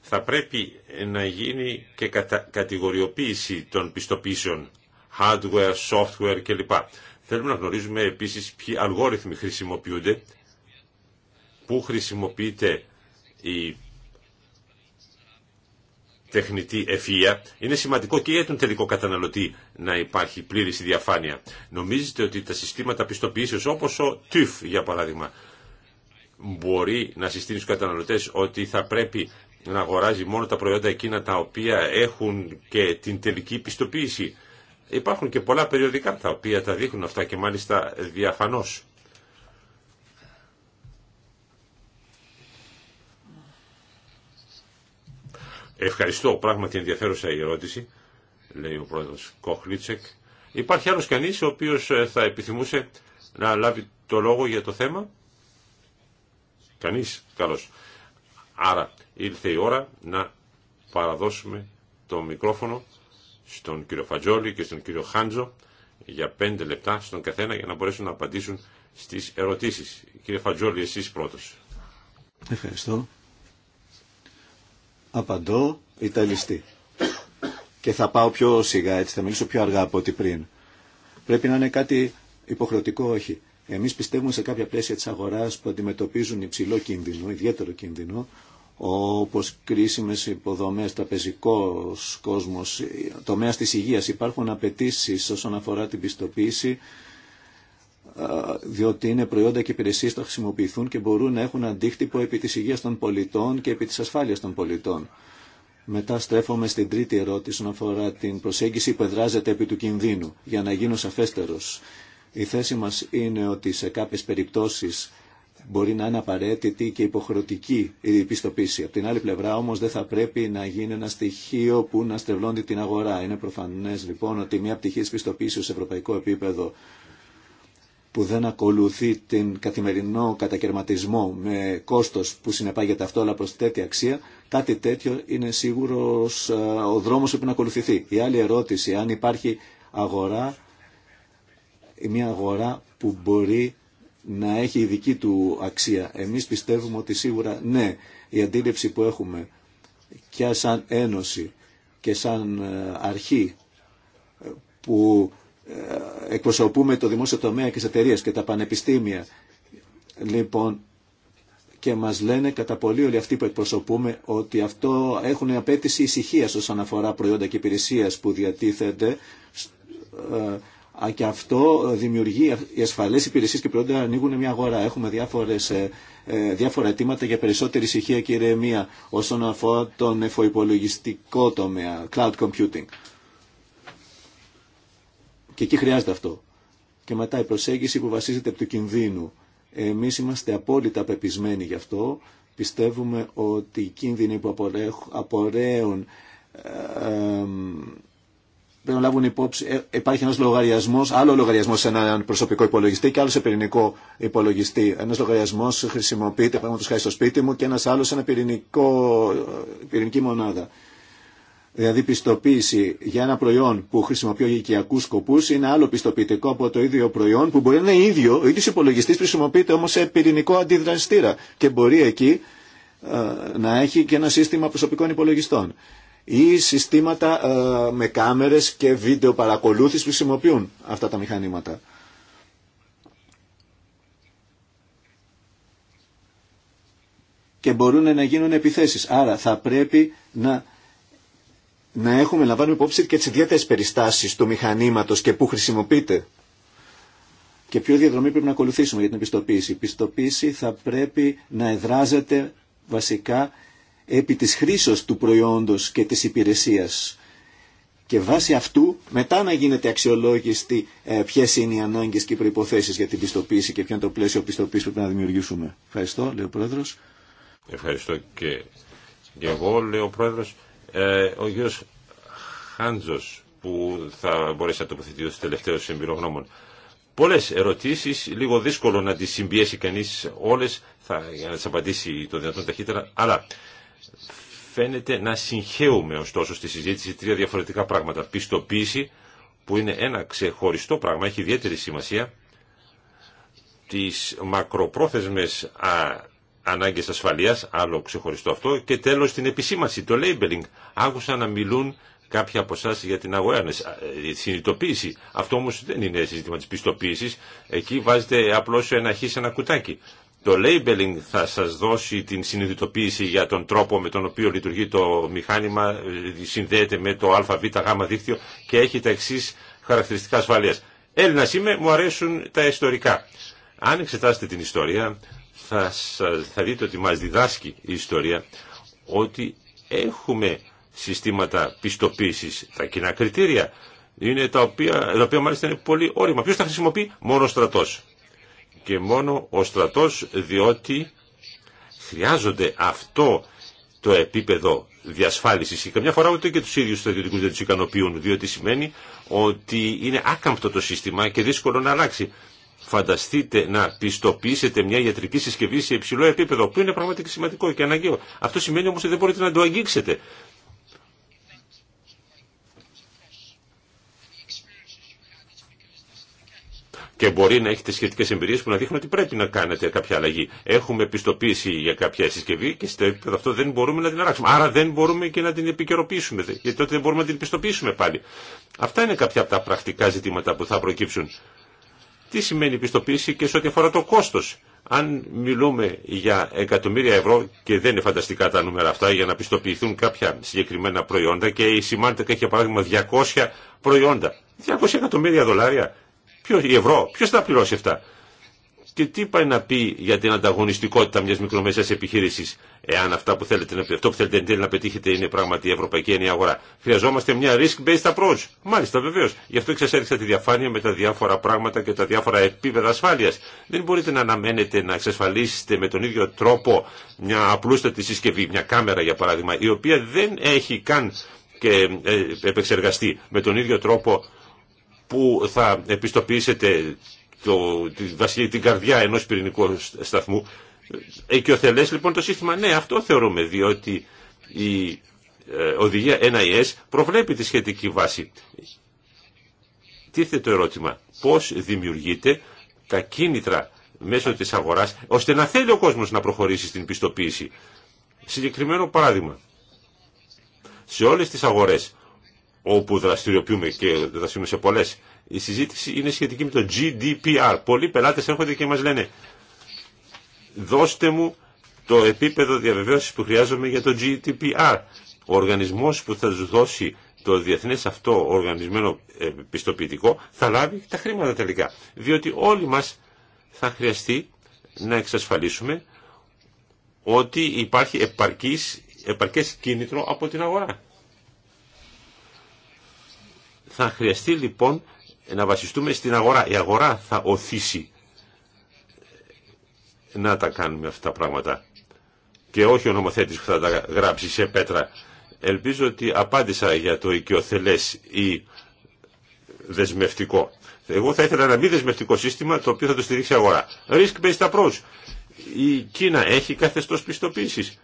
θα πρέπει να γίνει και κατηγοριοποίηση των πιστοποίησεων hardware, software κλπ. Θέλουμε να γνωρίζουμε επίσης ποιοι αλγόριθμοι χρησιμοποιούνται, πού χρησιμοποιείται η τεχνητή ευφυΐα. Είναι σημαντικό και για τον τελικό καταναλωτή να υπάρχει πλήρης διαφάνεια. Νομίζετε ότι τα συστήματα πιστοποιήσεως όπως ο TÜV για παράδειγμα μπορεί να συστήνει στους καταναλωτές ότι θα πρέπει να αγοράζει μόνο τα προϊόντα εκείνα τα οποία έχουν και την τελική πιστοποίηση. Υπάρχουν και πολλά περιοδικά τα οποία τα δείχνουν αυτά και μάλιστα διαφανώς. Ευχαριστώ, πράγματι ενδιαφέρουσα η ερώτηση, λέει ο πρόεδρος Κοχλίτσεκ. Υπάρχει άλλος κανείς ο οποίος ε, θα επιθυμούσε να λάβει το λόγο για το θέμα. Κανείς, καλώς. Άρα ήρθε η ώρα να παραδώσουμε το μικρόφωνο στον κύριο Φατζόλη και στον κύριο Χάντζο για πέντε λεπτά στον καθένα για να μπορέσουν να απαντήσουν στις ερωτήσεις. Κύριε Φατζόλη, εσείς πρώτος. Ευχαριστώ. Απαντώ Ιταλιστή. Και θα πάω πιο σιγά, έτσι θα μιλήσω πιο αργά από ό,τι πριν. Πρέπει να είναι κάτι υποχρεωτικό, όχι. Εμείς πιστεύουμε σε κάποια πλαίσια της αγοράς που αντιμετωπίζουν υψηλό κίνδυνο, ιδιαίτερο κίνδυνο, όπως κρίσιμες υποδομές, τραπεζικός κόσμος, τομέα της υγείας. Υπάρχουν απαιτήσει όσον αφορά την πιστοποίηση, διότι είναι προϊόντα και υπηρεσίες που χρησιμοποιηθούν και μπορούν να έχουν αντίκτυπο επί της υγείας των πολιτών και επί της ασφάλειας των πολιτών. Μετά στρέφομαι στην τρίτη ερώτηση όσον αφορά την προσέγγιση που εδράζεται επί του κινδύνου, για να γίνω σαφέστερος. Η θέση μας είναι ότι σε κάποιες περιπτώσεις μπορεί να είναι απαραίτητη και υποχρεωτική η πιστοποίηση. Από την άλλη πλευρά όμω δεν θα πρέπει να γίνει ένα στοιχείο που να στρεβλώνει την αγορά. Είναι προφανέ λοιπόν ότι μια πτυχή της πιστοποίησης σε ευρωπαϊκό επίπεδο που δεν ακολουθεί την καθημερινό κατακαιρματισμό με κόστος που συνεπάγεται αυτό αλλά προσθέτει αξία, κάτι τέτοιο είναι σίγουρος ε, ο δρόμος που να ακολουθηθεί. Η άλλη ερώτηση, αν υπάρχει αγορά, μια αγορά που μπορεί να έχει η δική του αξία. Εμείς πιστεύουμε ότι σίγουρα ναι, η αντίληψη που έχουμε και σαν ένωση και σαν ε, αρχή ε, που ε, εκπροσωπούμε το δημόσιο τομέα και τις εταιρείες και τα πανεπιστήμια. Λοιπόν, και μας λένε κατά πολύ όλοι αυτοί που εκπροσωπούμε ότι αυτό έχουν απέτηση ησυχία όσον αφορά προϊόντα και υπηρεσία που διατίθενται και αυτό ε, δημιουργεί ε, οι ασφαλές υπηρεσίες και προϊόντα ανοίγουν μια αγορά. Έχουμε διάφορες, ε, διάφορα αιτήματα για περισσότερη ησυχία και ηρεμία όσον αφορά τον εφοϋπολογιστικό τομέα, cloud computing. Και εκεί χρειάζεται αυτό. Και μετά η προσέγγιση που βασίζεται από του κινδύνου. Εμείς είμαστε απόλυτα πεπισμένοι γι' αυτό. Πιστεύουμε ότι οι κίνδυνοι που απορρέουν πρέπει να λάβουν υπόψη, ε, υπάρχει ένα λογαριασμό, άλλο λογαριασμό σε έναν προσωπικό υπολογιστή και άλλο σε πυρηνικό υπολογιστή. Ένα λογαριασμό χρησιμοποιείται, παραδείγματο χάρη στο σπίτι μου, και ένα άλλο σε ένα πυρηνικό, ε, πυρηνική μονάδα. Δηλαδή, πιστοποίηση για ένα προϊόν που χρησιμοποιώ για οικιακού σκοπού είναι άλλο πιστοποιητικό από το ίδιο προϊόν που μπορεί να είναι ίδιο, ο ίδιο υπολογιστή χρησιμοποιείται όμω σε πυρηνικό αντιδραστήρα και μπορεί εκεί ε, να έχει και ένα σύστημα προσωπικών υπολογιστών ή συστήματα ε, με κάμερες και βίντεο παρακολούθηση που χρησιμοποιούν αυτά τα μηχανήματα. Και μπορούν να γίνουν επιθέσεις. Άρα θα πρέπει να, να έχουμε, να υπόψη και τις ιδιαίτερες περιστάσεις του μηχανήματος και πού χρησιμοποιείται. Και ποιο διαδρομή πρέπει να ακολουθήσουμε για την επιστοποίηση. Η επιστοποίηση θα πρέπει να εδράζεται βασικά επί της χρήσεως του προϊόντος και της υπηρεσίας και βάσει αυτού μετά να γίνεται αξιολόγηστη ε, ποιε είναι οι ανάγκες και οι προποθέσει για την πιστοποίηση και ποιο είναι το πλαίσιο πιστοποίηση που πρέπει να δημιουργήσουμε. Ευχαριστώ, λέει ο Πρόεδρο. Ευχαριστώ και, και εγώ, λέει ο Πρόεδρος. Ε, ο γιος Χάντζος, που θα μπορέσει να τοποθετεί ως τελευταίο εμπειρογνώμων. Πολλέ ερωτήσει, λίγο δύσκολο να τι συμπιέσει κανεί όλε, θα για να τι απαντήσει το δυνατόν ταχύτερα, αλλά φαίνεται να συγχέουμε ωστόσο στη συζήτηση τρία διαφορετικά πράγματα. Πιστοποίηση που είναι ένα ξεχωριστό πράγμα, έχει ιδιαίτερη σημασία, τις μακροπρόθεσμες ανάγκε ανάγκες ασφαλείας, άλλο ξεχωριστό αυτό, και τέλος την επισήμαση, το labeling. Άκουσα να μιλούν κάποιοι από εσά για την awareness, τη συνειδητοποίηση. Αυτό όμως δεν είναι ζήτημα της πιστοποίησης. Εκεί βάζετε απλώς ένα χ σε ένα κουτάκι. Το labeling θα σας δώσει την συνειδητοποίηση για τον τρόπο με τον οποίο λειτουργεί το μηχάνημα, ε, συνδέεται με το ΑΒΓ δίκτυο και έχει τα εξή χαρακτηριστικά ασφαλείας. Έλληνας είμαι, μου αρέσουν τα ιστορικά. Αν εξετάσετε την ιστορία, θα, σας, δείτε ότι μας διδάσκει η ιστορία ότι έχουμε συστήματα πιστοποίησης, τα κοινά κριτήρια, είναι τα οποία, τα οποία μάλιστα είναι πολύ όριμα. Ποιος τα χρησιμοποιεί? Μόνο ο στρατός και μόνο ο στρατός διότι χρειάζονται αυτό το επίπεδο διασφάλισης και καμιά φορά ούτε και τους ίδιους στρατιωτικούς δεν τους ικανοποιούν διότι σημαίνει ότι είναι άκαμπτο το σύστημα και δύσκολο να αλλάξει. Φανταστείτε να πιστοποιήσετε μια ιατρική συσκευή σε υψηλό επίπεδο, που είναι πραγματικά σημαντικό και αναγκαίο. Αυτό σημαίνει όμω ότι δεν μπορείτε να το αγγίξετε. και μπορεί να έχετε σχετικέ εμπειρίε που να δείχνουν ότι πρέπει να κάνετε κάποια αλλαγή. Έχουμε πιστοποίηση για κάποια συσκευή και στο επίπεδο αυτό δεν μπορούμε να την αλλάξουμε. Άρα δεν μπορούμε και να την επικαιροποιήσουμε, γιατί τότε δεν μπορούμε να την πιστοποιήσουμε πάλι. Αυτά είναι κάποια από τα πρακτικά ζητήματα που θα προκύψουν. Τι σημαίνει πιστοποίηση και σε ό,τι αφορά το κόστο. Αν μιλούμε για εκατομμύρια ευρώ και δεν είναι φανταστικά τα νούμερα αυτά για να πιστοποιηθούν κάποια συγκεκριμένα προϊόντα και η Symantec έχει για παράδειγμα 200 προϊόντα. 200 εκατομμύρια δολάρια Ποιο, η ευρώ, ποιος θα πληρώσει αυτά. Και τι πάει να πει για την ανταγωνιστικότητα μια μικρομεσαίας επιχείρηση εάν αυτά που θέλετε, αυτό που θέλετε να πετύχετε είναι πράγματι η Ευρωπαϊκή ενιαία Αγορά. Χρειαζόμαστε μια risk-based approach. Μάλιστα, βεβαίω. Γι' αυτό εξασέριξα τη διαφάνεια με τα διάφορα πράγματα και τα διάφορα επίπεδα ασφάλεια. Δεν μπορείτε να αναμένετε να εξασφαλίσετε με τον ίδιο τρόπο μια απλούστατη συσκευή, μια κάμερα για παράδειγμα, η οποία δεν έχει καν και ε, επεξεργαστεί με τον ίδιο τρόπο που θα επιστοποιήσετε το, τη, την καρδιά ενός πυρηνικού σταθμού. Εκειοθελές λοιπόν το σύστημα. Ναι, αυτό θεωρούμε, διότι η ε, οδηγία NIS προβλέπει τη σχετική βάση. Τίθεται το ερώτημα, πώς δημιουργείται τα κίνητρα μέσω της αγοράς, ώστε να θέλει ο κόσμος να προχωρήσει στην πιστοποίηση. Συγκεκριμένο παράδειγμα, σε όλες τις αγορές όπου δραστηριοποιούμε και δραστηριοποιούμε σε πολλές. Η συζήτηση είναι σχετική με το GDPR. Πολλοί πελάτες έρχονται και μας λένε δώστε μου το επίπεδο διαβεβαίωσης που χρειάζομαι για το GDPR. Ο οργανισμός που θα σου δώσει το διεθνές αυτό οργανισμένο ε, πιστοποιητικό θα λάβει τα χρήματα τελικά. Διότι όλοι μας θα χρειαστεί να εξασφαλίσουμε ότι υπάρχει επαρκής, επαρκές κίνητρο από την αγορά. Θα χρειαστεί λοιπόν να βασιστούμε στην αγορά. Η αγορά θα οθήσει να τα κάνουμε αυτά τα πράγματα και όχι ο νομοθέτης που θα τα γράψει σε πέτρα. Ελπίζω ότι απάντησα για το οικειοθελές ή δεσμευτικό. Εγώ θα ήθελα ένα μη δεσμευτικό σύστημα το οποίο θα το στηρίξει η αγορά. Risk-based approach. Η Κίνα έχει καθεστώς πιστοποίησης.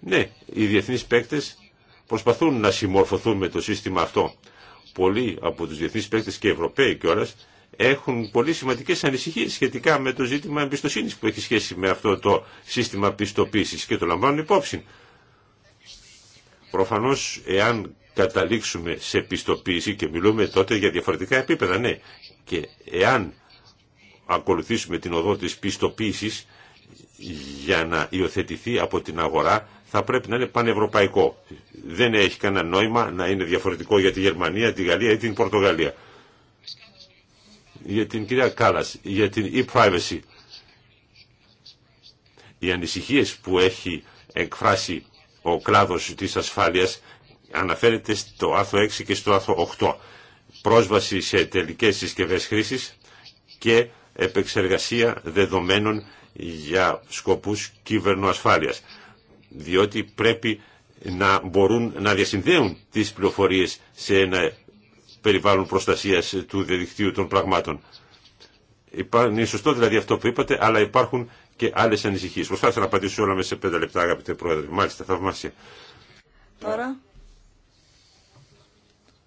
Ναι, οι διεθνείς παίκτες προσπαθούν να συμμορφωθούν με το σύστημα αυτό πολλοί από τους διεθνείς παίκτες και Ευρωπαίοι κιόλα έχουν πολύ σημαντικές ανησυχίες σχετικά με το ζήτημα εμπιστοσύνης που έχει σχέση με αυτό το σύστημα πιστοποίησης και το λαμβάνουν υπόψη. Προφανώς εάν καταλήξουμε σε πιστοποίηση και μιλούμε τότε για διαφορετικά επίπεδα, ναι. Και εάν ακολουθήσουμε την οδό της πιστοποίησης για να υιοθετηθεί από την αγορά θα πρέπει να είναι πανευρωπαϊκό. Δεν έχει κανένα νόημα να είναι διαφορετικό για τη Γερμανία, τη Γαλλία ή την Πορτογαλία. Για την κυρία Κάλλας, για την e-privacy. Οι ανησυχίες που έχει εκφράσει ο κλάδος της ασφάλειας αναφέρεται στο άρθρο 6 και στο άρθρο 8. Πρόσβαση σε τελικές συσκευές χρήσης και επεξεργασία δεδομένων για σκοπούς κυβερνοασφάλειας διότι πρέπει να μπορούν να διασυνδέουν τις πληροφορίες σε ένα περιβάλλον προστασίας του διαδικτύου των πραγμάτων. Είναι σωστό δηλαδή αυτό που είπατε, αλλά υπάρχουν και άλλες ανησυχίες. Προσπάθησα να απαντήσω όλα μέσα σε πέντε λεπτά, αγαπητέ Πρόεδρε. Μάλιστα, θαυμάσια. Τώρα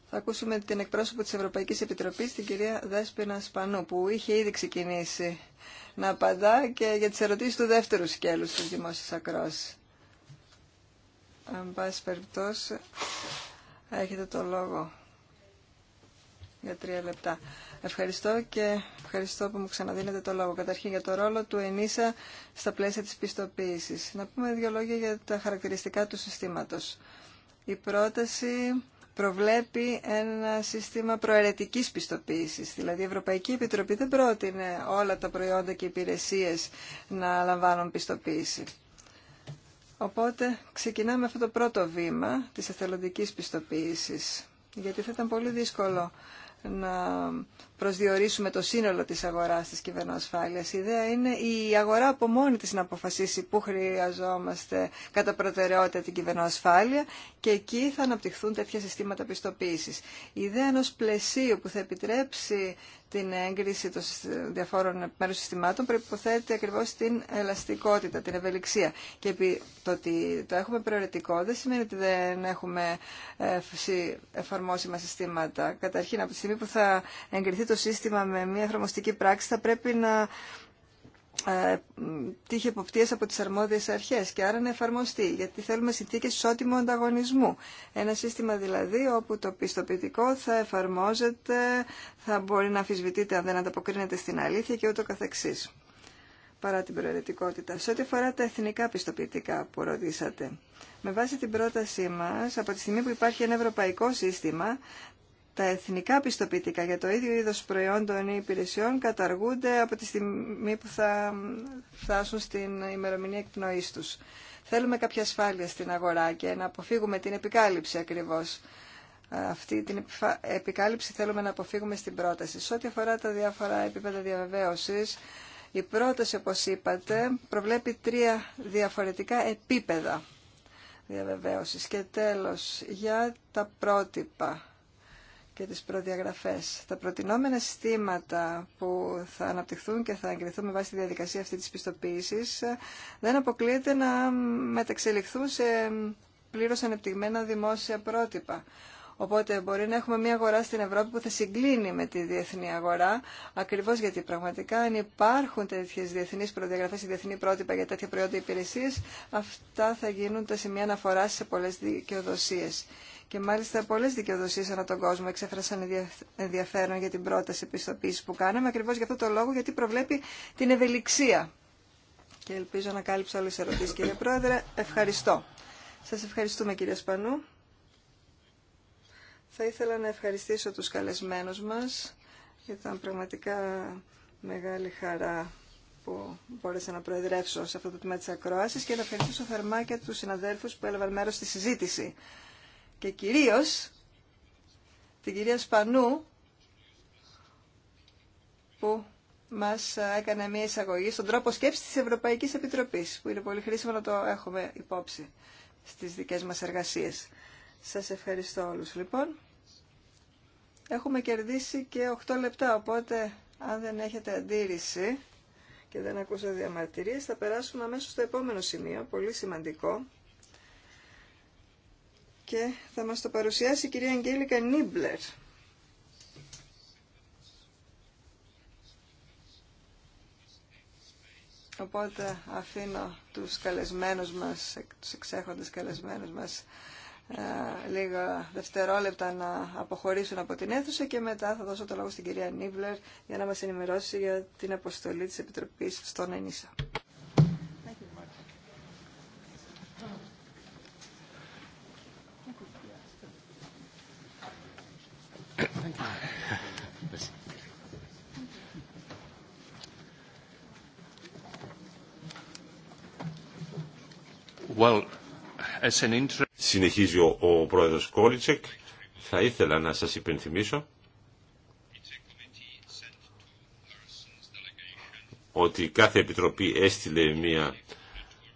θα ακούσουμε την εκπρόσωπο της Ευρωπαϊκής Επιτροπής, την κυρία Δέσποινα Σπανού, που είχε ήδη ξεκινήσει να απαντά και για τις ερωτήσεις του δεύτερου σκέλους της δημόσιας ακρόσης. Αν πάση περιπτώσει, έχετε το λόγο για τρία λεπτά. Ευχαριστώ και ευχαριστώ που μου ξαναδίνετε το λόγο. Καταρχήν για το ρόλο του ΕΝΙΣΑ στα πλαίσια της πιστοποίησης. Να πούμε δύο λόγια για τα χαρακτηριστικά του συστήματος. Η πρόταση προβλέπει ένα σύστημα προαιρετικής πιστοποίησης. Δηλαδή η Ευρωπαϊκή Επιτροπή δεν πρότεινε όλα τα προϊόντα και υπηρεσίες να λαμβάνουν πιστοποίηση. Οπότε ξεκινάμε αυτό το πρώτο βήμα της εθελοντικής πιστοποίησης, γιατί θα ήταν πολύ δύσκολο να προσδιορίσουμε το σύνολο της αγοράς της κυβερνοασφάλειας. Η ιδέα είναι η αγορά από μόνη της να αποφασίσει πού χρειαζόμαστε κατά προτεραιότητα την κυβερνοασφάλεια και εκεί θα αναπτυχθούν τέτοια συστήματα πιστοποίησης. Η ιδέα ενός πλαισίου που θα επιτρέψει την έγκριση των διαφόρων μέρους συστημάτων προϋποθέτει ακριβώς την ελαστικότητα, την ευελιξία. Και το ότι το έχουμε προαιρετικό δεν σημαίνει ότι δεν έχουμε ε, εφαρμόσιμα συστήματα. Καταρχήν, από τη στιγμή που θα εγκριθεί το σύστημα με μια εφαρμοστική πράξη θα πρέπει να ε, τύχη εποπτείας από τις αρμόδιες αρχές και άρα να εφαρμοστεί, γιατί θέλουμε συνθήκε ισότιμου ανταγωνισμού. Ένα σύστημα δηλαδή όπου το πιστοποιητικό θα εφαρμόζεται, θα μπορεί να αμφισβητείται αν δεν ανταποκρίνεται στην αλήθεια και ούτω καθεξής. Παρά την προαιρετικότητα. Σε ό,τι αφορά τα εθνικά πιστοποιητικά που ρωτήσατε, με βάση την πρότασή μας, από τη στιγμή που υπάρχει ένα ευρωπαϊκό σύστημα, τα εθνικά πιστοποιητικά για το ίδιο είδος προϊόντων ή υπηρεσιών καταργούνται από τη στιγμή που θα φτάσουν στην ημερομηνία εκπνοής τους. Θέλουμε κάποια ασφάλεια στην αγορά και να αποφύγουμε την επικάλυψη ακριβώς. Αυτή την επικάλυψη θέλουμε να αποφύγουμε στην πρόταση. Σε ό,τι αφορά τα διάφορα επίπεδα διαβεβαίωσης, η πρόταση, όπως είπατε, προβλέπει τρία διαφορετικά επίπεδα διαβεβαίωσης. Και τέλος, για τα πρότυπα και τις προδιαγραφές. Τα προτινόμενα συστήματα που θα αναπτυχθούν και θα εγκριθούν με βάση τη διαδικασία αυτή της πιστοποίησης ε, δεν αποκλείεται να μεταξελιχθούν σε πλήρως ανεπτυγμένα δημόσια πρότυπα. Οπότε μπορεί να έχουμε μια αγορά στην Ευρώπη που θα συγκλίνει με τη διεθνή αγορά, ακριβώς γιατί πραγματικά αν υπάρχουν τέτοιες διεθνείς προδιαγραφές ή διεθνή πρότυπα για τέτοια προϊόντα υπηρεσίες, αυτά θα γίνουν τα σημεία αναφορά σε πολλές δικαιοδοσίες. Και μάλιστα πολλέ δικαιοδοσίε ανά τον κόσμο εξέφρασαν ενδιαφέρον για την πρόταση επιστοποίηση που κάναμε, ακριβώ για αυτό το λόγο, γιατί προβλέπει την ευελιξία. Και ελπίζω να κάλυψα όλε τι ερωτήσει, κύριε Πρόεδρε. Ευχαριστώ. Σα ευχαριστούμε, κύριε Σπανού. Θα ήθελα να ευχαριστήσω τους καλεσμένους μας. Ήταν πραγματικά μεγάλη χαρά που μπόρεσα να προεδρεύσω σε αυτό το τμήμα της ακρόασης και να ευχαριστήσω θερμά και του συναδέλφου που έλαβαν μέρος στη συζήτηση και κυρίως την κυρία Σπανού που μας έκανε μια εισαγωγή στον τρόπο σκέψης της Ευρωπαϊκής Επιτροπής που είναι πολύ χρήσιμο να το έχουμε υπόψη στις δικές μας εργασίες. Σας ευχαριστώ όλους λοιπόν. Έχουμε κερδίσει και 8 λεπτά οπότε αν δεν έχετε αντίρρηση και δεν ακούσα διαμαρτυρίες θα περάσουμε αμέσως στο επόμενο σημείο, πολύ σημαντικό και θα μας το παρουσιάσει η κυρία Αγγέλικα Νίμπλερ. Οπότε αφήνω τους καλεσμένους μας, τους εξέχοντες καλεσμένους μας, ε, λίγα δευτερόλεπτα να αποχωρήσουν από την αίθουσα και μετά θα δώσω το λόγο στην κυρία Νίμπλερ για να μας ενημερώσει για την αποστολή της Επιτροπής στον ΕΝΙΣΑ. Συνεχίζει ο, ο πρόεδρος Κόλιτσεκ. Θα ήθελα να σας υπενθυμίσω ότι κάθε επιτροπή έστειλε μια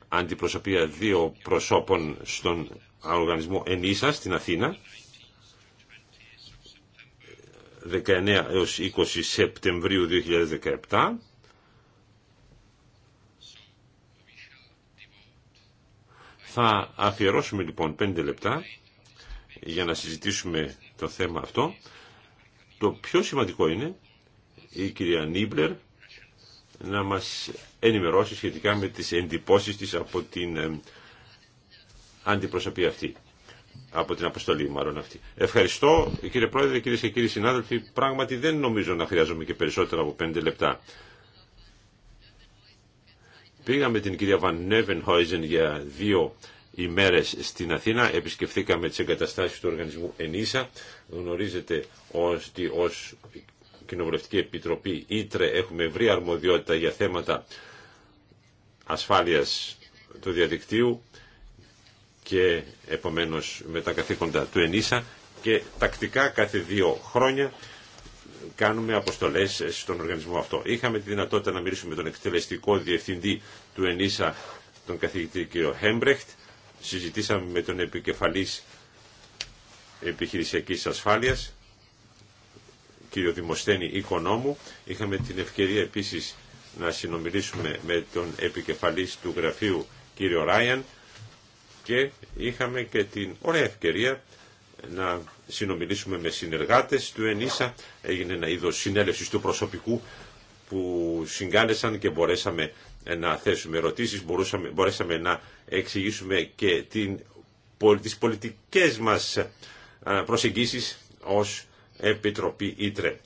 αντιπροσωπεία δύο προσώπων στον οργανισμό ΕΝΙΣΑ στην Αθήνα 19 έως 20 Σεπτεμβρίου 2017 Θα αφιερώσουμε λοιπόν πέντε λεπτά για να συζητήσουμε το θέμα αυτό. Το πιο σημαντικό είναι η κυρία Νίμπλερ να μας ενημερώσει σχετικά με τις εντυπώσεις της από την ε, αντιπροσωπή αυτή από την αποστολή μάλλον αυτή. Ευχαριστώ κύριε Πρόεδρε, κυρίε και κύριοι συνάδελφοι. Πράγματι δεν νομίζω να χρειάζομαι και περισσότερα από πέντε λεπτά. Πήγαμε την κυρία Βαν Νέβενχόιζεν για δύο ημέρες στην Αθήνα, επισκεφθήκαμε τις εγκαταστάσεις του οργανισμού ΕΝΙΣΑ. Γνωρίζετε ότι ως Κοινοβουλευτική Επιτροπή Ήτρε έχουμε βρει αρμοδιότητα για θέματα ασφάλειας του διαδικτύου και επομένως με τα καθήκοντα του ΕΝΙΣΑ και τακτικά κάθε δύο χρόνια κάνουμε αποστολές στον οργανισμό αυτό. Είχαμε τη δυνατότητα να μιλήσουμε με τον εκτελεστικό διευθυντή του ΕΝΙΣΑ, τον καθηγητή κ. Χέμπρεχτ. Συζητήσαμε με τον επικεφαλής επιχειρησιακής ασφάλειας, κ. Δημοσθένη Οικονόμου. Είχαμε την ευκαιρία επίσης να συνομιλήσουμε με τον επικεφαλής του γραφείου κ. Ράιαν και είχαμε και την ωραία ευκαιρία να συνομιλήσουμε με συνεργάτες του ΕΝΙΣΑ. Έγινε ένα είδος συνέλευσης του προσωπικού που συγκάλεσαν και μπορέσαμε να θέσουμε ερωτήσεις, μπορούσαμε, μπορέσαμε να εξηγήσουμε και την, τις πολιτικές μας προσεγγίσεις ως Επιτροπή Ήτρε.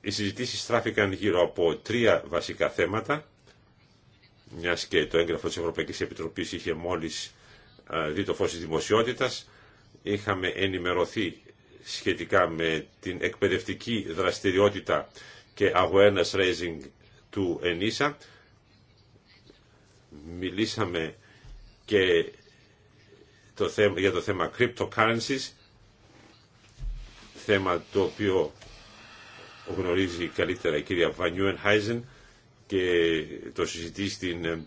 Οι συζητήσεις στράφηκαν γύρω από τρία βασικά θέματα, μιας και το έγγραφο της Ευρωπαϊκής Επιτροπής είχε μόλις δει το φως της δημοσιότητας, είχαμε ενημερωθεί σχετικά με την εκπαιδευτική δραστηριότητα και awareness raising του ΕΝΙΣΑ. Μιλήσαμε και το θέμα, για το θέμα cryptocurrencies, θέμα το οποίο γνωρίζει καλύτερα η κυρία Βανιούεν Χάιζεν και το συζητεί στην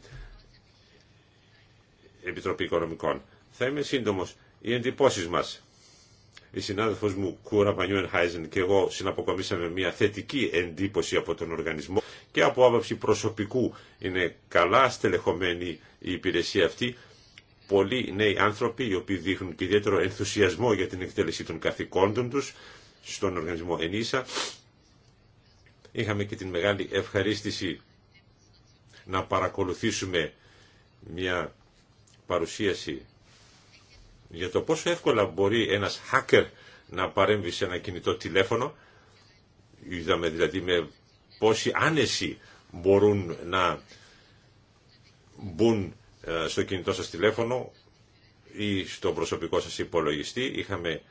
Επιτροπή Οικονομικών. Θα είμαι σύντομος οι εντυπωσει μας. Η συνάδελφος μου Κούρα Πανιούεν Χάιζεν και εγώ συναποκομίσαμε μια θετική εντύπωση από τον οργανισμό και από άποψη προσωπικού είναι καλά στελεχωμένη η υπηρεσία αυτή. Πολλοί νέοι άνθρωποι οι οποίοι δείχνουν και ιδιαίτερο ενθουσιασμό για την εκτέλεση των καθηκόντων τους στον οργανισμό ΕΝΙΣΑ. Είχαμε και την μεγάλη ευχαρίστηση να παρακολουθήσουμε μια παρουσίαση για το πόσο εύκολα μπορεί ένας hacker να παρέμβει σε ένα κινητό τηλέφωνο. Είδαμε δηλαδή με πόση άνεση μπορούν να μπουν ε, στο κινητό σας τηλέφωνο ή στο προσωπικό σας υπολογιστή. Είχαμε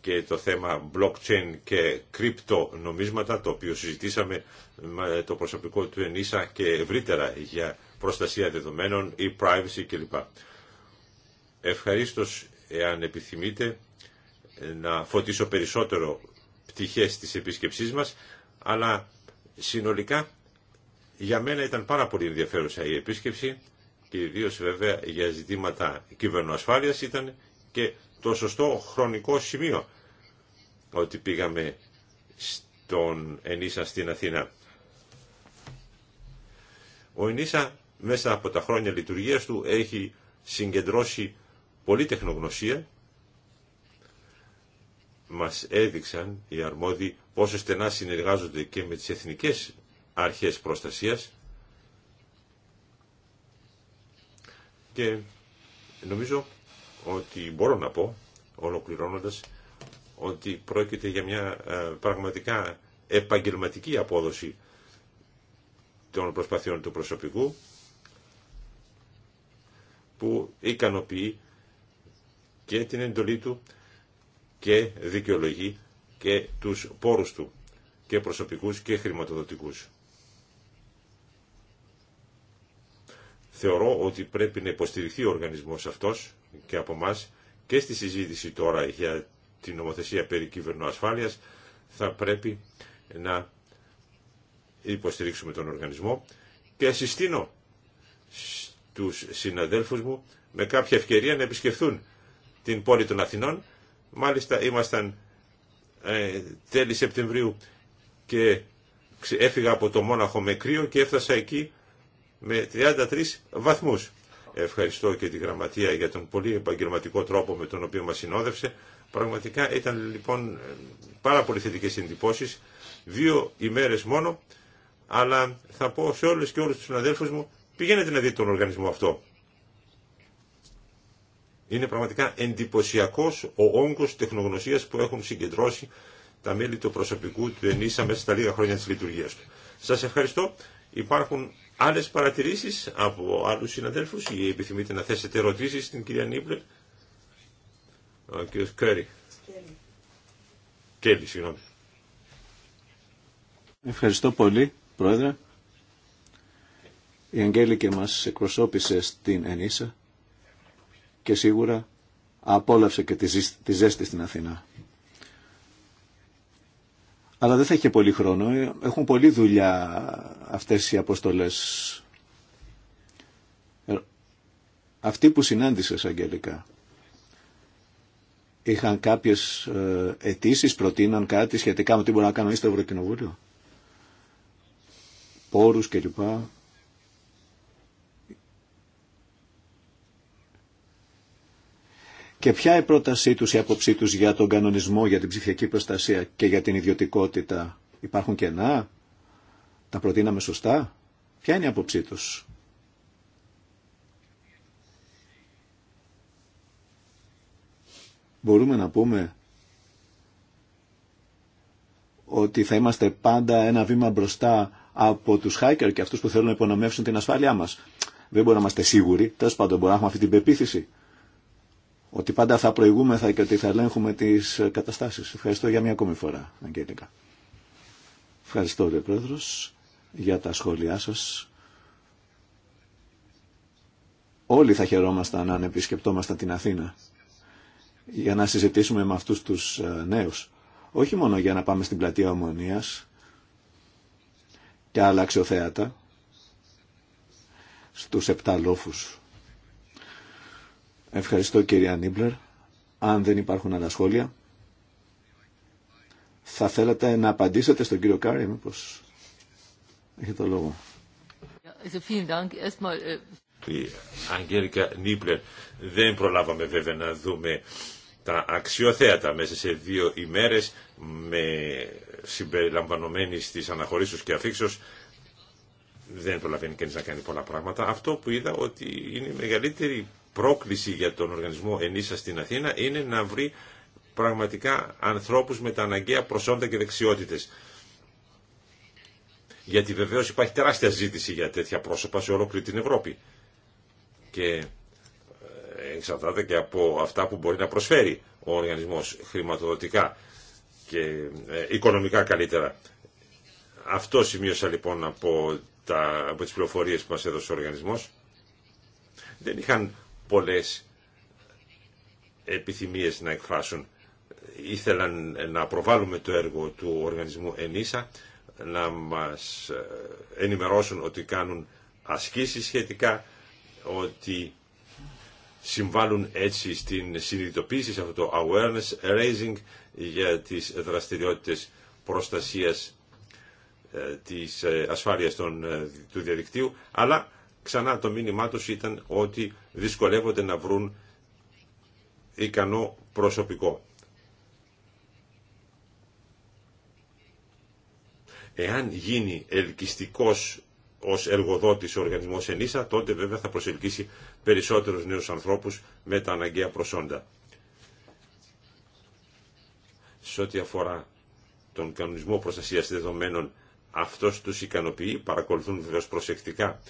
και το θέμα blockchain και κρυπτονομίσματα, το οποίο συζητήσαμε με το προσωπικό του ΕΝΙΣΑ και ευρύτερα για προστασία δεδομένων ή privacy κλπ. Ευχαρίστως εάν επιθυμείτε, ε, να φωτίσω περισσότερο πτυχές της επίσκεψής μας, αλλά συνολικά για μένα ήταν πάρα πολύ ενδιαφέρουσα η επίσκεψη και ιδίω βέβαια για ζητήματα κυβερνοασφάλειας ήταν και το σωστό χρονικό σημείο ότι πήγαμε στον Ενίσα στην Αθήνα. Ο Ενίσα μέσα από τα χρόνια λειτουργίας του έχει συγκεντρώσει πολλή τεχνογνωσία μας έδειξαν οι αρμόδιοι πόσο στενά συνεργάζονται και με τις εθνικές αρχές προστασίας και νομίζω ότι μπορώ να πω ολοκληρώνοντας ότι πρόκειται για μια ε, πραγματικά επαγγελματική απόδοση των προσπαθειών του προσωπικού που ικανοποιεί και την εντολή του και δικαιολογεί και τους πόρους του και προσωπικούς και χρηματοδοτικούς. Θεωρώ ότι πρέπει να υποστηριχθεί ο οργανισμός αυτός και από εμά και στη συζήτηση τώρα για την νομοθεσία περί κυβερνοασφάλειας θα πρέπει να υποστηρίξουμε τον οργανισμό και συστήνω τους συναδέλφους μου με κάποια ευκαιρία να επισκεφθούν την πόλη των Αθηνών. Μάλιστα ήμασταν ε, τέλη Σεπτεμβρίου και έφυγα από το Μόναχο με κρύο και έφτασα εκεί με 33 βαθμούς. Ευχαριστώ και τη Γραμματεία για τον πολύ επαγγελματικό τρόπο με τον οποίο μας συνόδευσε. Πραγματικά ήταν λοιπόν πάρα πολύ θετικέ εντυπώσεις. Δύο ημέρες μόνο, αλλά θα πω σε όλες και όλους τους συναδέλφους μου, πηγαίνετε να δείτε τον οργανισμό αυτό. Είναι πραγματικά εντυπωσιακό ο όγκος τεχνογνωσίας που έχουν συγκεντρώσει τα μέλη του προσωπικού του ΕΝΙΣΑ μέσα στα λίγα χρόνια τη λειτουργία. του. Σας ευχαριστώ. Υπάρχουν άλλες παρατηρήσεις από άλλους συναδέλφους ή επιθυμείτε να θέσετε ερωτήσεις στην κυρία Νίπλερ. Ο κύριος Κέρι. Κέλλη, συγγνώμη. Ευχαριστώ πολύ, Πρόεδρε. Η επιθυμειτε να θεσετε ερωτησεις στην κυρια νιπλερ ο κερι ευχαριστω πολυ προεδρε η και μας εκπροσώπησε στην ΕΝΙΣΑ και σίγουρα απόλαυσε και τη ζέστη στην Αθήνα. Αλλά δεν θα είχε πολύ χρόνο. Έχουν πολλή δουλειά αυτές οι αποστολές. Ε, αυτοί που συνάντησες, Αγγελικά, είχαν κάποιες ε, αιτήσει, προτείναν κάτι σχετικά με τι μπορεί να κάνουν στο Ευρωκοινοβούλιο. Πόρους κλπ. και ποια η πρότασή τους, η άποψή τους για τον κανονισμό, για την ψηφιακή προστασία και για την ιδιωτικότητα. Υπάρχουν κενά, τα προτείναμε σωστά. Ποια είναι η άποψή τους. Μπορούμε να πούμε ότι θα είμαστε πάντα ένα βήμα μπροστά από τους hacker και αυτούς που θέλουν να υπονομεύσουν την ασφάλειά μας. Δεν μπορούμε να είμαστε σίγουροι, τέλος πάντων μπορούμε να έχουμε αυτή την πεποίθηση ότι πάντα θα προηγούμεθα και ότι θα ελέγχουμε τις καταστάσεις. Ευχαριστώ για μια ακόμη φορά, Αγγέλικα. Ευχαριστώ, ρε Πρόεδρος, για τα σχόλιά σας. Όλοι θα χαιρόμασταν αν επισκεπτόμασταν την Αθήνα για να συζητήσουμε με αυτούς τους ε, νέους. Όχι μόνο για να πάμε στην πλατεία Ομονίας και άλλα αξιοθέατα, στους επτά λόφους Ευχαριστώ κυρία Νίμπλερ. Αν δεν υπάρχουν άλλα σχόλια, θα θέλατε να απαντήσετε στον κύριο Κάρι, μήπως έχει το λόγο. Ε, ε, η Αγγέλικα Νίπλερ, δεν προλάβαμε βέβαια να δούμε τα αξιοθέατα μέσα σε δύο ημέρες με συμπεριλαμβανομένη στις αναχωρήσεις και αφήξεως δεν προλαβαίνει κανείς να κάνει πολλά πράγματα. Αυτό που είδα ότι είναι η μεγαλύτερη πρόκληση για τον οργανισμό ενίσα στην Αθήνα είναι να βρει πραγματικά ανθρώπους με τα αναγκαία προσόντα και δεξιότητες. Γιατί βεβαίως υπάρχει τεράστια ζήτηση για τέτοια πρόσωπα σε ολόκληρη την Ευρώπη. Και ε, εξαρτάται και από αυτά που μπορεί να προσφέρει ο οργανισμός χρηματοδοτικά και ε, οικονομικά καλύτερα. Αυτό σημείωσα λοιπόν από, τα, από τις πληροφορίες που μας έδωσε ο οργανισμός. Δεν είχαν πολλές επιθυμίες να εκφράσουν. Ήθελαν να προβάλλουμε το έργο του οργανισμού ΕΝΙΣΑ, να μας ε, ενημερώσουν ότι κάνουν ασκήσεις σχετικά, ότι συμβάλλουν έτσι στην συνειδητοποίηση, σε αυτό το awareness raising για τις δραστηριότητες προστασίας ε, της ε, ασφάλειας των, του διαδικτύου, αλλά Ξανά το μήνυμά τους ήταν ότι δυσκολεύονται να βρουν ικανό προσωπικό. Εάν γίνει ελκυστικός ως εργοδότης ο οργανισμός ΕΝΙΣΑ, τότε βέβαια θα προσελκύσει περισσότερους νέους ανθρώπους με τα αναγκαία προσόντα. Σε ό,τι αφορά τον κανονισμό προστασίας δεδομένων, αυτός τους ικανοποιεί, παρακολουθούν βεβαίως προσεκτικά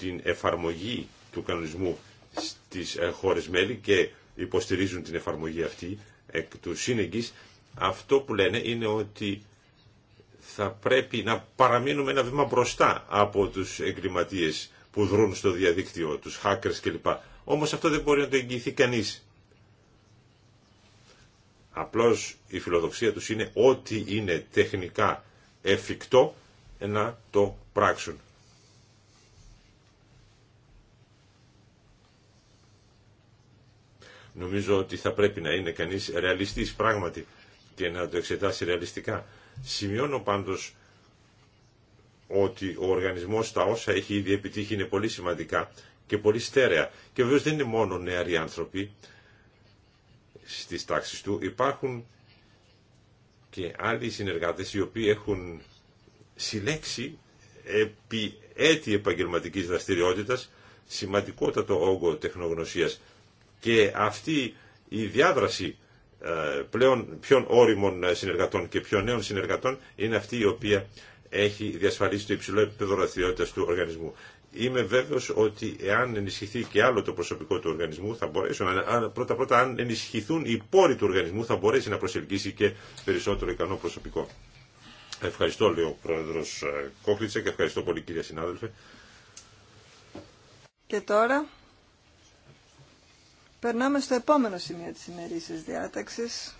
την εφαρμογή του κανονισμού στις ε, χώρες μέλη και υποστηρίζουν την εφαρμογή αυτή του σύνεγγης, αυτό που λένε είναι ότι θα πρέπει να παραμείνουμε ένα βήμα μπροστά από τους εγκληματίες που δρούν στο διαδίκτυο, τους hackers κλπ. Όμως αυτό δεν μπορεί να το εγγυηθεί κανείς. Απλώς η φιλοδοξία τους είναι ό,τι είναι τεχνικά εφικτό να το πράξουν. Νομίζω ότι θα πρέπει να είναι κανείς ρεαλιστής πράγματι και να το εξετάσει ρεαλιστικά. Σημειώνω πάντως ότι ο οργανισμός τα όσα έχει ήδη επιτύχει είναι πολύ σημαντικά και πολύ στέρεα. Και βέβαια δεν είναι μόνο νεαροί άνθρωποι στις τάξεις του. Υπάρχουν και άλλοι συνεργάτες οι οποίοι έχουν συλλέξει επί έτη επαγγελματικής δραστηριότητας σημαντικότατο όγκο τεχνογνωσίας και αυτή η διάδραση ε, πλέον πιο όριμων ε, συνεργατών και πιο νέων συνεργατών είναι αυτή η οποία έχει διασφαλίσει το υψηλό επίπεδο δραστηριότητα του οργανισμού. Είμαι βέβαιος ότι εάν ενισχυθεί και άλλο το προσωπικό του οργανισμού θα μπορέσουν, πρώτα πρώτα αν ενισχυθούν οι πόροι του οργανισμού θα μπορέσει να προσελκύσει και περισσότερο ικανό προσωπικό. Ευχαριστώ λέει ο πρόεδρος ε, Κόκλιτσα και ευχαριστώ πολύ κύριε συνάδελφε. Και τώρα Περνάμε στο επόμενο σημείο της ημερήσιας διάταξης,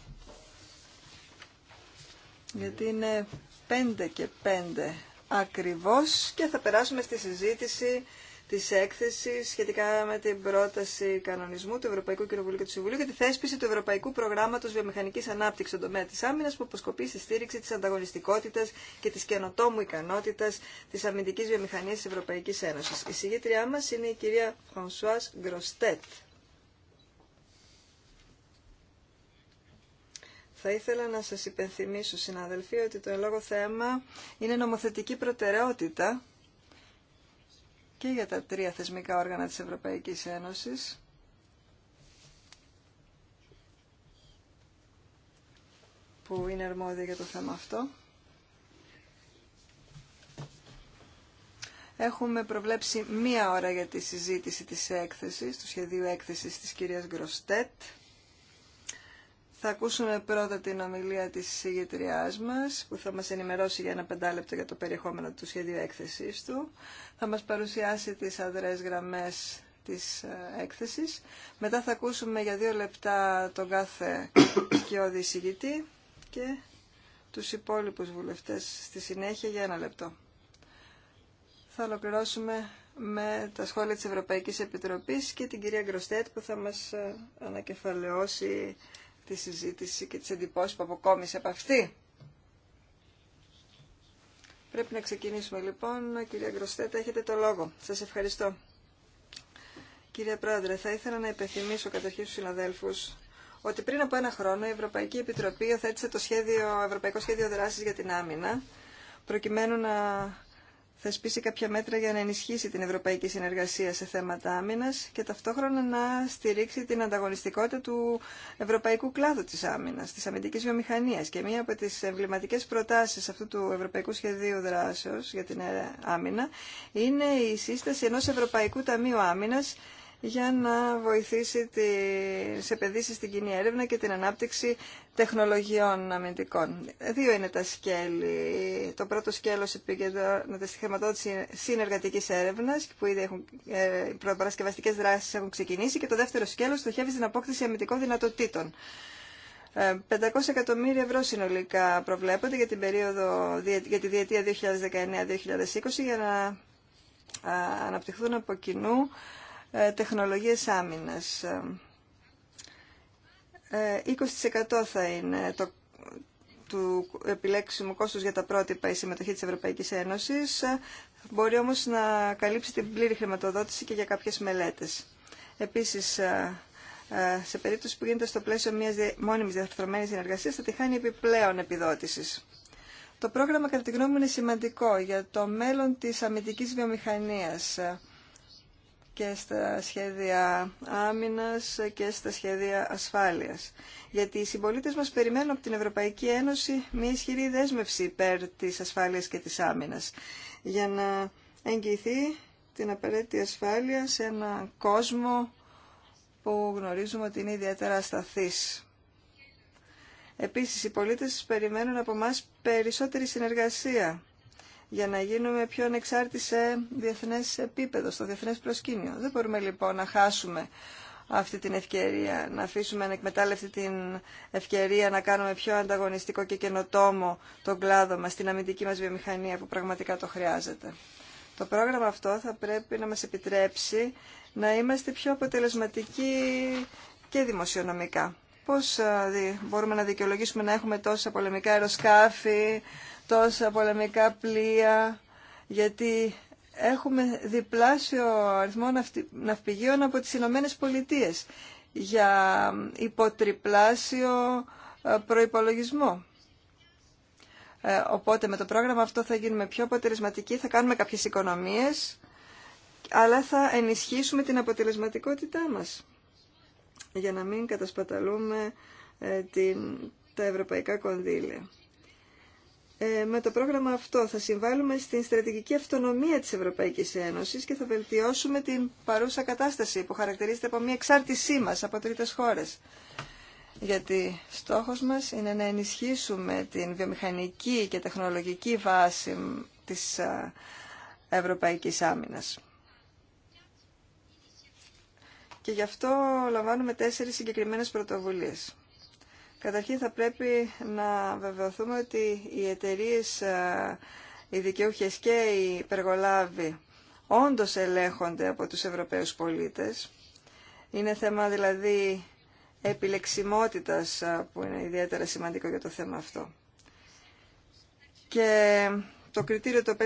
γιατί είναι 5 και 5 ακριβώς και θα περάσουμε στη συζήτηση της έκθεσης σχετικά με την πρόταση κανονισμού του Ευρωπαϊκού Κοινοβουλίου και του Συμβουλίου για τη θέσπιση του Ευρωπαϊκού Προγράμματος Βιομηχανικής Ανάπτυξης στον τομέα της άμυνας που αποσκοπεί στη στήριξη της ανταγωνιστικότητας και της καινοτόμου ικανότητας της αμυντικής βιομηχανίας της Ευρωπαϊκής Ένωσης. Η συγγήτριά μας είναι η κυρία Φρανσουάς Γκροστέτ. Θα ήθελα να σας υπενθυμίσω, συναδελφοί, ότι το ελόγω θέμα είναι νομοθετική προτεραιότητα και για τα τρία θεσμικά όργανα της Ευρωπαϊκής Ένωσης. που είναι αρμόδια για το θέμα αυτό. Έχουμε προβλέψει μία ώρα για τη συζήτηση της έκθεσης, του σχεδίου έκθεσης της κυρίας Γκροστέτ. Θα ακούσουμε πρώτα την ομιλία της ηγετριάς μας, που θα μας ενημερώσει για ένα πεντάλεπτο για το περιεχόμενο του σχέδιου έκθεσής του. Θα μας παρουσιάσει τις αδρές γραμμές της ε, έκθεσης. Μετά θα ακούσουμε για δύο λεπτά τον κάθε σκιώδη εισηγητή και τους υπόλοιπους βουλευτές στη συνέχεια για ένα λεπτό. Θα ολοκληρώσουμε με τα σχόλια της Ευρωπαϊκής Επιτροπής και την κυρία Γκροστέτ που θα μας ε, ανακεφαλαιώσει τη συζήτηση και τις εντυπώσεις που αποκόμισε από αυτή. Πρέπει να ξεκινήσουμε λοιπόν. Κυρία Γκροστέτα, έχετε το λόγο. Σας ευχαριστώ. Κύριε Πρόεδρε, θα ήθελα να υπενθυμίσω καταρχήν στους συναδέλφους ότι πριν από ένα χρόνο η Ευρωπαϊκή Επιτροπή οθέτησε το σχέδιο, Ευρωπαϊκό Σχέδιο Δράσης για την Άμυνα προκειμένου να σπίσει κάποια μέτρα για να ενισχύσει την ευρωπαϊκή συνεργασία σε θέματα άμυνα και ταυτόχρονα να στηρίξει την ανταγωνιστικότητα του ευρωπαϊκού κλάδου της Άμυνα, τη αμυντική Βιομηχανία. Και μία από τις εμβληματικέ προτάσεις αυτού του Ευρωπαϊκού Σχεδίου Δράσεως για την ε, άμυνα είναι η σύσταση ενό Ευρωπαϊκού Ταμείου Άμυνα για να βοηθήσει τις επενδύσεις στην κοινή έρευνα και την ανάπτυξη τεχνολογιών αμυντικών. Δύο είναι τα σκέλη. Το πρώτο σκέλος επικεντρώνεται στη χρηματοδότηση συνεργατικής έρευνας, που ήδη έχουν, ε, προπαρασκευαστικές δράσεις έχουν ξεκινήσει, και το δεύτερο σκέλος στοχεύει στην απόκτηση αμυντικών δυνατοτήτων. 500 ε, εκατομμύρια ευρώ συνολικά προβλέπονται για, την περίοδο, για τη διετία 2019-2020 για να αναπτυχθούν από κοινού ε, τεχνολογίες άμυνας. 20% ε, ε, θα είναι το του επιλέξιμου κόστος για τα πρότυπα η συμμετοχή της Ευρωπαϊκής Ένωσης μπορεί όμως να καλύψει την πλήρη χρηματοδότηση και για κάποιες μελέτες. Επίσης, σε περίπτωση που γίνεται στο πλαίσιο μιας μόνιμης διαρθρωμένης συνεργασίας θα τη επιπλέον επιδότησης. Το πρόγραμμα κατά τη γνώμη μου είναι σημαντικό για το μέλλον της αμυντικής βιομηχανίας και στα σχέδια άμυνας και στα σχέδια ασφάλειας. Γιατί οι συμπολίτες μας περιμένουν από την Ευρωπαϊκή Ένωση μια ισχυρή δέσμευση υπέρ της ασφάλειας και της άμυνας για να εγγυηθεί την απαραίτητη ασφάλεια σε έναν κόσμο που γνωρίζουμε ότι είναι ιδιαίτερα ασταθής. Επίσης, οι πολίτες περιμένουν από μας περισσότερη συνεργασία για να γίνουμε πιο ανεξάρτητοι σε διεθνές επίπεδο, στο διεθνές προσκήνιο. Δεν μπορούμε λοιπόν να χάσουμε αυτή την ευκαιρία, να αφήσουμε να την ευκαιρία να κάνουμε πιο ανταγωνιστικό και καινοτόμο τον κλάδο μας, την αμυντική μας βιομηχανία που πραγματικά το χρειάζεται. Το πρόγραμμα αυτό θα πρέπει να μας επιτρέψει να είμαστε πιο αποτελεσματικοί και δημοσιονομικά. Πώς μπορούμε να δικαιολογήσουμε να έχουμε τόσα πολεμικά αεροσκάφη, τόσα πολεμικά πλοία, γιατί έχουμε διπλάσιο αριθμό ναυπηγείων από τις Ηνωμένε Πολιτείε για υποτριπλάσιο ε, προϋπολογισμό. Ε, οπότε με το πρόγραμμα αυτό θα γίνουμε πιο αποτελεσματικοί, θα κάνουμε κάποιες οικονομίες, αλλά θα ενισχύσουμε την αποτελεσματικότητά μας για να μην κατασπαταλούμε ε, την, τα ευρωπαϊκά κονδύλια. Ε, με το πρόγραμμα αυτό θα συμβάλλουμε στην στρατηγική αυτονομία της Ευρωπαϊκής Ένωσης και θα βελτιώσουμε την παρούσα κατάσταση που χαρακτηρίζεται από μια εξάρτησή μας από τρίτες χώρες. Γιατί στόχος μας είναι να ενισχύσουμε την βιομηχανική και τεχνολογική βάση της ε, Ευρωπαϊκής Άμυνας. Και γι' αυτό λαμβάνουμε τέσσερις συγκεκριμένες πρωτοβουλίες. Καταρχήν θα πρέπει να βεβαιωθούμε ότι οι εταιρείε, οι δικαιούχε και οι υπεργολάβοι όντως ελέγχονται από τους Ευρωπαίους πολίτες. Είναι θέμα δηλαδή επιλεξιμότητας που είναι ιδιαίτερα σημαντικό για το θέμα αυτό. Και το κριτήριο το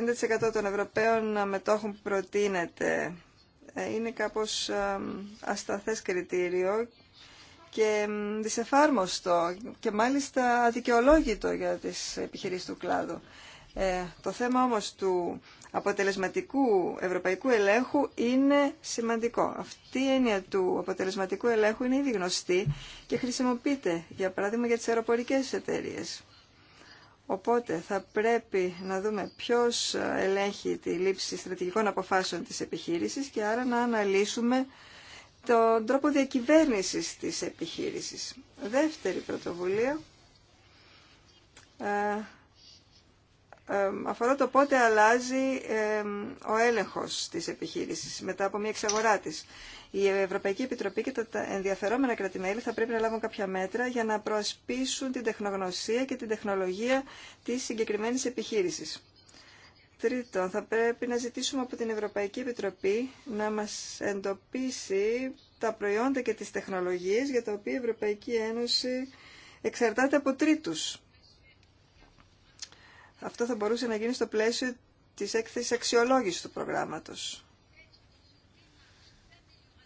5% των Ευρωπαίων μετόχων που προτείνεται ε, είναι κάπως ασταθές κριτήριο και δυσεφάρμοστο και μάλιστα αδικαιολόγητο για τις επιχειρήσεις του κλάδου. Ε, το θέμα όμως του αποτελεσματικού ευρωπαϊκού ελέγχου είναι σημαντικό. Αυτή η έννοια του αποτελεσματικού ελέγχου είναι ήδη γνωστή και χρησιμοποιείται, για παράδειγμα, για τις αεροπορικές εταιρείε. Οπότε θα πρέπει να δούμε ποιος ε, ελέγχει τη λήψη στρατηγικών αποφάσεων της επιχείρησης και άρα να αναλύσουμε τον τρόπο διακυβέρνησης της επιχείρησης. Δεύτερη πρωτοβουλία ε, ε, αφορά το πότε αλλάζει ε, ο έλεγχος της επιχείρησης μετά από μια εξαγορά της. Η Ευρωπαϊκή Επιτροπή και τα ενδιαφερόμενα κρατημέλη θα πρέπει να λάβουν κάποια μέτρα για να προασπίσουν την τεχνογνωσία και την τεχνολογία της συγκεκριμένης επιχείρησης. Τρίτον, θα πρέπει να ζητήσουμε από την Ευρωπαϊκή Επιτροπή να μας εντοπίσει τα προϊόντα και τις τεχνολογίες για τα οποία η Ευρωπαϊκή Ένωση εξαρτάται από τρίτους. Αυτό θα μπορούσε να γίνει στο πλαίσιο της έκθεσης αξιολόγησης του προγράμματος.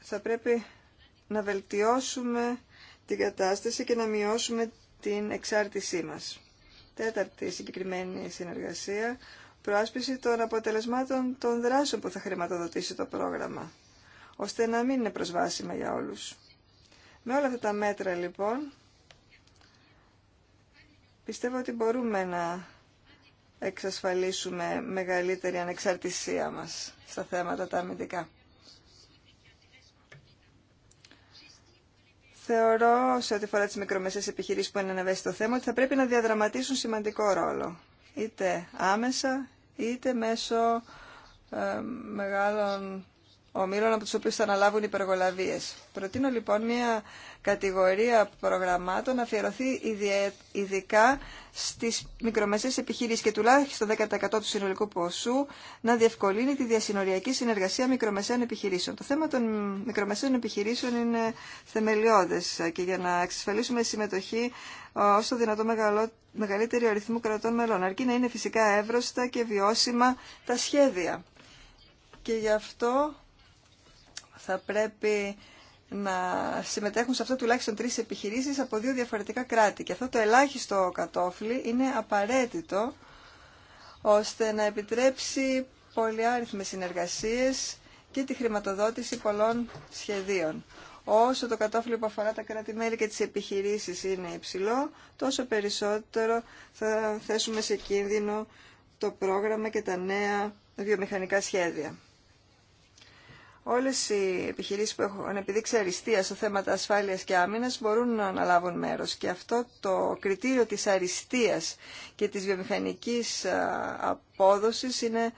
Θα πρέπει να βελτιώσουμε την κατάσταση και να μειώσουμε την εξάρτησή μας. Τέταρτη συγκεκριμένη συνεργασία προάσπιση των αποτελεσμάτων των δράσεων που θα χρηματοδοτήσει το πρόγραμμα, ώστε να μην είναι προσβάσιμα για όλους. Με όλα αυτά τα μέτρα λοιπόν, πιστεύω ότι μπορούμε να εξασφαλίσουμε μεγαλύτερη ανεξαρτησία μας στα θέματα τα αμυντικά. Θεωρώ σε ό,τι φορά τι μικρομεσαίες επιχειρήσεις που είναι ανεβέσει το θέμα ότι θα πρέπει να διαδραματίσουν σημαντικό ρόλο είτε άμεσα είτε μέσω ε, μεγάλων ομήλων από τους οποίους θα αναλάβουν υπεργολαβίες. Προτείνω λοιπόν μια κατηγορία προγραμμάτων να αφιερωθεί ειδικά στις μικρομεσαίες επιχειρήσεις και τουλάχιστον 10% του συνολικού ποσού να διευκολύνει τη διασυνοριακή συνεργασία μικρομεσαίων επιχειρήσεων. Το θέμα των μικρομεσαίων επιχειρήσεων είναι θεμελιώδες και για να εξασφαλίσουμε συμμετοχή όσο δυνατό μεγαλύτερη αριθμού κρατών μελών, αρκεί να είναι φυσικά εύρωστα και βιώσιμα τα σχέδια. Και γι' αυτό θα πρέπει να συμμετέχουν σε αυτό τουλάχιστον τρεις επιχειρήσεις από δύο διαφορετικά κράτη. Και αυτό το ελάχιστο κατόφλι είναι απαραίτητο ώστε να επιτρέψει πολυάριθμες συνεργασίες και τη χρηματοδότηση πολλών σχεδίων. Όσο το κατόφλι που αφορά τα κράτη-μέλη και τις επιχειρήσεις είναι υψηλό, τόσο περισσότερο θα θέσουμε σε κίνδυνο το πρόγραμμα και τα νέα βιομηχανικά σχέδια όλες οι επιχειρήσεις που έχουν επιδείξει αριστεία στο θέμα ασφάλειας και άμυνας μπορούν να αναλάβουν μέρος. Και αυτό το κριτήριο της αριστείας και της βιομηχανικής απόδοσης είναι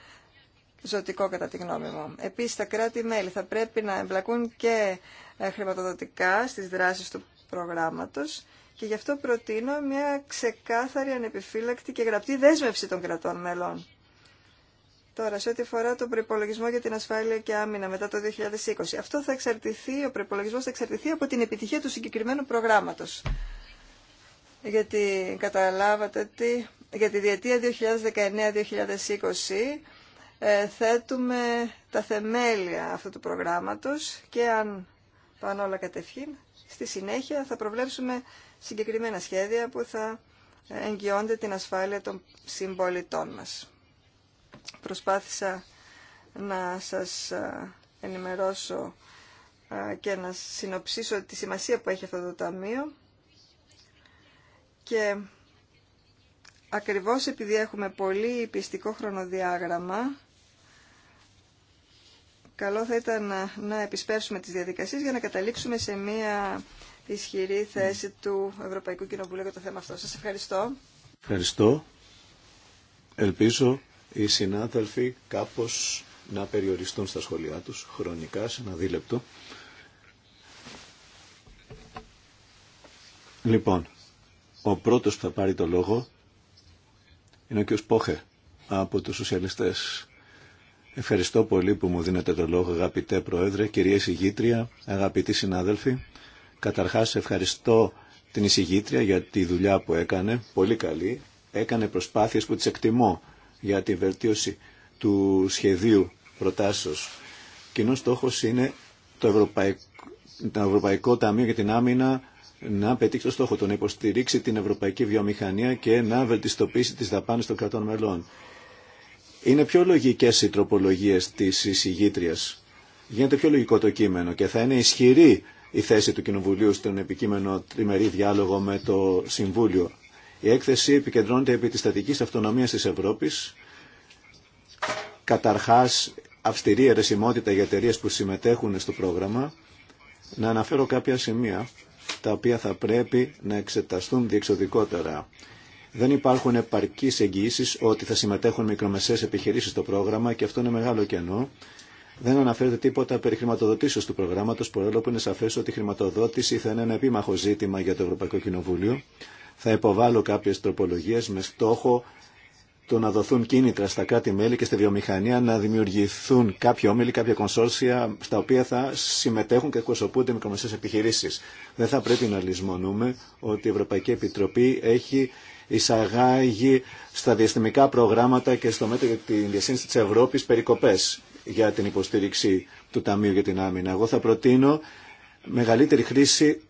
ζωτικό κατά τη γνώμη μου. Επίσης τα κράτη-μέλη θα πρέπει να εμπλακούν και ε, χρηματοδοτικά στις δράσεις του προγράμματος και γι' αυτό προτείνω μια ξεκάθαρη, ανεπιφύλακτη και γραπτή δέσμευση των κρατών μελών Τώρα, σε ό,τι αφορά τον προπολογισμό για την ασφάλεια και άμυνα μετά το 2020, αυτό θα εξαρτηθεί, ο προπολογισμό θα εξαρτηθεί από την επιτυχία του συγκεκριμένου προγράμματο. Γιατί καταλάβατε ότι για τη διετία 2019-2020 ε, θέτουμε τα θεμέλια αυτού του προγράμματος και αν πάνε όλα κατευχήν, στη συνέχεια θα προβλέψουμε συγκεκριμένα σχέδια που θα εγγυώνται την ασφάλεια των συμπολιτών μας. Προσπάθησα να σας ενημερώσω και να συνοψίσω τη σημασία που έχει αυτό το ταμείο και ακριβώς επειδή έχουμε πολύ πιστικό χρονοδιάγραμμα καλό θα ήταν να, να επισπεύσουμε τις διαδικασίες για να καταλήξουμε σε μία ισχυρή θέση του Ευρωπαϊκού Κοινοβουλίου για το θέμα αυτό. Σας ευχαριστώ. Ευχαριστώ. Ελπίζω οι συνάδελφοι κάπως να περιοριστούν στα σχολιά τους χρονικά σε ένα δίλεπτο. Λοιπόν, ο πρώτος που θα πάρει το λόγο είναι ο κ. Πόχε από τους Σοσιαλιστές. Ευχαριστώ πολύ που μου δίνετε το λόγο αγαπητέ Πρόεδρε, κυρία εισηγήτρια, αγαπητοί συνάδελφοι. Καταρχάς ευχαριστώ την εισηγήτρια για τη δουλειά που έκανε, πολύ καλή. Έκανε προσπάθειες που τις εκτιμώ για τη βελτίωση του σχεδίου προτάσεως. Κοινό στόχο είναι το Ευρωπαϊκό, Ταμείο για την Άμυνα να πετύχει το στόχο του, να υποστηρίξει την ευρωπαϊκή βιομηχανία και να βελτιστοποιήσει τις δαπάνες των κρατών μελών. Είναι πιο λογικέ οι τροπολογίε τη εισηγήτρια. Γίνεται πιο λογικό το κείμενο και θα είναι ισχυρή η θέση του Κοινοβουλίου στον επικείμενο τριμερή διάλογο με το Συμβούλιο. Η έκθεση επικεντρώνεται επί της στατικής αυτονομίας της Ευρώπης. Καταρχάς, αυστηρή αιρεσιμότητα για εταιρείε που συμμετέχουν στο πρόγραμμα. Να αναφέρω κάποια σημεία τα οποία θα πρέπει να εξεταστούν διεξοδικότερα. Δεν υπάρχουν επαρκείς εγγυήσει ότι θα συμμετέχουν μικρομεσαίες επιχειρήσεις στο πρόγραμμα και αυτό είναι μεγάλο κενό. Δεν αναφέρεται τίποτα περί χρηματοδοτήσεως του προγράμματος. παρόλο που είναι σαφές ότι η χρηματοδότηση θα είναι ένα επίμαχο ζήτημα για το Ευρωπαϊκό Κοινοβούλιο θα υποβάλω κάποιες τροπολογίες με στόχο το να δοθούν κίνητρα στα κράτη-μέλη και στη βιομηχανία να δημιουργηθούν κάποιοι όμιλοι, κάποια κονσόρσια στα οποία θα συμμετέχουν και εκπροσωπούνται μικρομεσαίες επιχειρήσεις. Δεν θα πρέπει να λησμονούμε ότι η Ευρωπαϊκή Επιτροπή έχει εισαγάγει στα διαστημικά προγράμματα και στο μέτρο για την διασύνση της Ευρώπης περικοπές για την υποστήριξη του Ταμείου για την Άμυνα. Εγώ θα προτείνω μεγαλύτερη χρήση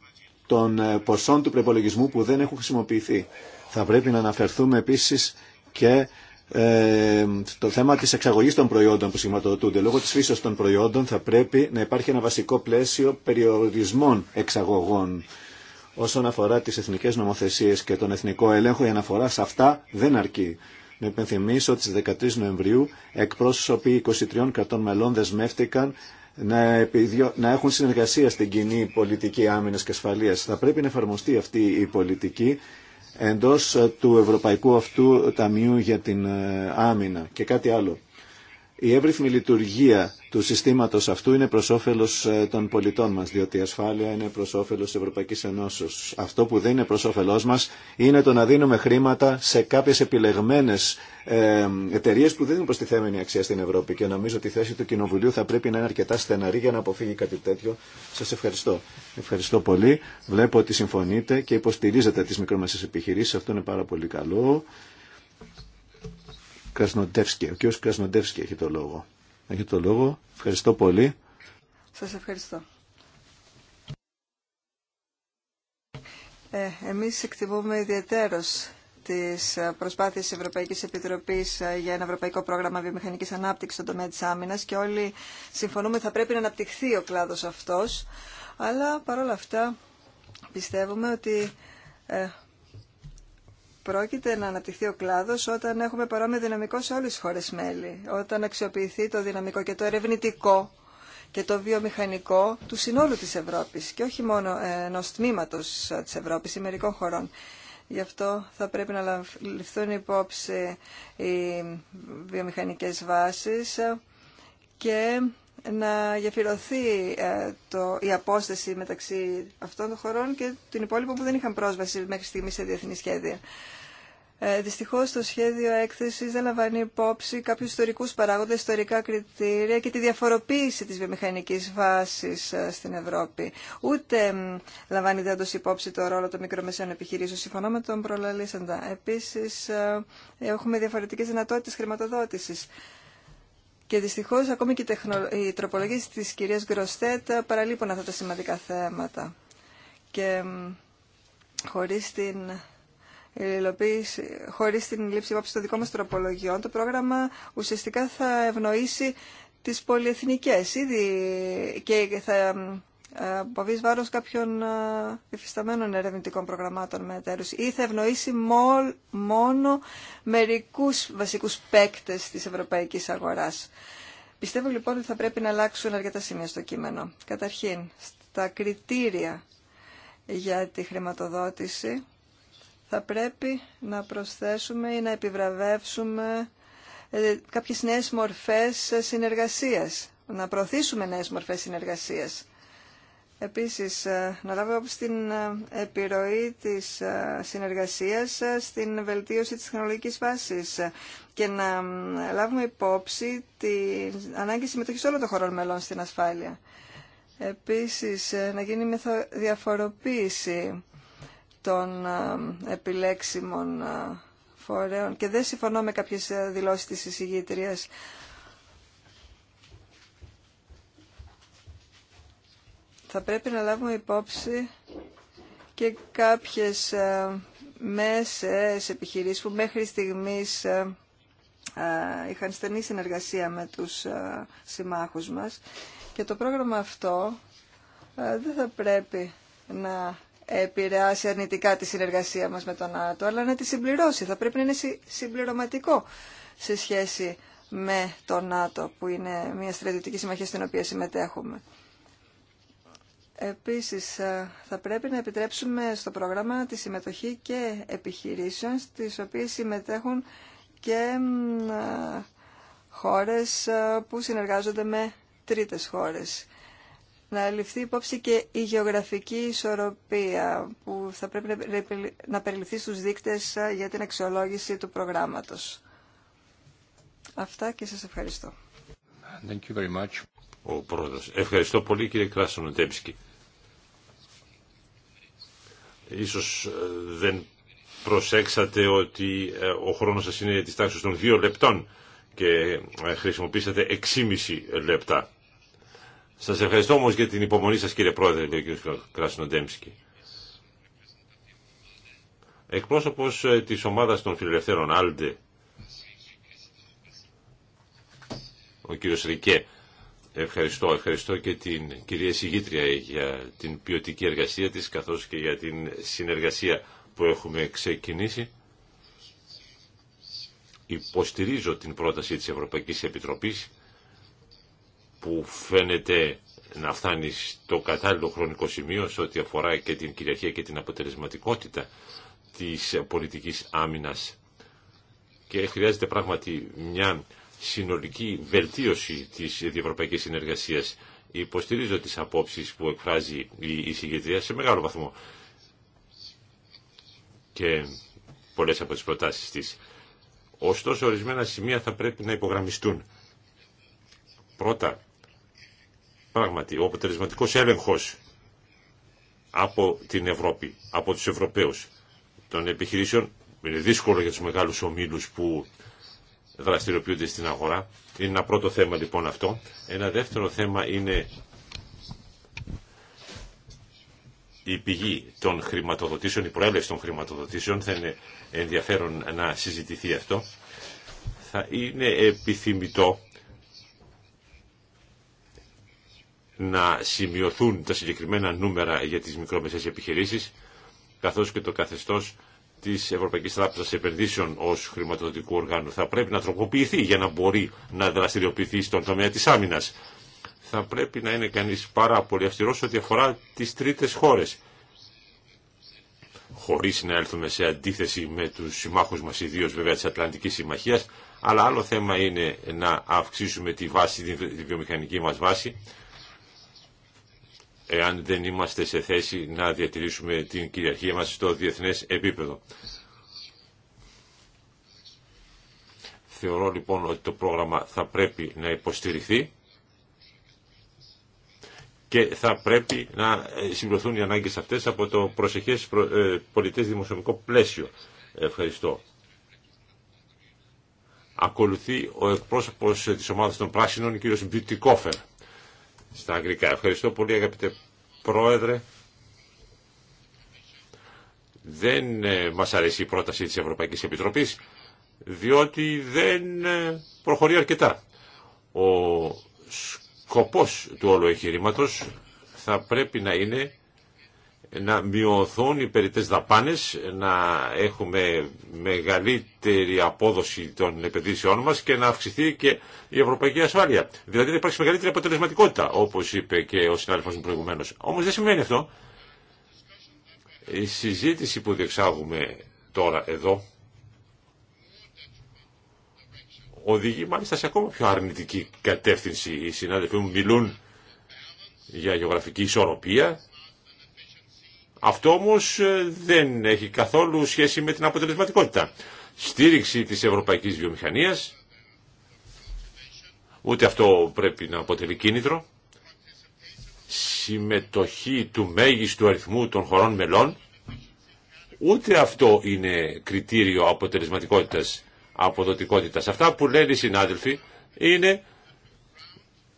των ε, ποσών του προπολογισμού που δεν έχουν χρησιμοποιηθεί. Θα πρέπει να αναφερθούμε επίσης και ε, το θέμα της εξαγωγής των προϊόντων που σηματοδοτούνται. Λόγω της φύσεως των προϊόντων θα πρέπει να υπάρχει ένα βασικό πλαίσιο περιορισμών εξαγωγών. Όσον αφορά τις εθνικές νομοθεσίες και τον εθνικό έλεγχο, η αναφορά σε αυτά δεν αρκεί. Να υπενθυμίσω ότι στις 13 Νοεμβρίου εκπρόσωποι 23 κρατών μελών δεσμεύτηκαν να, έχουν συνεργασία στην κοινή πολιτική άμυνας και ασφαλείας. Θα πρέπει να εφαρμοστεί αυτή η πολιτική εντός ε, του Ευρωπαϊκού αυτού Ταμείου για την ε, Άμυνα. Και κάτι άλλο. Η εύρυθμη λειτουργία του συστήματος αυτού είναι προς όφελος ε, των πολιτών μας, διότι η ασφάλεια είναι προς όφελος τη Ευρωπαϊκής Ενώσεω. Αυτό που δεν είναι προς όφελός μας είναι το να δίνουμε χρήματα σε κάποιες επιλεγμένες ε, εταιρείε που δεν δίνουν προστιθέμενη αξία στην Ευρώπη και νομίζω ότι η θέση του Κοινοβουλίου θα πρέπει να είναι αρκετά στεναρή για να αποφύγει κάτι τέτοιο. Σας ευχαριστώ. Ευχαριστώ πολύ. Βλέπω ότι συμφωνείτε και υποστηρίζετε τις μικρομεσαίες επιχειρήσεις. Αυτό είναι πάρα πολύ καλό. Κρασνοντεύσκη. Ο κ. Κρασνοντεύσκη έχει το λόγο. Έχει το λόγο. Ευχαριστώ πολύ. Σας ευχαριστώ. Ε, εμείς εκτιμούμε ιδιαίτερος τις προσπάθειες της Ευρωπαϊκής Επιτροπής ε, για ένα ευρωπαϊκό πρόγραμμα βιομηχανικής ανάπτυξης στον τομέα της άμυνας και όλοι συμφωνούμε ότι θα πρέπει να αναπτυχθεί ο κλάδος αυτός, αλλά παρόλα αυτά πιστεύουμε ότι ε, πρόκειται να αναπτυχθεί ο κλάδος όταν έχουμε παρόμοιο δυναμικό σε όλες τι χώρες μέλη, όταν αξιοποιηθεί το δυναμικό και το ερευνητικό και το βιομηχανικό του συνόλου της Ευρώπης και όχι μόνο ενό τμήματο της Ευρώπης ή μερικών χωρών. Γι' αυτό θα πρέπει να ληφθούν υπόψη οι βιομηχανικές βάσεις και να γεφυρωθεί ε, το, η απόσταση μεταξύ αυτών των χωρών και την υπόλοιπο που δεν είχαν πρόσβαση μέχρι στιγμή σε διεθνή σχέδια. Ε, Δυστυχώ το σχέδιο έκθεση δεν λαμβάνει υπόψη κάποιου ιστορικού παράγοντε, ιστορικά κριτήρια και τη διαφοροποίηση τη βιομηχανική βάση ε, στην Ευρώπη. Ούτε λαμβάνει δέντο υπόψη το ρόλο των μικρομεσαίων επιχειρήσεων. Συμφωνώ με τον προλαλήσαντα. Επίση, ε, έχουμε διαφορετικέ δυνατότητε χρηματοδότηση. Και δυστυχώς ακόμη και οι τροπολογίε τη κυρίας Γκροστέτ παραλείπουν αυτά τα σημαντικά θέματα. Και χωρίς την χωρίς την λήψη υπόψη των δικών μας τροπολογιών, το πρόγραμμα ουσιαστικά θα ευνοήσει τις πολυεθνικές ήδη και θα ε, Αποβεί βάρο κάποιων ε, υφισταμένων ερευνητικών προγραμμάτων με εταίρου ή θα ευνοήσει μόλ, μόνο μερικούς βασικούς παίκτε της Ευρωπαϊκή Αγορά. Πιστεύω λοιπόν ότι θα πρέπει να αλλάξουν αρκετά σημεία στο κείμενο. Καταρχήν, στα κριτήρια για τη χρηματοδότηση θα πρέπει να προσθέσουμε ή να επιβραβεύσουμε ε, κάποιες νέες μορφές συνεργασίας, να προωθήσουμε νέες μορφές συνεργασίας Επίσης, ε, να λάβουμε όπως την ε, επιρροή της ε, συνεργασίας στην βελτίωση της τεχνολογικής βάσης και να λάβουμε υπόψη την ανάγκη συμμετοχής όλων των χωρών μελών στην ασφάλεια. Επίσης, να γίνει μια διαφοροποίηση των επιλέξιμων φορέων και δεν συμφωνώ με κάποιες δηλώσεις της εισηγήτριας θα πρέπει να λάβουμε υπόψη και κάποιες ε, μέσες επιχειρήσεις που μέχρι στιγμής ε, ε, είχαν στενή συνεργασία με τους συμμάχους μας και το πρόγραμμα αυτό δεν θα πρέπει να επηρεάσει αρνητικά τη συνεργασία μας με τον ΝΑΤΟ, αλλά να τη συμπληρώσει. Θα πρέπει να είναι συμπληρωματικό σε σχέση με τον ΝΑΤΟ, που είναι μια στρατιωτική συμμαχία στην οποία συμμετέχουμε. Επίσης, ε, θα πρέπει να επιτρέψουμε στο πρόγραμμα τη συμμετοχή και επιχειρήσεων, στις οποίες συμμετέχουν και ε, χώρες ε, που συνεργάζονται με τρίτες χώρες. Να ληφθεί υπόψη και η γεωγραφική ισορροπία που θα πρέπει να περιληφθεί στους δείκτες για την αξιολόγηση του προγράμματος. Αυτά και σας ευχαριστώ. Thank you very much. Ο πρόεδρος. Ευχαριστώ πολύ κύριε Ίσως ε, δεν προσέξατε ότι ε, ο χρόνος σας είναι της τάξης των δύο λεπτών και ε, χρησιμοποίησατε 6,5 λεπτά. Σας ευχαριστώ όμως για την υπομονή σας κύριε Πρόεδρε, λέει ο κ. Κράσινοντέμψικη. Εκπρόσωπος της ομάδας των φιλελευθέρων Άλντε, ο κύριος Ρικέ. Ευχαριστώ. Ευχαριστώ και την κυρία Συγήτρια για την ποιοτική εργασία της καθώς και για την συνεργασία που έχουμε ξεκινήσει. Υποστηρίζω την πρόταση της Ευρωπαϊκής Επιτροπής που φαίνεται να φτάνει στο κατάλληλο χρονικό σημείο σε ό,τι αφορά και την κυριαρχία και την αποτελεσματικότητα της πολιτικής άμυνας. Και χρειάζεται πράγματι μια συνολική βελτίωση της διευρωπαϊκής συνεργασίας. Υποστηρίζω τις απόψεις που εκφράζει η εισηγητρία σε μεγάλο βαθμό και πολλές από τις προτάσεις της. Ωστόσο, ορισμένα σημεία θα πρέπει να υπογραμμιστούν. Πρώτα, πράγματι, ο αποτελεσματικό έλεγχος από την Ευρώπη, από τους Ευρωπαίους των επιχειρήσεων, είναι δύσκολο για τους μεγάλους ομίλους που δραστηριοποιούνται στην αγορά. Είναι ένα πρώτο θέμα λοιπόν αυτό. Ένα δεύτερο θέμα είναι η πηγή των χρηματοδοτήσεων, η προέλευση των χρηματοδοτήσεων. Θα είναι ενδιαφέρον να συζητηθεί αυτό. Θα είναι επιθυμητό να σημειωθούν τα συγκεκριμένα νούμερα για τις μικρομεσαίες επιχειρήσεις, καθώς και το καθεστώς τη Ευρωπαϊκή Τράπεζα Επενδύσεων ω χρηματοδοτικού οργάνου θα πρέπει να τροποποιηθεί για να μπορεί να δραστηριοποιηθεί στον τομέα τη άμυνα. Θα πρέπει να είναι κανεί πάρα πολύ αυστηρό ό,τι αφορά τι τρίτε χώρε. Χωρί να έλθουμε σε αντίθεση με του συμμάχου μα ιδίω βέβαια τη Ατλαντική Συμμαχία, αλλά άλλο θέμα είναι να αυξήσουμε τη, βάση, τη βιομηχανική μας βάση, εάν δεν είμαστε σε θέση να διατηρήσουμε την κυριαρχία μας στο διεθνές επίπεδο. Θεωρώ λοιπόν ότι το πρόγραμμα θα πρέπει να υποστηριχθεί και θα πρέπει να συμπληρωθούν οι ανάγκες αυτές από το προσεχές ε, πολιτές δημοσιονομικό πλαίσιο. Ευχαριστώ. Ακολουθεί ο εκπρόσωπος της ομάδας των Πράσινων, κύριος Μπιουτικόφερ στα αγγλικά. Ευχαριστώ πολύ αγαπητέ Πρόεδρε. Δεν ε, μας αρέσει η πρόταση της Ευρωπαϊκής Επιτροπής, διότι δεν ε, προχωρεί αρκετά. Ο σκοπός του όλου θα πρέπει να είναι να μειωθούν οι περιττές δαπάνες, να έχουμε μεγαλύτερη απόδοση των επενδύσεών μας και να αυξηθεί και η ευρωπαϊκή ασφάλεια. Δηλαδή να υπάρξει μεγαλύτερη αποτελεσματικότητα, όπως είπε και ο συνάδελφος μου προηγουμένως. Όμως δεν σημαίνει αυτό. Η συζήτηση που διεξάγουμε τώρα εδώ οδηγεί μάλιστα σε ακόμα πιο αρνητική κατεύθυνση. Οι συνάδελφοί μου μιλούν για γεωγραφική ισορροπία, αυτό όμως ε, δεν έχει καθόλου σχέση με την αποτελεσματικότητα. Στήριξη της ευρωπαϊκής βιομηχανίας, ούτε αυτό πρέπει να αποτελεί κίνητρο. Συμμετοχή του μέγιστου αριθμού των χωρών μελών, ούτε αυτό είναι κριτήριο αποτελεσματικότητας, αποδοτικότητας. Αυτά που λένε οι συνάδελφοι είναι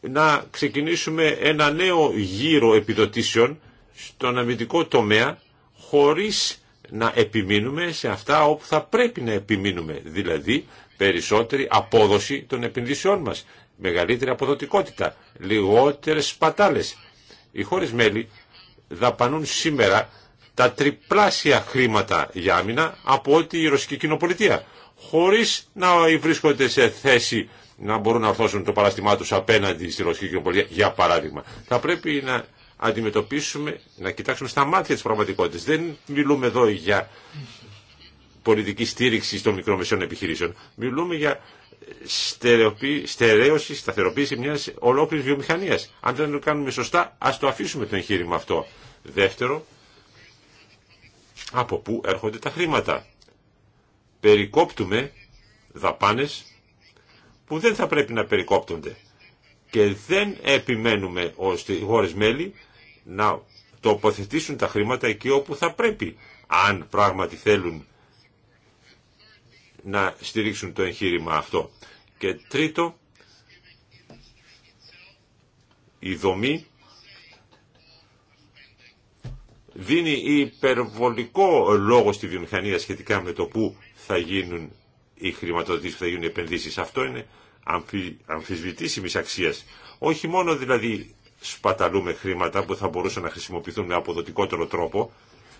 να ξεκινήσουμε ένα νέο γύρο επιδοτήσεων στον αμυντικό τομέα χωρίς να επιμείνουμε σε αυτά όπου θα πρέπει να επιμείνουμε, δηλαδή περισσότερη απόδοση των επενδύσεών μας, μεγαλύτερη αποδοτικότητα, λιγότερες σπατάλες. Οι χώρες μέλη δαπανούν σήμερα τα τριπλάσια χρήματα για άμυνα από ό,τι η ρωσική κοινοπολιτεία, χωρίς να βρίσκονται σε θέση να μπορούν να ορθώσουν το παραστημά τους απέναντι στη ρωσική κοινοπολιτεία, για παράδειγμα. Θα πρέπει να αντιμετωπίσουμε, να κοιτάξουμε στα μάτια της πραγματικότητας. Δεν μιλούμε εδώ για πολιτική στήριξη των μικρομεσαίων επιχειρήσεων. Μιλούμε για στερέωση, σταθεροποίηση μιας ολόκληρης βιομηχανίας. Αν δεν το κάνουμε σωστά, ας το αφήσουμε το εγχείρημα αυτό. Δεύτερο, από πού έρχονται τα χρήματα. Περικόπτουμε δαπάνες που δεν θα πρέπει να περικόπτονται και δεν επιμένουμε ως χώρες μέλη να τοποθετήσουν τα χρήματα εκεί όπου θα πρέπει, αν πράγματι θέλουν να στηρίξουν το εγχείρημα αυτό. Και τρίτο, η δομή δίνει υπερβολικό λόγο στη βιομηχανία σχετικά με το πού θα γίνουν οι χρηματοδοτήσεις, που θα γίνουν οι επενδύσεις. Αυτό είναι αμφι, αμφισβητήσιμης αξίας. Όχι μόνο δηλαδή σπαταλούμε χρήματα που θα μπορούσαν να χρησιμοποιηθούν με αποδοτικότερο τρόπο,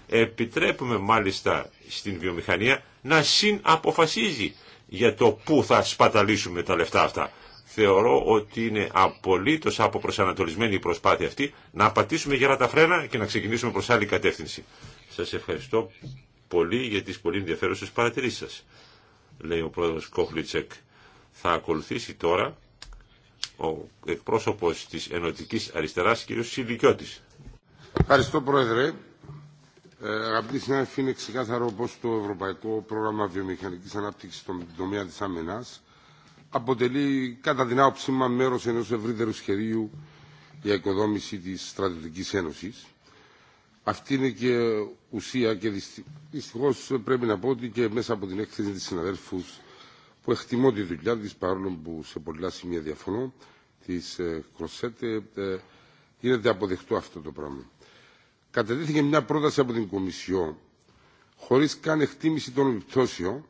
επιτρέπουμε μάλιστα στην βιομηχανία να συναποφασίζει για το πού θα σπαταλήσουμε τα λεφτά αυτά. Θεωρώ ότι είναι απολύτως αποπροσανατολισμένη η προσπάθεια αυτή να πατήσουμε γερά τα φρένα και να ξεκινήσουμε προς άλλη κατεύθυνση. Σας ευχαριστώ πολύ για τις πολύ ενδιαφέρουσες παρατηρήσεις σας, λέει ο πρόεδρος Κόχλιτσεκ. Θα ακολουθήσει τώρα ο εκπρόσωπος της Ενωτικής Αριστεράς, κ. Σιλικιώτης. Ευχαριστώ, Πρόεδρε. Ε, αγαπητοί συνάδελφοι, είναι ξεκάθαρο πως το Ευρωπαϊκό Πρόγραμμα Βιομηχανικής Ανάπτυξης στον τομέα της άμενας αποτελεί κατά την άποψή μα μέρος ενός ευρύτερου σχεδίου για οικοδόμηση της Στρατιωτικής Ένωσης. Αυτή είναι και ουσία και δυστυχώς πρέπει να πω ότι και μέσα από την έκθεση της συναδέλφους που εκτιμώ τη δουλειά της παρόλο που σε πολλά σημεία διαφωνώ της ε, Κροσέτε ε, γίνεται αποδεκτό αυτό το πράγμα. Κατατέθηκε μια πρόταση από την Κομισιό χωρίς καν εκτίμηση των επιπτώσεων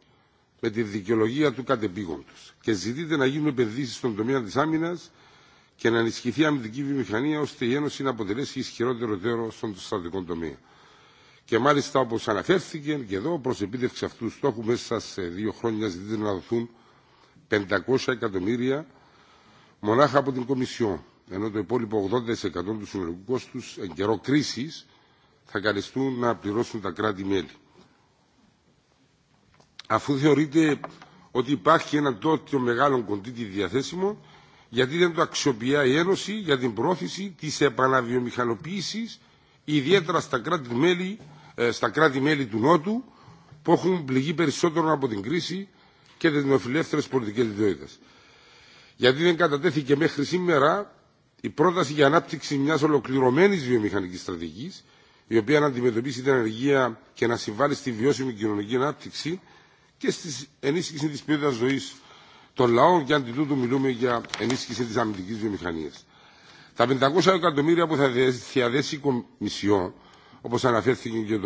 με τη δικαιολογία του κατεπήγοντος και ζητείται να γίνουν επενδύσεις στον τομέα της άμυνας και να ενισχυθεί η αμυντική βιομηχανία ώστε η Ένωση να αποτελέσει ισχυρότερο τέρο στον στρατικό τομέα. Και μάλιστα όπω αναφέρθηκε και εδώ, προ επίτευξη αυτού του στόχου μέσα σε δύο χρόνια ζητείται να δοθούν 500 εκατομμύρια μονάχα από την Κομισιόν, ενώ το υπόλοιπο 80% του συνολικού κόστου εν καιρό κρίση θα καλεστούν να πληρώσουν τα κράτη-μέλη. Αφού θεωρείται ότι υπάρχει ένα τότε μεγάλο κοντίτι διαθέσιμο, γιατί δεν το αξιοποιεί η Ένωση για την πρόθεση τη επαναβιομηχανοποίηση ιδιαίτερα στα κράτη-μέλη ε, στα κράτη-μέλη του Νότου που έχουν πληγεί περισσότερο από την κρίση και τι πολιτικέ λιτότητα. Γιατί δεν κατατέθηκε μέχρι σήμερα η πρόταση για ανάπτυξη μια ολοκληρωμένη βιομηχανική στρατηγική, η οποία να αντιμετωπίσει την ανεργία και να συμβάλλει στη βιώσιμη κοινωνική ανάπτυξη και στη ενίσχυση τη ποιότητα ζωή των λαών, και αντί τούτου μιλούμε για ενίσχυση τη αμυντική βιομηχανία. Τα 500 εκατομμύρια που θα διαδέσει η Κομισιόν Όπω αναφέρθηκε και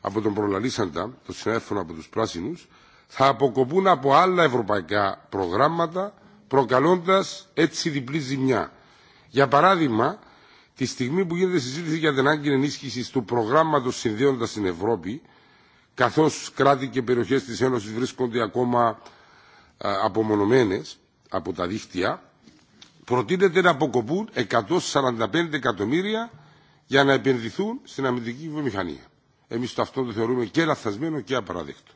από τον προλαλήσαντα, το συνάδελφο από του πράσινου, θα αποκοπούν από άλλα ευρωπαϊκά προγράμματα, προκαλώντα έτσι διπλή ζημιά. Για παράδειγμα, τη στιγμή που γίνεται συζήτηση για την άγκη ενίσχυση του προγράμματο συνδέοντα την Ευρώπη, καθώ κράτη και περιοχέ τη Ένωση βρίσκονται ακόμα ε, απομονωμένε από τα δίχτυα, προτείνεται να αποκοπούν 145 εκατομμύρια για να επενδυθούν στην αμυντική βιομηχανία. Εμείς το αυτό το θεωρούμε και λαθασμένο και απαραδεκτό.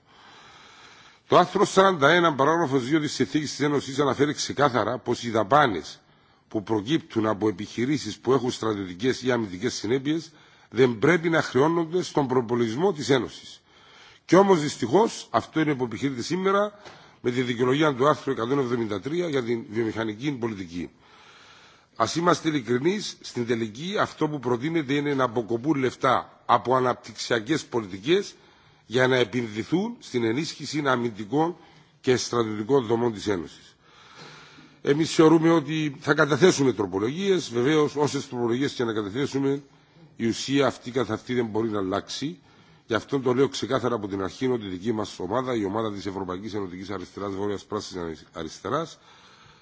Το άρθρο 41 παράγραφος 2 τη Συνθήκη τη Ένωση, αναφέρει ξεκάθαρα πω οι δαπάνε που προκύπτουν από επιχειρήσει που έχουν στρατιωτικέ ή αμυντικέ συνέπειε δεν πρέπει να χρεώνονται στον προπολογισμό τη Ένωση. Και όμω δυστυχώ, αυτό είναι που επιχειρείται σήμερα με τη δικαιολογία του άρθρου 173 για την βιομηχανική πολιτική. Α είμαστε ειλικρινεί, στην τελική αυτό που προτείνεται είναι να αποκοπούν λεφτά από αναπτυξιακέ πολιτικέ για να επενδυθούν στην ενίσχυση αμυντικών και στρατιωτικών δομών τη Ένωση. Εμεί θεωρούμε ότι θα καταθέσουμε τροπολογίε. Βεβαίω, όσε τροπολογίε και να καταθέσουμε, η ουσία αυτή καθ' αυτή δεν μπορεί να αλλάξει. Γι' αυτό το λέω ξεκάθαρα από την αρχή ότι η δική μα ομάδα, η ομάδα τη Ευρωπαϊκή Ενωτική Αριστερά, Βόρεια Πράσινη Αριστερά,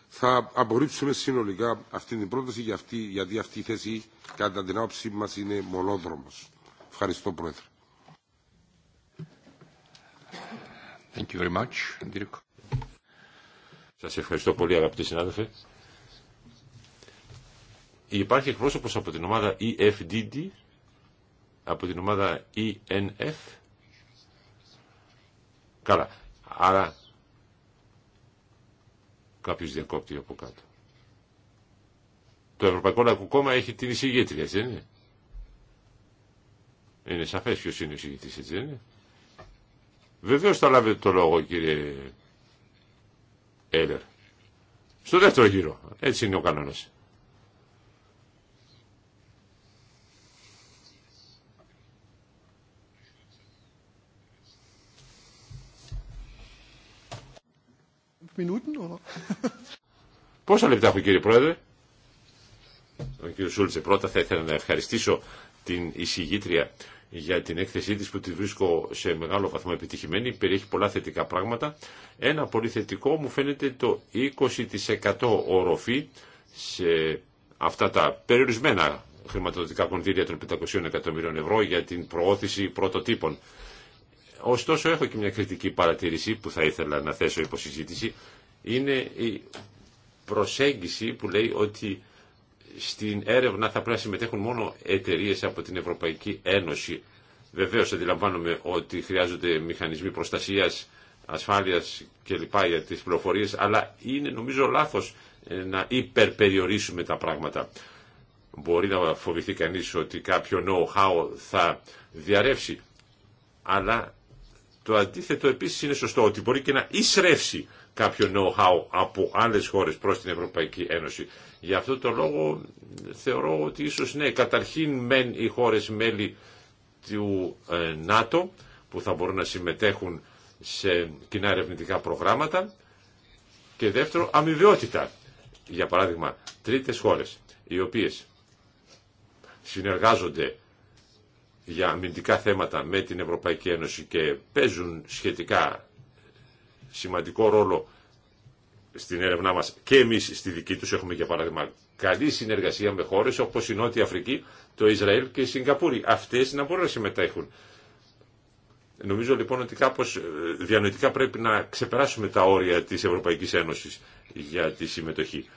θα απορρίψουμε συνολικά αυτή την πρόταση για αυτή, γιατί αυτή η θέση κατά την άποψή μας είναι μονόδρομος. Ευχαριστώ Πρόεδρε. Thank you very much. Σας ευχαριστώ πολύ αγαπητοί συνάδελφοι. Υπάρχει εκπρόσωπος από την ομάδα EFDD, από την ομάδα ENF. Καλά. Άρα Κάποιος διακόπτει από κάτω. Το Ευρωπαϊκό Λαϊκό Κόμμα έχει την εισηγήτρια, έτσι δεν είναι. Είναι σαφές ποιος είναι ο εισηγητής, έτσι δεν είναι. Βεβαίως θα λάβετε το λόγο κύριε Έλερ. Στο δεύτερο γύρο. Έτσι είναι ο κανόνας. Minuten, Πόσα λεπτά έχω κύριε Πρόεδρε. Ο κύριο Σούλτσε πρώτα θα ήθελα να ευχαριστήσω την εισηγήτρια για την έκθεσή της που τη βρίσκω σε μεγάλο βαθμό επιτυχημένη, περιέχει πολλά θετικά πράγματα. Ένα πολύ θετικό μου φαίνεται το 20% οροφή σε αυτά τα περιορισμένα χρηματοδοτικά κονδύλια των 500 εκατομμυρίων ευρώ για την προώθηση πρωτοτύπων. Ωστόσο έχω και μια κριτική παρατήρηση που θα ήθελα να θέσω υποσυζήτηση. Είναι η προσέγγιση που λέει ότι στην έρευνα θα πρέπει να συμμετέχουν μόνο εταιρείε από την Ευρωπαϊκή Ένωση. Βεβαίω αντιλαμβάνομαι ότι χρειάζονται μηχανισμοί προστασία, ασφάλεια κλπ. για τι πληροφορίε, αλλά είναι νομίζω λάθο ε, να υπερπεριορίσουμε τα πράγματα. Μπορεί να φοβηθεί κανεί ότι κάποιο know-how θα διαρρεύσει, αλλά το αντίθετο επίσης είναι σωστό ότι μπορεί και να εισρεύσει κάποιο know-how από άλλες χώρες προ την Ευρωπαϊκή Ένωση. Γι' αυτό το λόγο θεωρώ ότι ίσως ναι, καταρχήν μεν οι χώρες μέλη του ε, ΝΑΤΟ που θα μπορούν να συμμετέχουν σε κοινά ερευνητικά προγράμματα και δεύτερο αμοιβαιότητα. Για παράδειγμα, τρίτες χώρες οι οποίες συνεργάζονται για αμυντικά θέματα με την Ευρωπαϊκή Ένωση και παίζουν σχετικά σημαντικό ρόλο στην έρευνά μας και εμείς στη δική τους έχουμε για παράδειγμα καλή συνεργασία με χώρες όπως η Νότια Αφρική, το Ισραήλ και η Σιγκαπούρη. Αυτές να μπορούν να συμμετέχουν. Νομίζω λοιπόν ότι κάπως ε, διανοητικά πρέπει να ξεπεράσουμε τα όρια της Ευρωπαϊκής Ένωσης για τη συμμετοχή.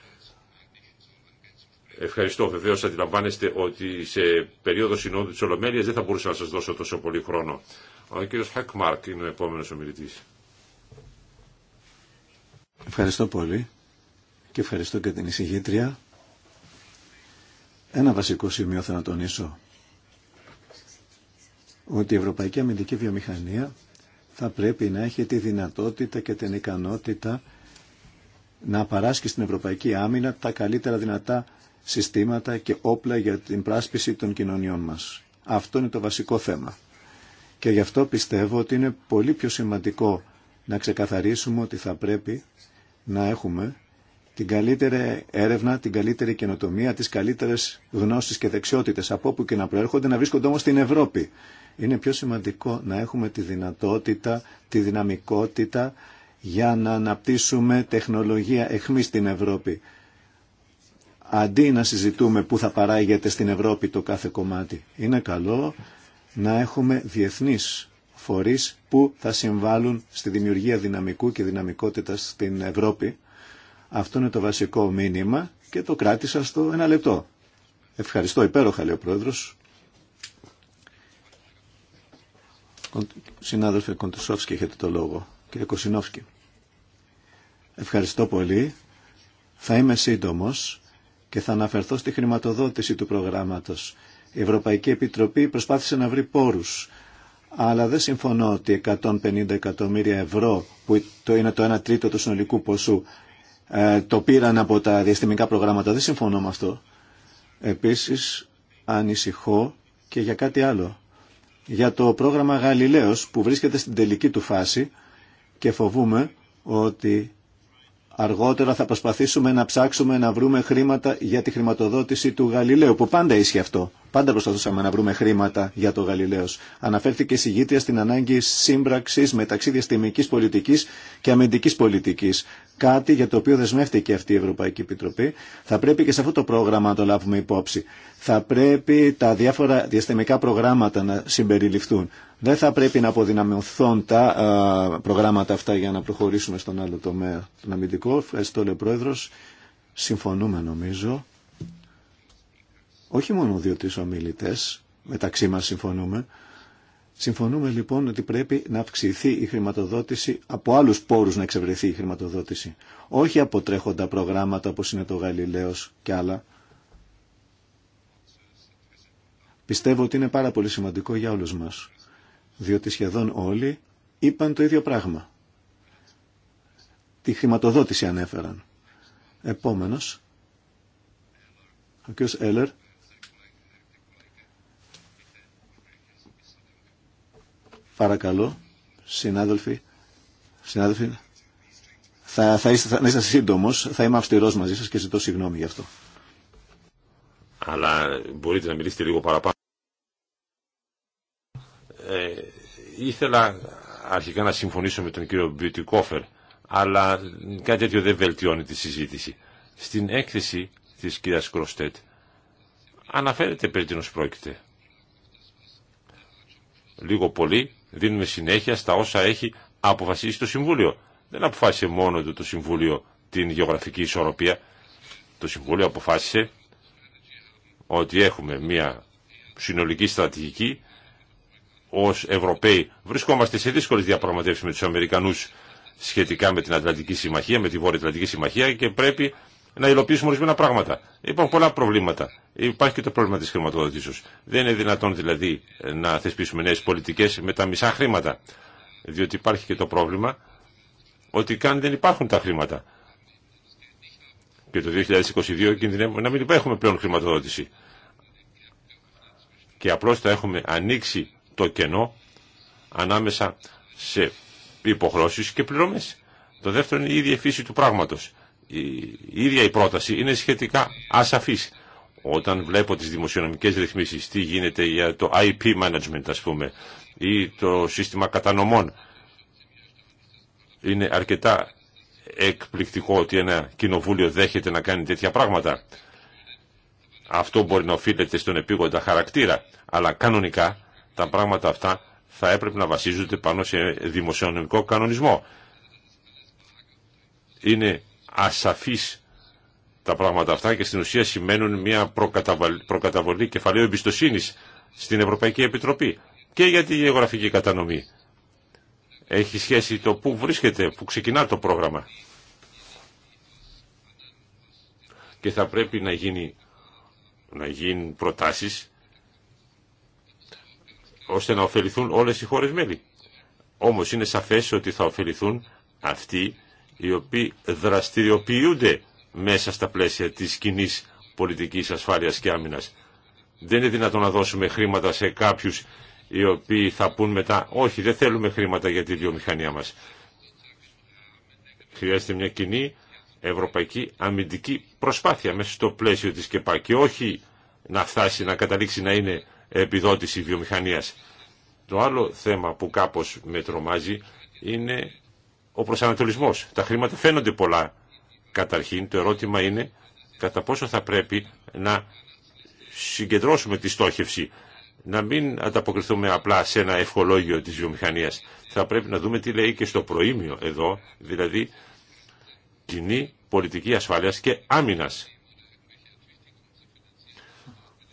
Ευχαριστώ. Βεβαίω αντιλαμβάνεστε ότι σε περίοδο συνόδου τη Ολομέλεια δεν θα μπορούσα να σα δώσω τόσο πολύ χρόνο. Ο κύριο Χακμάρκ είναι ο επόμενο ομιλητή. Ευχαριστώ πολύ και ευχαριστώ και την εισηγήτρια. Ένα βασικό σημείο θα να τονίσω. Ότι η Ευρωπαϊκή Αμυντική Βιομηχανία θα πρέπει να έχει τη δυνατότητα και την ικανότητα να παράσχει στην Ευρωπαϊκή Άμυνα τα καλύτερα δυνατά συστήματα και όπλα για την πράσπιση των κοινωνιών μας. Αυτό είναι το βασικό θέμα. Και γι' αυτό πιστεύω ότι είναι πολύ πιο σημαντικό να ξεκαθαρίσουμε ότι θα πρέπει να έχουμε την καλύτερη έρευνα, την καλύτερη καινοτομία, τις καλύτερες γνώσεις και δεξιότητες από όπου και να προέρχονται, να βρίσκονται όμως στην Ευρώπη. Είναι πιο σημαντικό να έχουμε τη δυνατότητα, τη δυναμικότητα για να αναπτύσσουμε τεχνολογία εχμής στην Ευρώπη αντί να συζητούμε πού θα παράγεται στην Ευρώπη το κάθε κομμάτι. Είναι καλό να έχουμε διεθνείς φορείς που θα συμβάλλουν στη δημιουργία δυναμικού και δυναμικότητας στην Ευρώπη. Αυτό είναι το βασικό μήνυμα και το κράτησα στο ένα λεπτό. Ευχαριστώ υπέροχα, λέει ο Πρόεδρος. Συνάδελφε Κοντουσόφσκι, έχετε το λόγο. Κύριε Κοσινόφσκι. Ευχαριστώ πολύ. Θα είμαι σύντομος και θα αναφερθώ στη χρηματοδότηση του προγράμματος. Η Ευρωπαϊκή Επιτροπή προσπάθησε να βρει πόρους, αλλά δεν συμφωνώ ότι 150 εκατομμύρια ευρώ, που το είναι το 1 τρίτο του συνολικού ποσού, ε, το πήραν από τα διαστημικά προγράμματα. Δεν συμφωνώ με αυτό. Επίσης, ανησυχώ και για κάτι άλλο. Για το πρόγραμμα Γαλιλαίος που βρίσκεται στην τελική του φάση και φοβούμε ότι Αργότερα θα προσπαθήσουμε να ψάξουμε να βρούμε χρήματα για τη χρηματοδότηση του Γαλιλαίου, που πάντα ίσχυε αυτό. Πάντα προσπαθούσαμε να βρούμε χρήματα για το Γαλιλαίο. Αναφέρθηκε η συγγήτρια στην ανάγκη σύμπραξη μεταξύ διαστημική πολιτική και αμυντική πολιτική. Κάτι για το οποίο δεσμεύτηκε αυτή η Ευρωπαϊκή Επιτροπή. Θα πρέπει και σε αυτό το πρόγραμμα να το λάβουμε υπόψη. Θα πρέπει τα διάφορα διαστημικά προγράμματα να συμπεριληφθούν. Δεν θα πρέπει να αποδυναμωθούν τα προγράμματα αυτά για να προχωρήσουμε στον άλλο τομέα. Τον αμυντικό, ευχαριστώ λέει πρόεδρος. Συμφωνούμε νομίζω. Όχι μόνο δύο-τρεις ομιλητές, μεταξύ μας συμφωνούμε. Συμφωνούμε λοιπόν ότι πρέπει να αυξηθεί η χρηματοδότηση, από άλλους πόρους να εξευρεθεί η χρηματοδότηση. Όχι από τρέχοντα προγράμματα όπως είναι το Γαλιλαίος και άλλα. Πιστεύω ότι είναι πάρα πολύ σημαντικό για όλους μας διότι σχεδόν όλοι είπαν το ίδιο πράγμα. Τη χρηματοδότηση ανέφεραν. Επόμενος, ο κ. Έλερ, παρακαλώ, συνάδελφοι, συνάδελφοι, θα, θα, είστε, θα, είστε σύντομος, θα είμαι αυστηρός μαζί σας και ζητώ συγγνώμη γι' αυτό. Αλλά μπορείτε να μιλήσετε λίγο παραπάνω. Ε, ήθελα αρχικά να συμφωνήσω με τον κύριο Μπιουτικόφερ, αλλά κάτι τέτοιο δεν βελτιώνει τη συζήτηση. Στην έκθεση της κυρίας Κροστέτ αναφέρεται περί τίνος πρόκειται. Λίγο πολύ δίνουμε συνέχεια στα όσα έχει αποφασίσει το Συμβούλιο. Δεν αποφάσισε μόνο του το Συμβούλιο την γεωγραφική ισορροπία. Το Συμβούλιο αποφάσισε ότι έχουμε μια συνολική στρατηγική ως Ευρωπαίοι βρισκόμαστε σε δύσκολες διαπραγματεύσεις με τους Αμερικανούς σχετικά με την Ατλαντική Συμμαχία, με τη Βόρεια Ατλαντική Συμμαχία και πρέπει να υλοποιήσουμε ορισμένα πράγματα. Υπάρχουν πολλά προβλήματα. Υπάρχει και το πρόβλημα της χρηματοδοτήσεως. Δεν είναι δυνατόν δηλαδή να θεσπίσουμε νέες πολιτικές με τα μισά χρήματα. Διότι υπάρχει και το πρόβλημα ότι καν δεν υπάρχουν τα χρήματα. Και το 2022 κινδυνεύουμε να μην έχουμε πλέον χρηματοδότηση. Και απλώ θα έχουμε ανοίξει το κενό ανάμεσα σε υποχρώσεις και πληρωμές. Το δεύτερο είναι η ίδια φύση του πράγματος. Η ίδια η πρόταση είναι σχετικά ασαφής. Όταν βλέπω τις δημοσιονομικές ρυθμίσεις, τι γίνεται για το IP management ας πούμε ή το σύστημα κατανομών, είναι αρκετά εκπληκτικό ότι ένα κοινοβούλιο δέχεται να κάνει τέτοια πράγματα. Αυτό μπορεί να οφείλεται στον επίγοντα χαρακτήρα, αλλά κανονικά τα πράγματα αυτά θα έπρεπε να βασίζονται πάνω σε δημοσιονομικό κανονισμό. Είναι ασαφής τα πράγματα αυτά και στην ουσία σημαίνουν μια προκαταβολή κεφαλαίου εμπιστοσύνη στην Ευρωπαϊκή Επιτροπή και για τη γεωγραφική κατανομή. Έχει σχέση το πού βρίσκεται, πού ξεκινά το πρόγραμμα. Και θα πρέπει να γίνει να γίνουν προτάσεις ώστε να ωφεληθούν όλες οι χώρες μέλη. Όμως είναι σαφές ότι θα ωφεληθούν αυτοί οι οποίοι δραστηριοποιούνται μέσα στα πλαίσια της κοινή πολιτικής ασφάλειας και άμυνας. Δεν είναι δυνατόν να δώσουμε χρήματα σε κάποιους οι οποίοι θα πούν μετά «Όχι, δεν θέλουμε χρήματα για τη βιομηχανία μας». Χρειάζεται μια κοινή ευρωπαϊκή αμυντική προσπάθεια μέσα στο πλαίσιο της ΚΕΠΑ και όχι να φτάσει να καταλήξει να είναι επιδότηση βιομηχανίας. Το άλλο θέμα που κάπως με τρομάζει είναι ο προσανατολισμός. Τα χρήματα φαίνονται πολλά. Καταρχήν το ερώτημα είναι κατά πόσο θα πρέπει να συγκεντρώσουμε τη στόχευση να μην ανταποκριθούμε απλά σε ένα ευχολόγιο της βιομηχανίας. Θα πρέπει να δούμε τι λέει και στο προήμιο εδώ, δηλαδή κοινή πολιτική ασφάλειας και άμυνας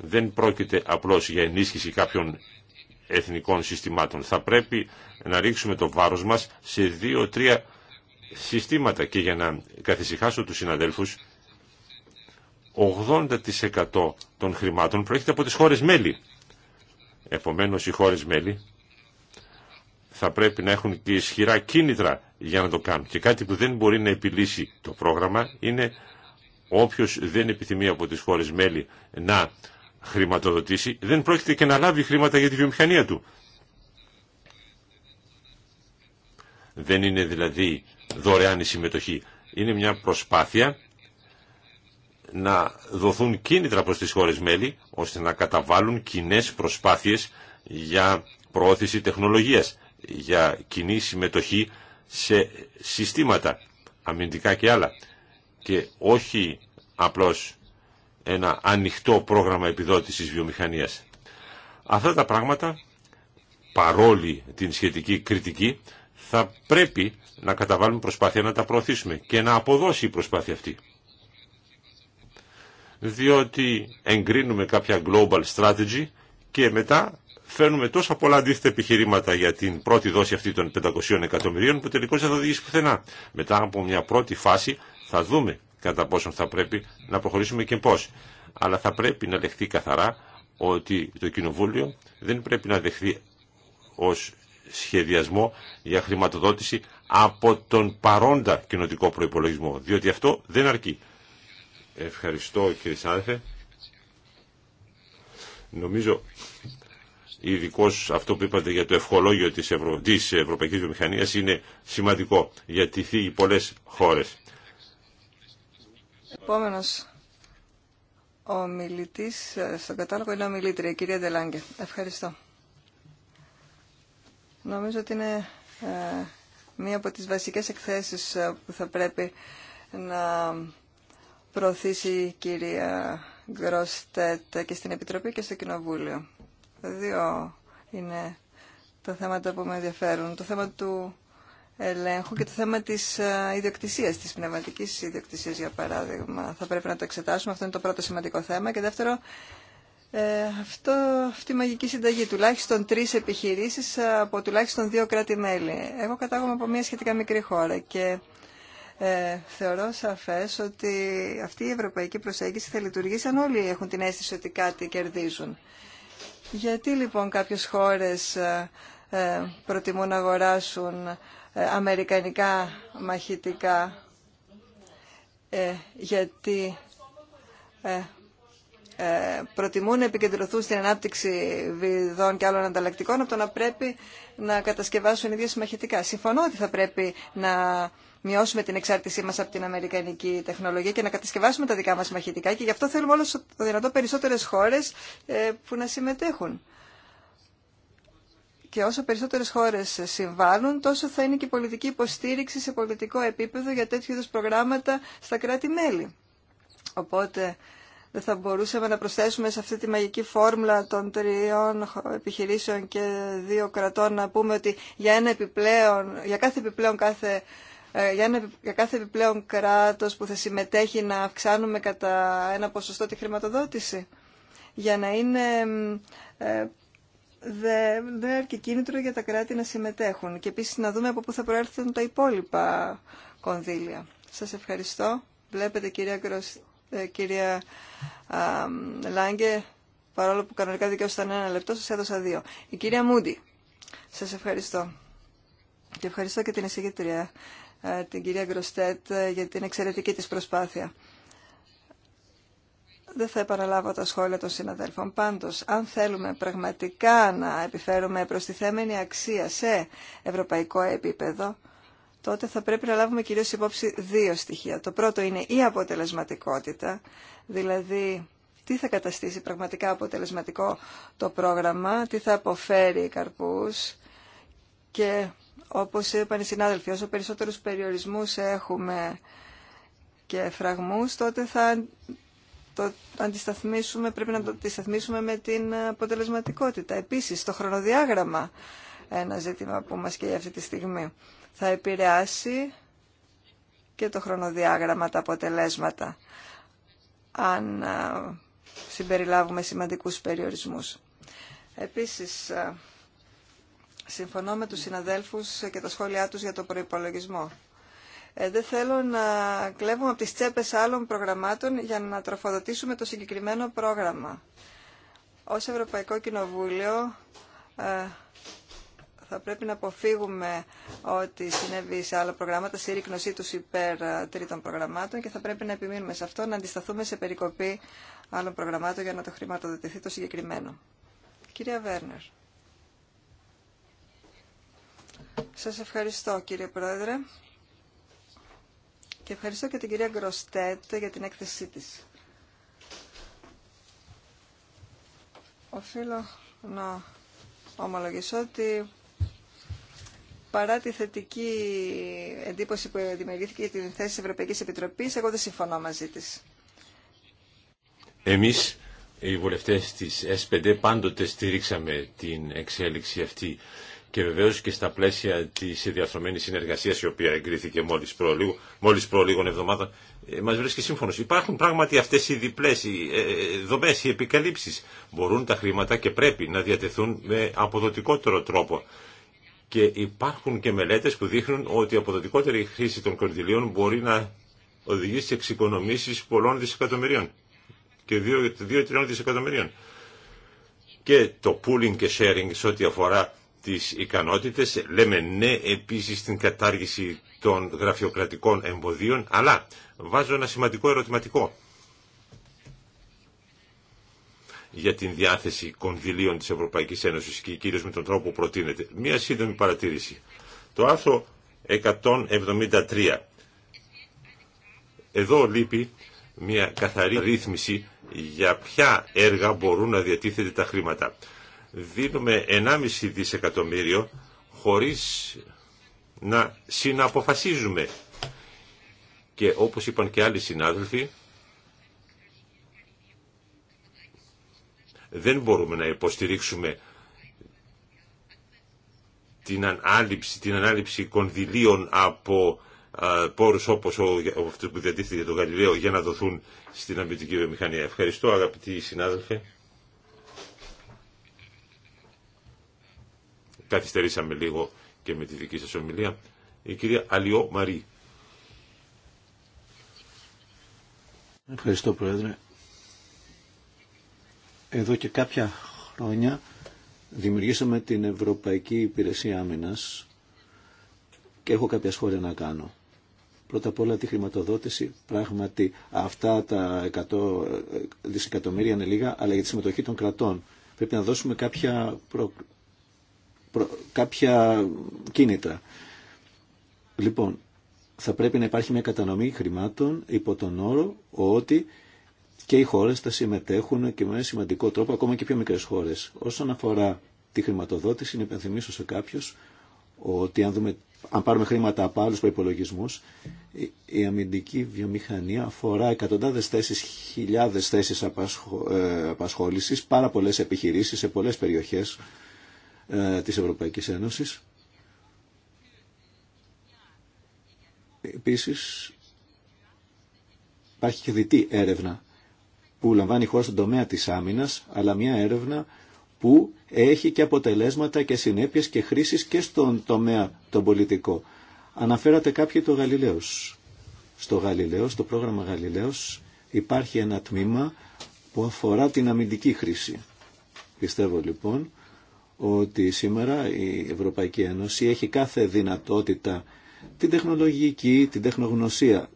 δεν πρόκειται απλώς για ενίσχυση κάποιων εθνικών συστημάτων. Θα πρέπει να ρίξουμε το βάρος μας σε δύο-τρία συστήματα και για να καθησυχάσω τους συναδέλφους 80% των χρημάτων προέρχεται από τις χώρες μέλη. Επομένως οι χώρες μέλη θα πρέπει να έχουν και ισχυρά κίνητρα για να το κάνουν. Και κάτι που δεν μπορεί να επιλύσει το πρόγραμμα είναι όποιος δεν επιθυμεί από τις χώρες μέλη να χρηματοδοτήσει, δεν πρόκειται και να λάβει χρήματα για τη βιομηχανία του. Δεν είναι δηλαδή δωρεάν η συμμετοχή. Είναι μια προσπάθεια να δοθούν κίνητρα προς τις χώρες μέλη, ώστε να καταβάλουν κοινέ προσπάθειες για προώθηση τεχνολογίας, για κοινή συμμετοχή σε συστήματα αμυντικά και άλλα και όχι απλώς ένα ανοιχτό πρόγραμμα επιδότησης βιομηχανίας. Αυτά τα πράγματα, παρόλη την σχετική κριτική, θα πρέπει να καταβάλουμε προσπάθεια να τα προωθήσουμε και να αποδώσει η προσπάθεια αυτή. Διότι εγκρίνουμε κάποια global strategy και μετά φέρνουμε τόσα πολλά αντίθετα επιχειρήματα για την πρώτη δόση αυτή των 500 εκατομμυρίων που τελικώς δεν θα οδηγήσει πουθενά. Μετά από μια πρώτη φάση θα δούμε κατά πόσον θα πρέπει να προχωρήσουμε και πώς. Αλλά θα πρέπει να δεχθεί καθαρά ότι το Κοινοβούλιο δεν πρέπει να δεχθεί ως σχεδιασμό για χρηματοδότηση από τον παρόντα κοινοτικό προϋπολογισμό, διότι αυτό δεν αρκεί. Ευχαριστώ κύριε Σάδεφε. Νομίζω ειδικώ αυτό που είπατε για το ευχολόγιο της, Ευρω... της Ευρωπαϊκής Βιομηχανίας είναι σημαντικό γιατί θίγει πολλές χώρες. Επόμενος ο μιλητής ε, στον κατάλογο είναι ο η κυρία Ντελάγκε. Ευχαριστώ. Νομίζω ότι είναι ε, μία από τις βασικές εκθέσεις ε, που θα πρέπει να προωθήσει η κυρία Γκροστέτ και στην Επιτροπή και στο Κοινοβούλιο. Δύο είναι τα θέματα που με ενδιαφέρουν. Το θέμα του ελέγχου και το θέμα τη ε, ιδιοκτησία, τη πνευματική ιδιοκτησία, για παράδειγμα. Θα πρέπει να το εξετάσουμε, αυτό είναι το πρώτο σημαντικό θέμα. Και δεύτερο, ε, αυτό, αυτή η μαγική συνταγή, τουλάχιστον τρει επιχειρήσει ε, από τουλάχιστον δύο κράτη-μέλη. Εγώ κατάγομαι από μια σχετικά μικρή χώρα και ε, θεωρώ σαφέ ότι αυτή η ευρωπαϊκή προσέγγιση θα λειτουργήσει αν όλοι έχουν την αίσθηση ότι κάτι κερδίζουν. Γιατί λοιπόν κάποιες χώρες ε, ε προτιμούν να αγοράσουν ε, αμερικανικά μαχητικά ε, γιατί ε, προτιμούν να επικεντρωθούν στην ανάπτυξη βιδών και άλλων ανταλλακτικών από το να πρέπει να κατασκευάσουν ίδιες μαχητικά. Συμφωνώ ότι θα πρέπει να μειώσουμε την εξάρτησή μας από την αμερικανική τεχνολογία και να κατασκευάσουμε τα δικά μας μαχητικά και γι' αυτό θέλουμε όλες το δυνατό περισσότερες χώρες που να συμμετέχουν. Και όσο περισσότερες χώρε συμβάλλουν, τόσο θα είναι και η πολιτική υποστήριξη σε πολιτικό επίπεδο για τέτοιου είδου προγράμματα στα κράτη-μέλη. Οπότε δεν θα μπορούσαμε να προσθέσουμε σε αυτή τη μαγική φόρμουλα των τριών επιχειρήσεων και δύο κρατών να πούμε ότι για, ένα επιπλέον, για κάθε επιπλέον κάθε ε, για, ένα, για κάθε επιπλέον κράτος που θα συμμετέχει να αυξάνουμε κατά ένα ποσοστό τη χρηματοδότηση για να είναι ε, δεν είναι αρκετή κίνητρο για τα κράτη να συμμετέχουν και επίσης να δούμε από πού θα προέρθουν τα υπόλοιπα κονδύλια. Σας ευχαριστώ. Βλέπετε κυρία, ε, κυρία α, Λάγκε, παρόλο που κανονικά δικαιώσατε ένα λεπτό, σας έδωσα δύο. Η κυρία Μούντι, σας ευχαριστώ. Και ευχαριστώ και την εισηγήτρια, ε, την κυρία Γκροστέτ, ε, για την εξαιρετική της προσπάθεια δεν θα επαναλάβω τα σχόλια των συναδέλφων. Πάντως, αν θέλουμε πραγματικά να επιφέρουμε προστιθέμενη αξία σε ευρωπαϊκό επίπεδο, τότε θα πρέπει να λάβουμε κυρίως υπόψη δύο στοιχεία. Το πρώτο είναι η αποτελεσματικότητα, δηλαδή τι θα καταστήσει πραγματικά αποτελεσματικό το πρόγραμμα, τι θα αποφέρει οι καρπούς και όπως είπαν οι συνάδελφοι, όσο περισσότερους περιορισμούς έχουμε και φραγμούς, τότε θα το αντισταθμίσουμε, πρέπει να το αντισταθμίσουμε με την αποτελεσματικότητα. Επίσης, το χρονοδιάγραμμα, ένα ζήτημα που μας καίει αυτή τη στιγμή, θα επηρεάσει και το χρονοδιάγραμμα τα αποτελέσματα, αν συμπεριλάβουμε σημαντικούς περιορισμούς. Επίσης, συμφωνώ με τους συναδέλφους και τα σχόλιά τους για το προϋπολογισμό. Ε, δεν θέλω να κλέβουμε από τις τσέπες άλλων προγραμμάτων για να τροφοδοτήσουμε το συγκεκριμένο πρόγραμμα. Ως Ευρωπαϊκό Κοινοβούλιο ε, θα πρέπει να αποφύγουμε ό,τι συνέβη σε άλλα προγράμματα, σε ρίχνωσή τους υπέρ ε, τρίτων προγραμμάτων και θα πρέπει να επιμείνουμε σε αυτό, να αντισταθούμε σε περικοπή άλλων προγραμμάτων για να το χρηματοδοτηθεί το συγκεκριμένο. Κυρία Βέρνερ. Σας ευχαριστώ κύριε Πρόεδρε. Και ευχαριστώ και την κυρία Γκροστέτ για την έκθεσή της. Οφείλω να ομολογήσω ότι παρά τη θετική εντύπωση που δημιουργήθηκε για την θέση της Ευρωπαϊκής Επιτροπής, εγώ δεν συμφωνώ μαζί της. Εμείς οι βουλευτές της S5 πάντοτε στηρίξαμε την εξέλιξη αυτή και βεβαίω και στα πλαίσια τη διαφρομένης συνεργασία η οποία εγκρίθηκε μόλι προλίγων μόλις προ λίγων εβδομάδων ε, μας βρίσκει σύμφωνος. Υπάρχουν πράγματι αυτέ οι διπλέ ε, ε, δομές, οι επικαλύψει. Μπορούν τα χρήματα και πρέπει να διατεθούν με αποδοτικότερο τρόπο. Και υπάρχουν και μελέτε που δείχνουν ότι η αποδοτικότερη χρήση των κονδυλίων μπορεί να οδηγήσει σε εξοικονομήσει πολλών δισεκατομμυρίων και 2-3 δισεκατομμυρίων. Και το pooling και sharing σε ό,τι αφορά τις ικανότητες, λέμε ναι επίσης στην κατάργηση των γραφειοκρατικών εμποδίων, αλλά βάζω ένα σημαντικό ερωτηματικό για την διάθεση κονδυλίων της Ευρωπαϊκής Ένωσης και κυρίως με τον τρόπο που προτείνεται. Μία σύντομη παρατήρηση. Το άρθρο 173. Εδώ λείπει μια καθαρή ρύθμιση για ποια έργα μπορούν να διατίθεται τα χρήματα δίνουμε 1,5 δισεκατομμύριο χωρίς να συναποφασίζουμε. Και όπως είπαν και άλλοι συνάδελφοι, δεν μπορούμε να υποστηρίξουμε την ανάληψη, την ανάληψη κονδυλίων από πόρους όπως ο, αυτό που διατίθεται για τον Γαλιλαίο για να δοθούν στην αμυντική βιομηχανία. Ευχαριστώ αγαπητοί συνάδελφοι. καθυστερήσαμε λίγο και με τη δική σας ομιλία. Η κυρία Αλιό Μαρή. Ευχαριστώ Πρόεδρε. Εδώ και κάποια χρόνια δημιουργήσαμε την Ευρωπαϊκή Υπηρεσία Άμυνας και έχω κάποια σχόλια να κάνω. Πρώτα απ' όλα τη χρηματοδότηση. Πράγματι αυτά τα 100 δισεκατομμύρια είναι λίγα, αλλά για τη συμμετοχή των κρατών. Πρέπει να δώσουμε κάποια κάποια κίνητρα. Λοιπόν, θα πρέπει να υπάρχει μια κατανομή χρημάτων υπό τον όρο ότι και οι χώρες θα συμμετέχουν και με ένα σημαντικό τρόπο, ακόμα και πιο μικρές χώρες. Όσον αφορά τη χρηματοδότηση, να υπενθυμίσω σε κάποιους ότι αν, δούμε, αν πάρουμε χρήματα από άλλους προϋπολογισμούς, η αμυντική βιομηχανία αφορά εκατοντάδες θέσεις, χιλιάδες θέσεις ε, απασχόλησης, πάρα πολλές επιχειρήσεις σε πολλές περιοχές ε, της Ευρωπαϊκής Ένωσης. Επίσης, υπάρχει και διτή έρευνα που λαμβάνει η χώρα στον τομέα της άμυνας, αλλά μια έρευνα που έχει και αποτελέσματα και συνέπειες και χρήσεις και στον τομέα τον πολιτικό. Αναφέρατε κάποιοι το Γαλιλαίος. Στο Γαλιλαίος, στο πρόγραμμα Γαλιλαίος υπάρχει ένα τμήμα που αφορά την αμυντική χρήση. Πιστεύω λοιπόν ότι σήμερα η Ευρωπαϊκή Ένωση έχει κάθε δυνατότητα την τεχνολογική, την τεχνογνωσία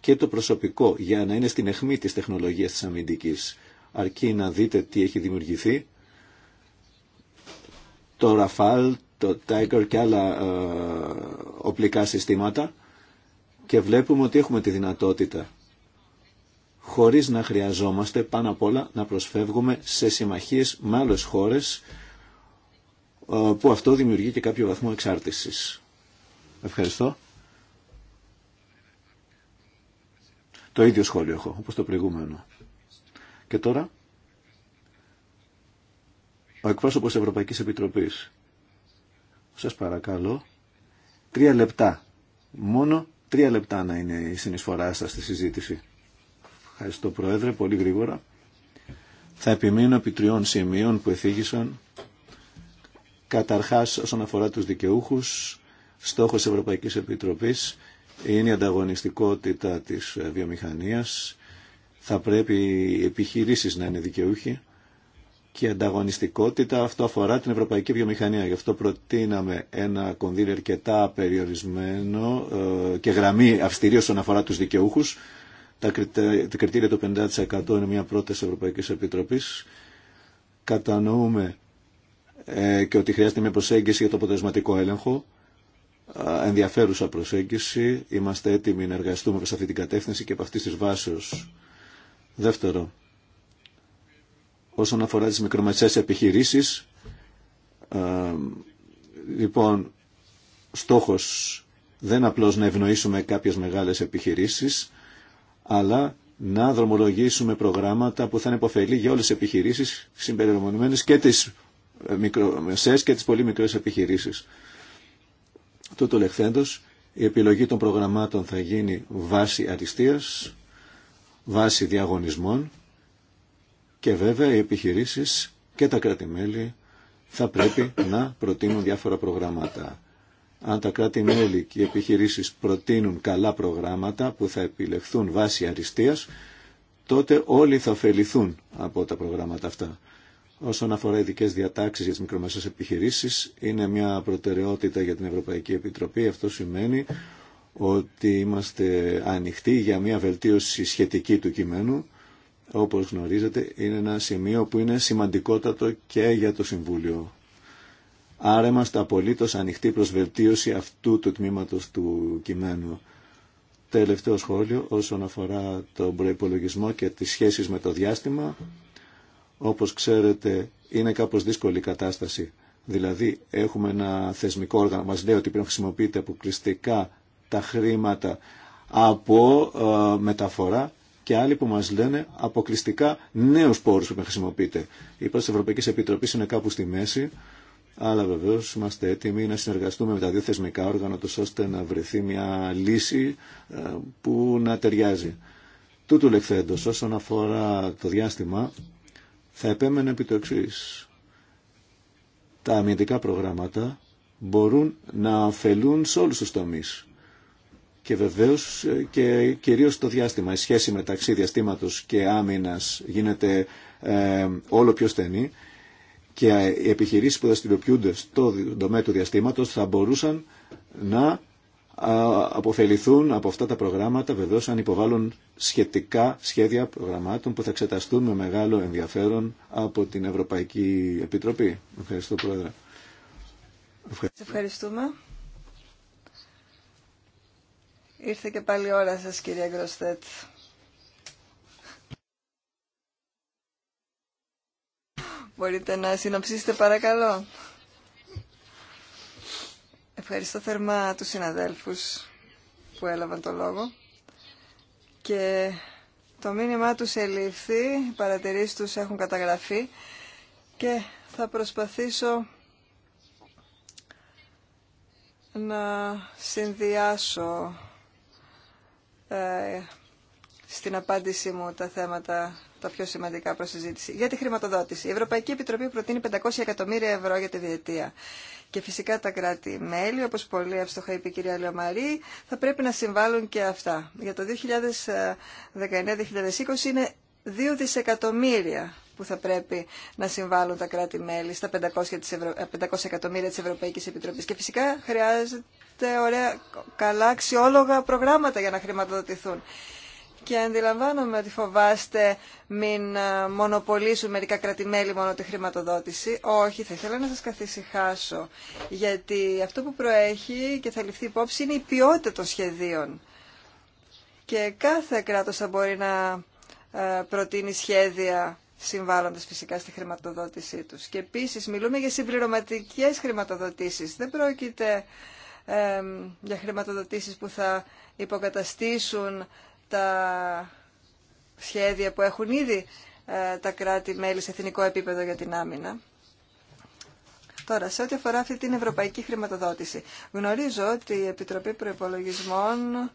και το προσωπικό για να είναι στην αιχμή της τεχνολογίας της αμυντικής. Αρκεί να δείτε τι έχει δημιουργηθεί. Το Ραφάλ, το Tiger και άλλα ε, οπλικά συστήματα και βλέπουμε ότι έχουμε τη δυνατότητα χωρίς να χρειαζόμαστε πάνω απ' όλα να προσφεύγουμε σε συμμαχίες με άλλες χώρες που αυτό δημιουργεί και κάποιο βαθμό εξάρτησης. Ευχαριστώ. Το ίδιο σχόλιο έχω, όπως το προηγούμενο. Και τώρα, ο εκπρόσωπος της Ευρωπαϊκής Επιτροπής. Σας παρακαλώ, τρία λεπτά. Μόνο τρία λεπτά να είναι η συνεισφορά σας στη συζήτηση. Ευχαριστώ Πρόεδρε, πολύ γρήγορα. Θα επιμείνω επί τριών σημείων που εθίγησαν Καταρχάς, όσον αφορά τους δικαιούχους, στόχος Ευρωπαϊκής Επιτροπής είναι η ανταγωνιστικότητα της ε, βιομηχανίας. Θα πρέπει οι επιχειρήσεις να είναι δικαιούχοι και η ανταγωνιστικότητα αυτό αφορά την ευρωπαϊκή βιομηχανία. Γι' αυτό προτείναμε ένα κονδύλι αρκετά περιορισμένο ε, και γραμμή αυστηρή όσον αφορά τους δικαιούχους. Τα κριτήρια του 50% είναι μια πρόταση Ευρωπαϊκής Επιτροπής. Κατανοούμε ε, και ότι χρειάζεται μια προσέγγιση για το αποτελεσματικό έλεγχο. Ενδιαφέρουσα προσέγγιση. Είμαστε έτοιμοι να εργαστούμε προς αυτή την κατεύθυνση και από αυτή τη βάση. Δεύτερο, όσον αφορά τις μικρομεσαίες επιχειρήσεις, λοιπόν, στόχος δεν απλώς να ευνοήσουμε κάποιες μεγάλες επιχειρήσεις, αλλά να δρομολογήσουμε προγράμματα που θα είναι υποφελή για όλες τις επιχειρήσεις συμπεριλαμβανομένες και τις μικρομεσαίες και τις πολύ μικρές επιχειρήσεις. Τούτο λεχθέντος, η επιλογή των προγραμμάτων θα γίνει βάση αριστείας, βάση διαγωνισμών και βέβαια οι επιχειρήσεις και τα κράτη-μέλη θα πρέπει να προτείνουν διάφορα προγράμματα. Αν τα κράτη-μέλη και οι επιχειρήσεις προτείνουν καλά προγράμματα που θα επιλεχθούν βάση αριστείας, τότε όλοι θα ωφεληθούν από τα προγράμματα αυτά. Όσον αφορά ειδικέ διατάξει για τι μικρομεσαίε επιχειρήσει, είναι μια προτεραιότητα για την Ευρωπαϊκή Επιτροπή. Αυτό σημαίνει ότι είμαστε ανοιχτοί για μια βελτίωση σχετική του κειμένου. Όπως γνωρίζετε, είναι ένα σημείο που είναι σημαντικότατο και για το Συμβούλιο. Άρα είμαστε απολύτως ανοιχτοί προς βελτίωση αυτού του τμήματος του κειμένου. Τελευταίο σχόλιο όσον αφορά τον προϋπολογισμό και τις σχέσεις με το διάστημα. Όπως ξέρετε είναι κάπως δύσκολη η κατάσταση. Δηλαδή έχουμε ένα θεσμικό όργανο, μας λέει ότι πρέπει να χρησιμοποιείται αποκλειστικά τα χρήματα από ε, μεταφορά και άλλοι που μας λένε αποκλειστικά νέους πόρους που να χρησιμοποιείται. Η της Ευρωπαϊκής Επιτροπής είναι κάπου στη μέση, αλλά βεβαίως είμαστε έτοιμοι να συνεργαστούμε με τα δύο θεσμικά όργανα ώστε να βρεθεί μια λύση ε, που να ταιριάζει. Τούτου λεχθέντος όσον αφορά το διάστημα θα επέμενε επί το εξή. Τα αμυντικά προγράμματα μπορούν να αφελούν σε όλους τους τομείς. Και βεβαίως ε, και κυρίως το διάστημα. Η σχέση μεταξύ διαστήματος και άμυνας γίνεται ε, όλο πιο στενή και οι επιχειρήσεις που δραστηριοποιούνται στο τομέα του διαστήματος θα μπορούσαν να αποφεληθούν από αυτά τα προγράμματα βεβαίως αν υποβάλλουν σχετικά σχέδια προγραμμάτων που θα εξεταστούν με μεγάλο ενδιαφέρον από την Ευρωπαϊκή Επιτροπή. Ευχαριστώ Πρόεδρε. Ευχαριστώ. ευχαριστούμε. Ήρθε και πάλι η ώρα σας κυρία Γκροστέτ. Μπορείτε να συνοψίσετε παρακαλώ. Ευχαριστώ θερμά τους συναδέλφους που έλαβαν το λόγο και το μήνυμά τους ελήφθη, οι παρατηρήσεις τους έχουν καταγραφεί και θα προσπαθήσω να συνδυάσω ε, στην απάντησή μου τα θέματα τα πιο σημαντικά προς συζήτηση. Για τη χρηματοδότηση. Η Ευρωπαϊκή Επιτροπή προτείνει 500 εκατομμύρια ευρώ για τη διετία. Και φυσικά τα κράτη-μέλη, όπως πολύ εύστοχα είπε η κυρία Λεωμαρή, θα πρέπει να συμβάλλουν και αυτά. Για το 2019-2020 είναι 2 δισεκατομμύρια που θα πρέπει να συμβάλλουν τα κράτη-μέλη στα 500, ε, εκατομμύρια της Ευρωπαϊκής Επιτροπής. Και φυσικά χρειάζεται ωραία, καλά, αξιόλογα προγράμματα για να χρηματοδοτηθούν και αντιλαμβάνομαι ότι φοβάστε μην ε, μονοπολίσουν μερικά κρατημέλη μόνο τη χρηματοδότηση. Όχι, θα ήθελα να σας καθησυχάσω, γιατί αυτό που προέχει και θα ληφθεί υπόψη είναι η ποιότητα των σχεδίων. Και κάθε κράτος θα μπορεί να ε, προτείνει σχέδια συμβάλλοντας φυσικά στη χρηματοδότησή τους. Και επίσης μιλούμε για συμπληρωματικές χρηματοδοτήσεις. Δεν πρόκειται για χρηματοδοτήσεις που θα υποκαταστήσουν τα σχέδια που έχουν ήδη ε, τα κράτη-μέλη σε εθνικό επίπεδο για την άμυνα. Τώρα, σε ό,τι αφορά αυτή την ευρωπαϊκή χρηματοδότηση, γνωρίζω ότι η Επιτροπή Προϋπολογισμών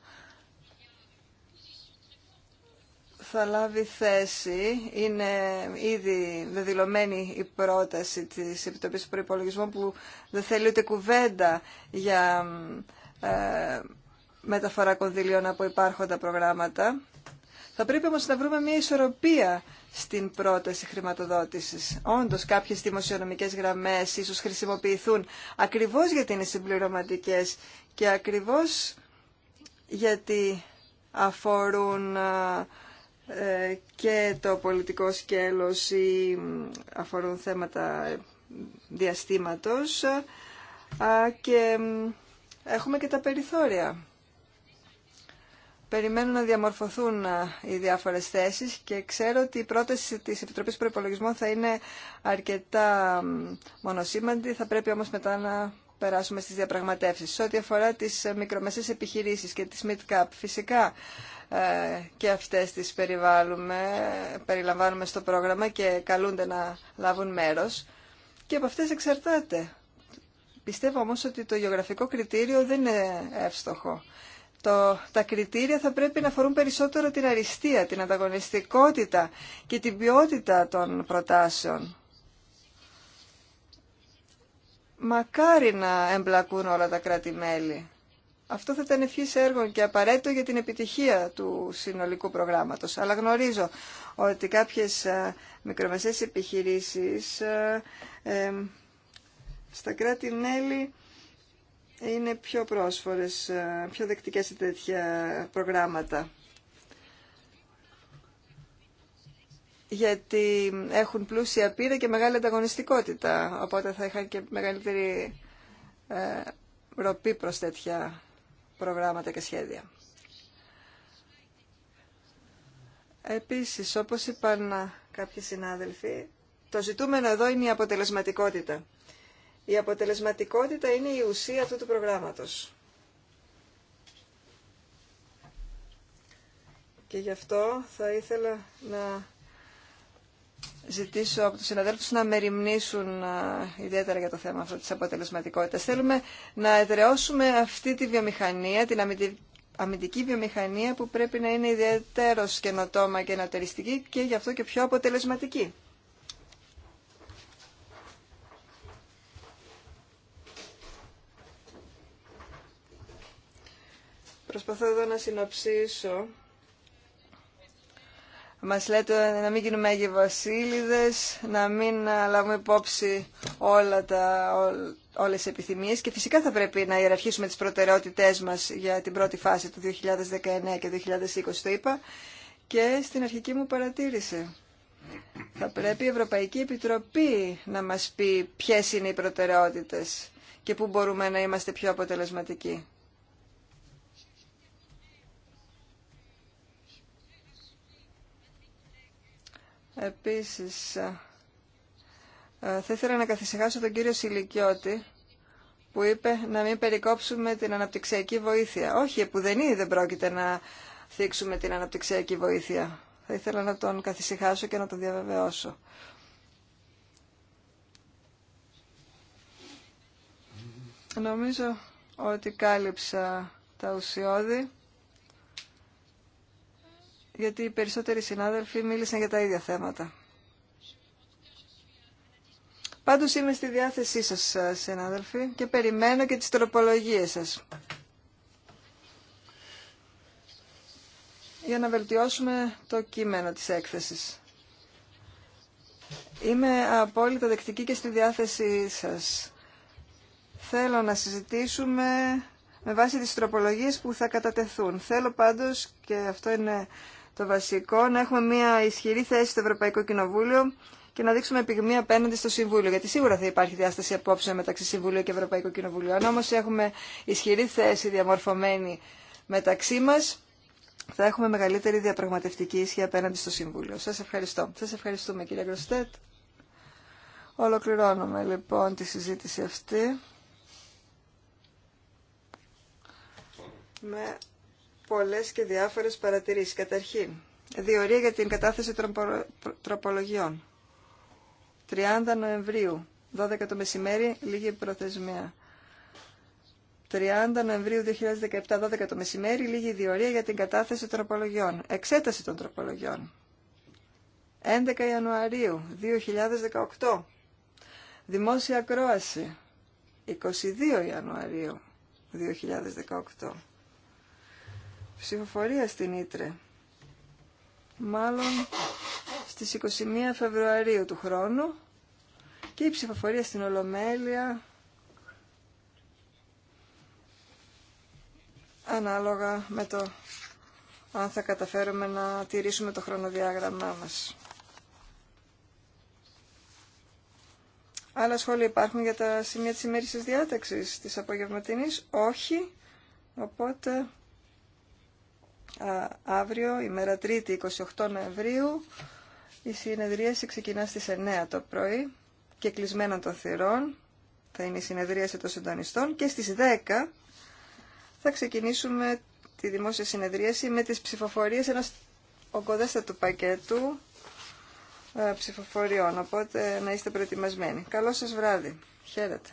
θα λάβει θέση. Είναι ήδη δεδηλωμένη η πρόταση της Επιτροπής Προϋπολογισμών που δεν θέλει ούτε κουβέντα για ε, μεταφορά κονδυλίων από υπάρχοντα προγράμματα. Θα πρέπει όμως να βρούμε μια ισορροπία στην πρόταση χρηματοδότησης. Όντως κάποιες δημοσιονομικές γραμμές ίσως χρησιμοποιηθούν ακριβώς γιατί είναι συμπληρωματικέ και ακριβώς γιατί αφορούν ε, και το πολιτικό σκέλος ή αφορούν θέματα διαστήματος και έχουμε και τα περιθώρια. Περιμένω να διαμορφωθούν οι διάφορες θέσεις και ξέρω ότι η πρόταση της Επιτροπής Προϋπολογισμών θα είναι αρκετά μονοσήμαντη. Θα πρέπει όμως μετά να περάσουμε στις διαπραγματεύσεις. Σε ό,τι αφορά τις ε, μικρομεσαίες επιχειρήσεις και τις mid-cap, φυσικά ε, και αυτές τις περιβάλλουμε, περιλαμβάνουμε στο πρόγραμμα και καλούνται να λάβουν μέρος. Και από αυτές εξαρτάται. Πιστεύω όμως ότι το γεωγραφικό κριτήριο δεν είναι εύστοχο το, τα κριτήρια θα πρέπει να αφορούν περισσότερο την αριστεία, την ανταγωνιστικότητα και την ποιότητα των προτάσεων. Μακάρι να εμπλακούν όλα τα κράτη-μέλη. Αυτό θα ήταν ευχή έργων και απαραίτητο για την επιτυχία του συνολικού προγράμματος. Αλλά γνωρίζω ότι κάποιες ε, μικρομεσαίες επιχειρήσεις ε, ε, στα κράτη-μέλη είναι πιο πρόσφορες, ε, πιο δεκτικές σε τέτοια προγράμματα. Γιατί έχουν πλούσια πείρα και μεγάλη ανταγωνιστικότητα, οπότε θα είχαν και μεγαλύτερη ε, ροπή προς τέτοια προγράμματα και σχέδια. Επίσης, όπως είπαν κάποιοι συνάδελφοι, το ζητούμενο εδώ είναι η αποτελεσματικότητα. Η αποτελεσματικότητα είναι η ουσία αυτού του προγράμματος. Και γι' αυτό θα ήθελα να ζητήσω από τους συναδέλφους να μεριμνήσουν ιδιαίτερα για το θέμα αυτό της αποτελεσματικότητας. Θέλουμε να εδραιώσουμε αυτή τη βιομηχανία, την αμυντική βιομηχανία που πρέπει να είναι ιδιαίτερος καινοτόμα και ενατεριστική και γι' αυτό και πιο αποτελεσματική. Προσπαθώ εδώ να συνοψίσω. Μας λέτε να μην γίνουμε Άγιοι να μην λάβουμε υπόψη όλα τα, όλες τις επιθυμίες και φυσικά θα πρέπει να ιεραρχήσουμε τις προτεραιότητές μας για την πρώτη φάση του 2019 και 2020, το είπα, και στην αρχική μου παρατήρηση. Θα πρέπει η Ευρωπαϊκή Επιτροπή να μας πει ποιες είναι οι προτεραιότητες και πού μπορούμε να είμαστε πιο αποτελεσματικοί. Επίσης, ε, ε, θα ήθελα να καθησυχάσω τον κύριο Σιλικιώτη που είπε να μην περικόψουμε την αναπτυξιακή βοήθεια. Όχι, που δεν είναι, δεν πρόκειται να θίξουμε την αναπτυξιακή βοήθεια. Θα ήθελα να τον καθησυχάσω και να τον διαβεβαιώσω. Νομίζω ότι κάλυψα τα ουσιώδη γιατί οι περισσότεροι συνάδελφοι μίλησαν για τα ίδια θέματα. Πάντως είμαι στη διάθεσή σας, ε, συνάδελφοι, και περιμένω και τις τροπολογίες σας. Για να βελτιώσουμε το κείμενο της έκθεσης. Είμαι απόλυτα δεκτική και στη διάθεσή σας. Θέλω να συζητήσουμε με βάση τις τροπολογίες που θα κατατεθούν. Θέλω πάντως, και αυτό είναι το βασικό να έχουμε μια ισχυρή θέση στο Ευρωπαϊκό Κοινοβούλιο και να δείξουμε πυγμή απέναντι στο Συμβούλιο. Γιατί σίγουρα θα υπάρχει διάσταση απόψε μεταξύ Συμβουλίου και Ευρωπαϊκού Κοινοβουλίου. Αν όμω έχουμε ισχυρή θέση διαμορφωμένη μεταξύ μα, θα έχουμε μεγαλύτερη διαπραγματευτική ισχύ απέναντι στο Συμβούλιο. Σα ευχαριστώ. Σα ευχαριστούμε, κύριε Γκροστέτ. Ολοκληρώνουμε λοιπόν τη συζήτηση αυτή πολλές και διάφορες παρατηρήσεις. Καταρχήν, διορία για την κατάθεση τροπολογιών. 30 Νοεμβρίου, 12 το μεσημέρι, λίγη προθεσμία. 30 Νοεμβρίου 2017, 12 το μεσημέρι, λίγη διορία για την κατάθεση τροπολογιών. Εξέταση των τροπολογιών. 11 Ιανουαρίου 2018. Δημόσια ακρόαση. 22 Ιανουαρίου 2018 ψηφοφορία στην Ήτρε. Μάλλον στις 21 Φεβρουαρίου του χρόνου και η ψηφοφορία στην Ολομέλεια ανάλογα με το αν θα καταφέρουμε να τηρήσουμε το χρονοδιάγραμμά μας. Άλλα σχόλια υπάρχουν για τα σημεία της ημέρησης διάταξης της απογευματινής. Όχι. Οπότε αύριο, ημέρα Τρίτη, 28 Νοεμβρίου. Η συνεδρίαση ξεκινά στις 9 το πρωί και κλεισμένα των θυρών. Θα είναι η συνεδρίαση των συντονιστών και στις 10 θα ξεκινήσουμε τη δημόσια συνεδρίαση με τις ψηφοφορίες ενός ογκοδέστατου πακέτου ε, ψηφοφοριών. Οπότε να είστε προετοιμασμένοι. Καλό σας βράδυ. Χαίρετε.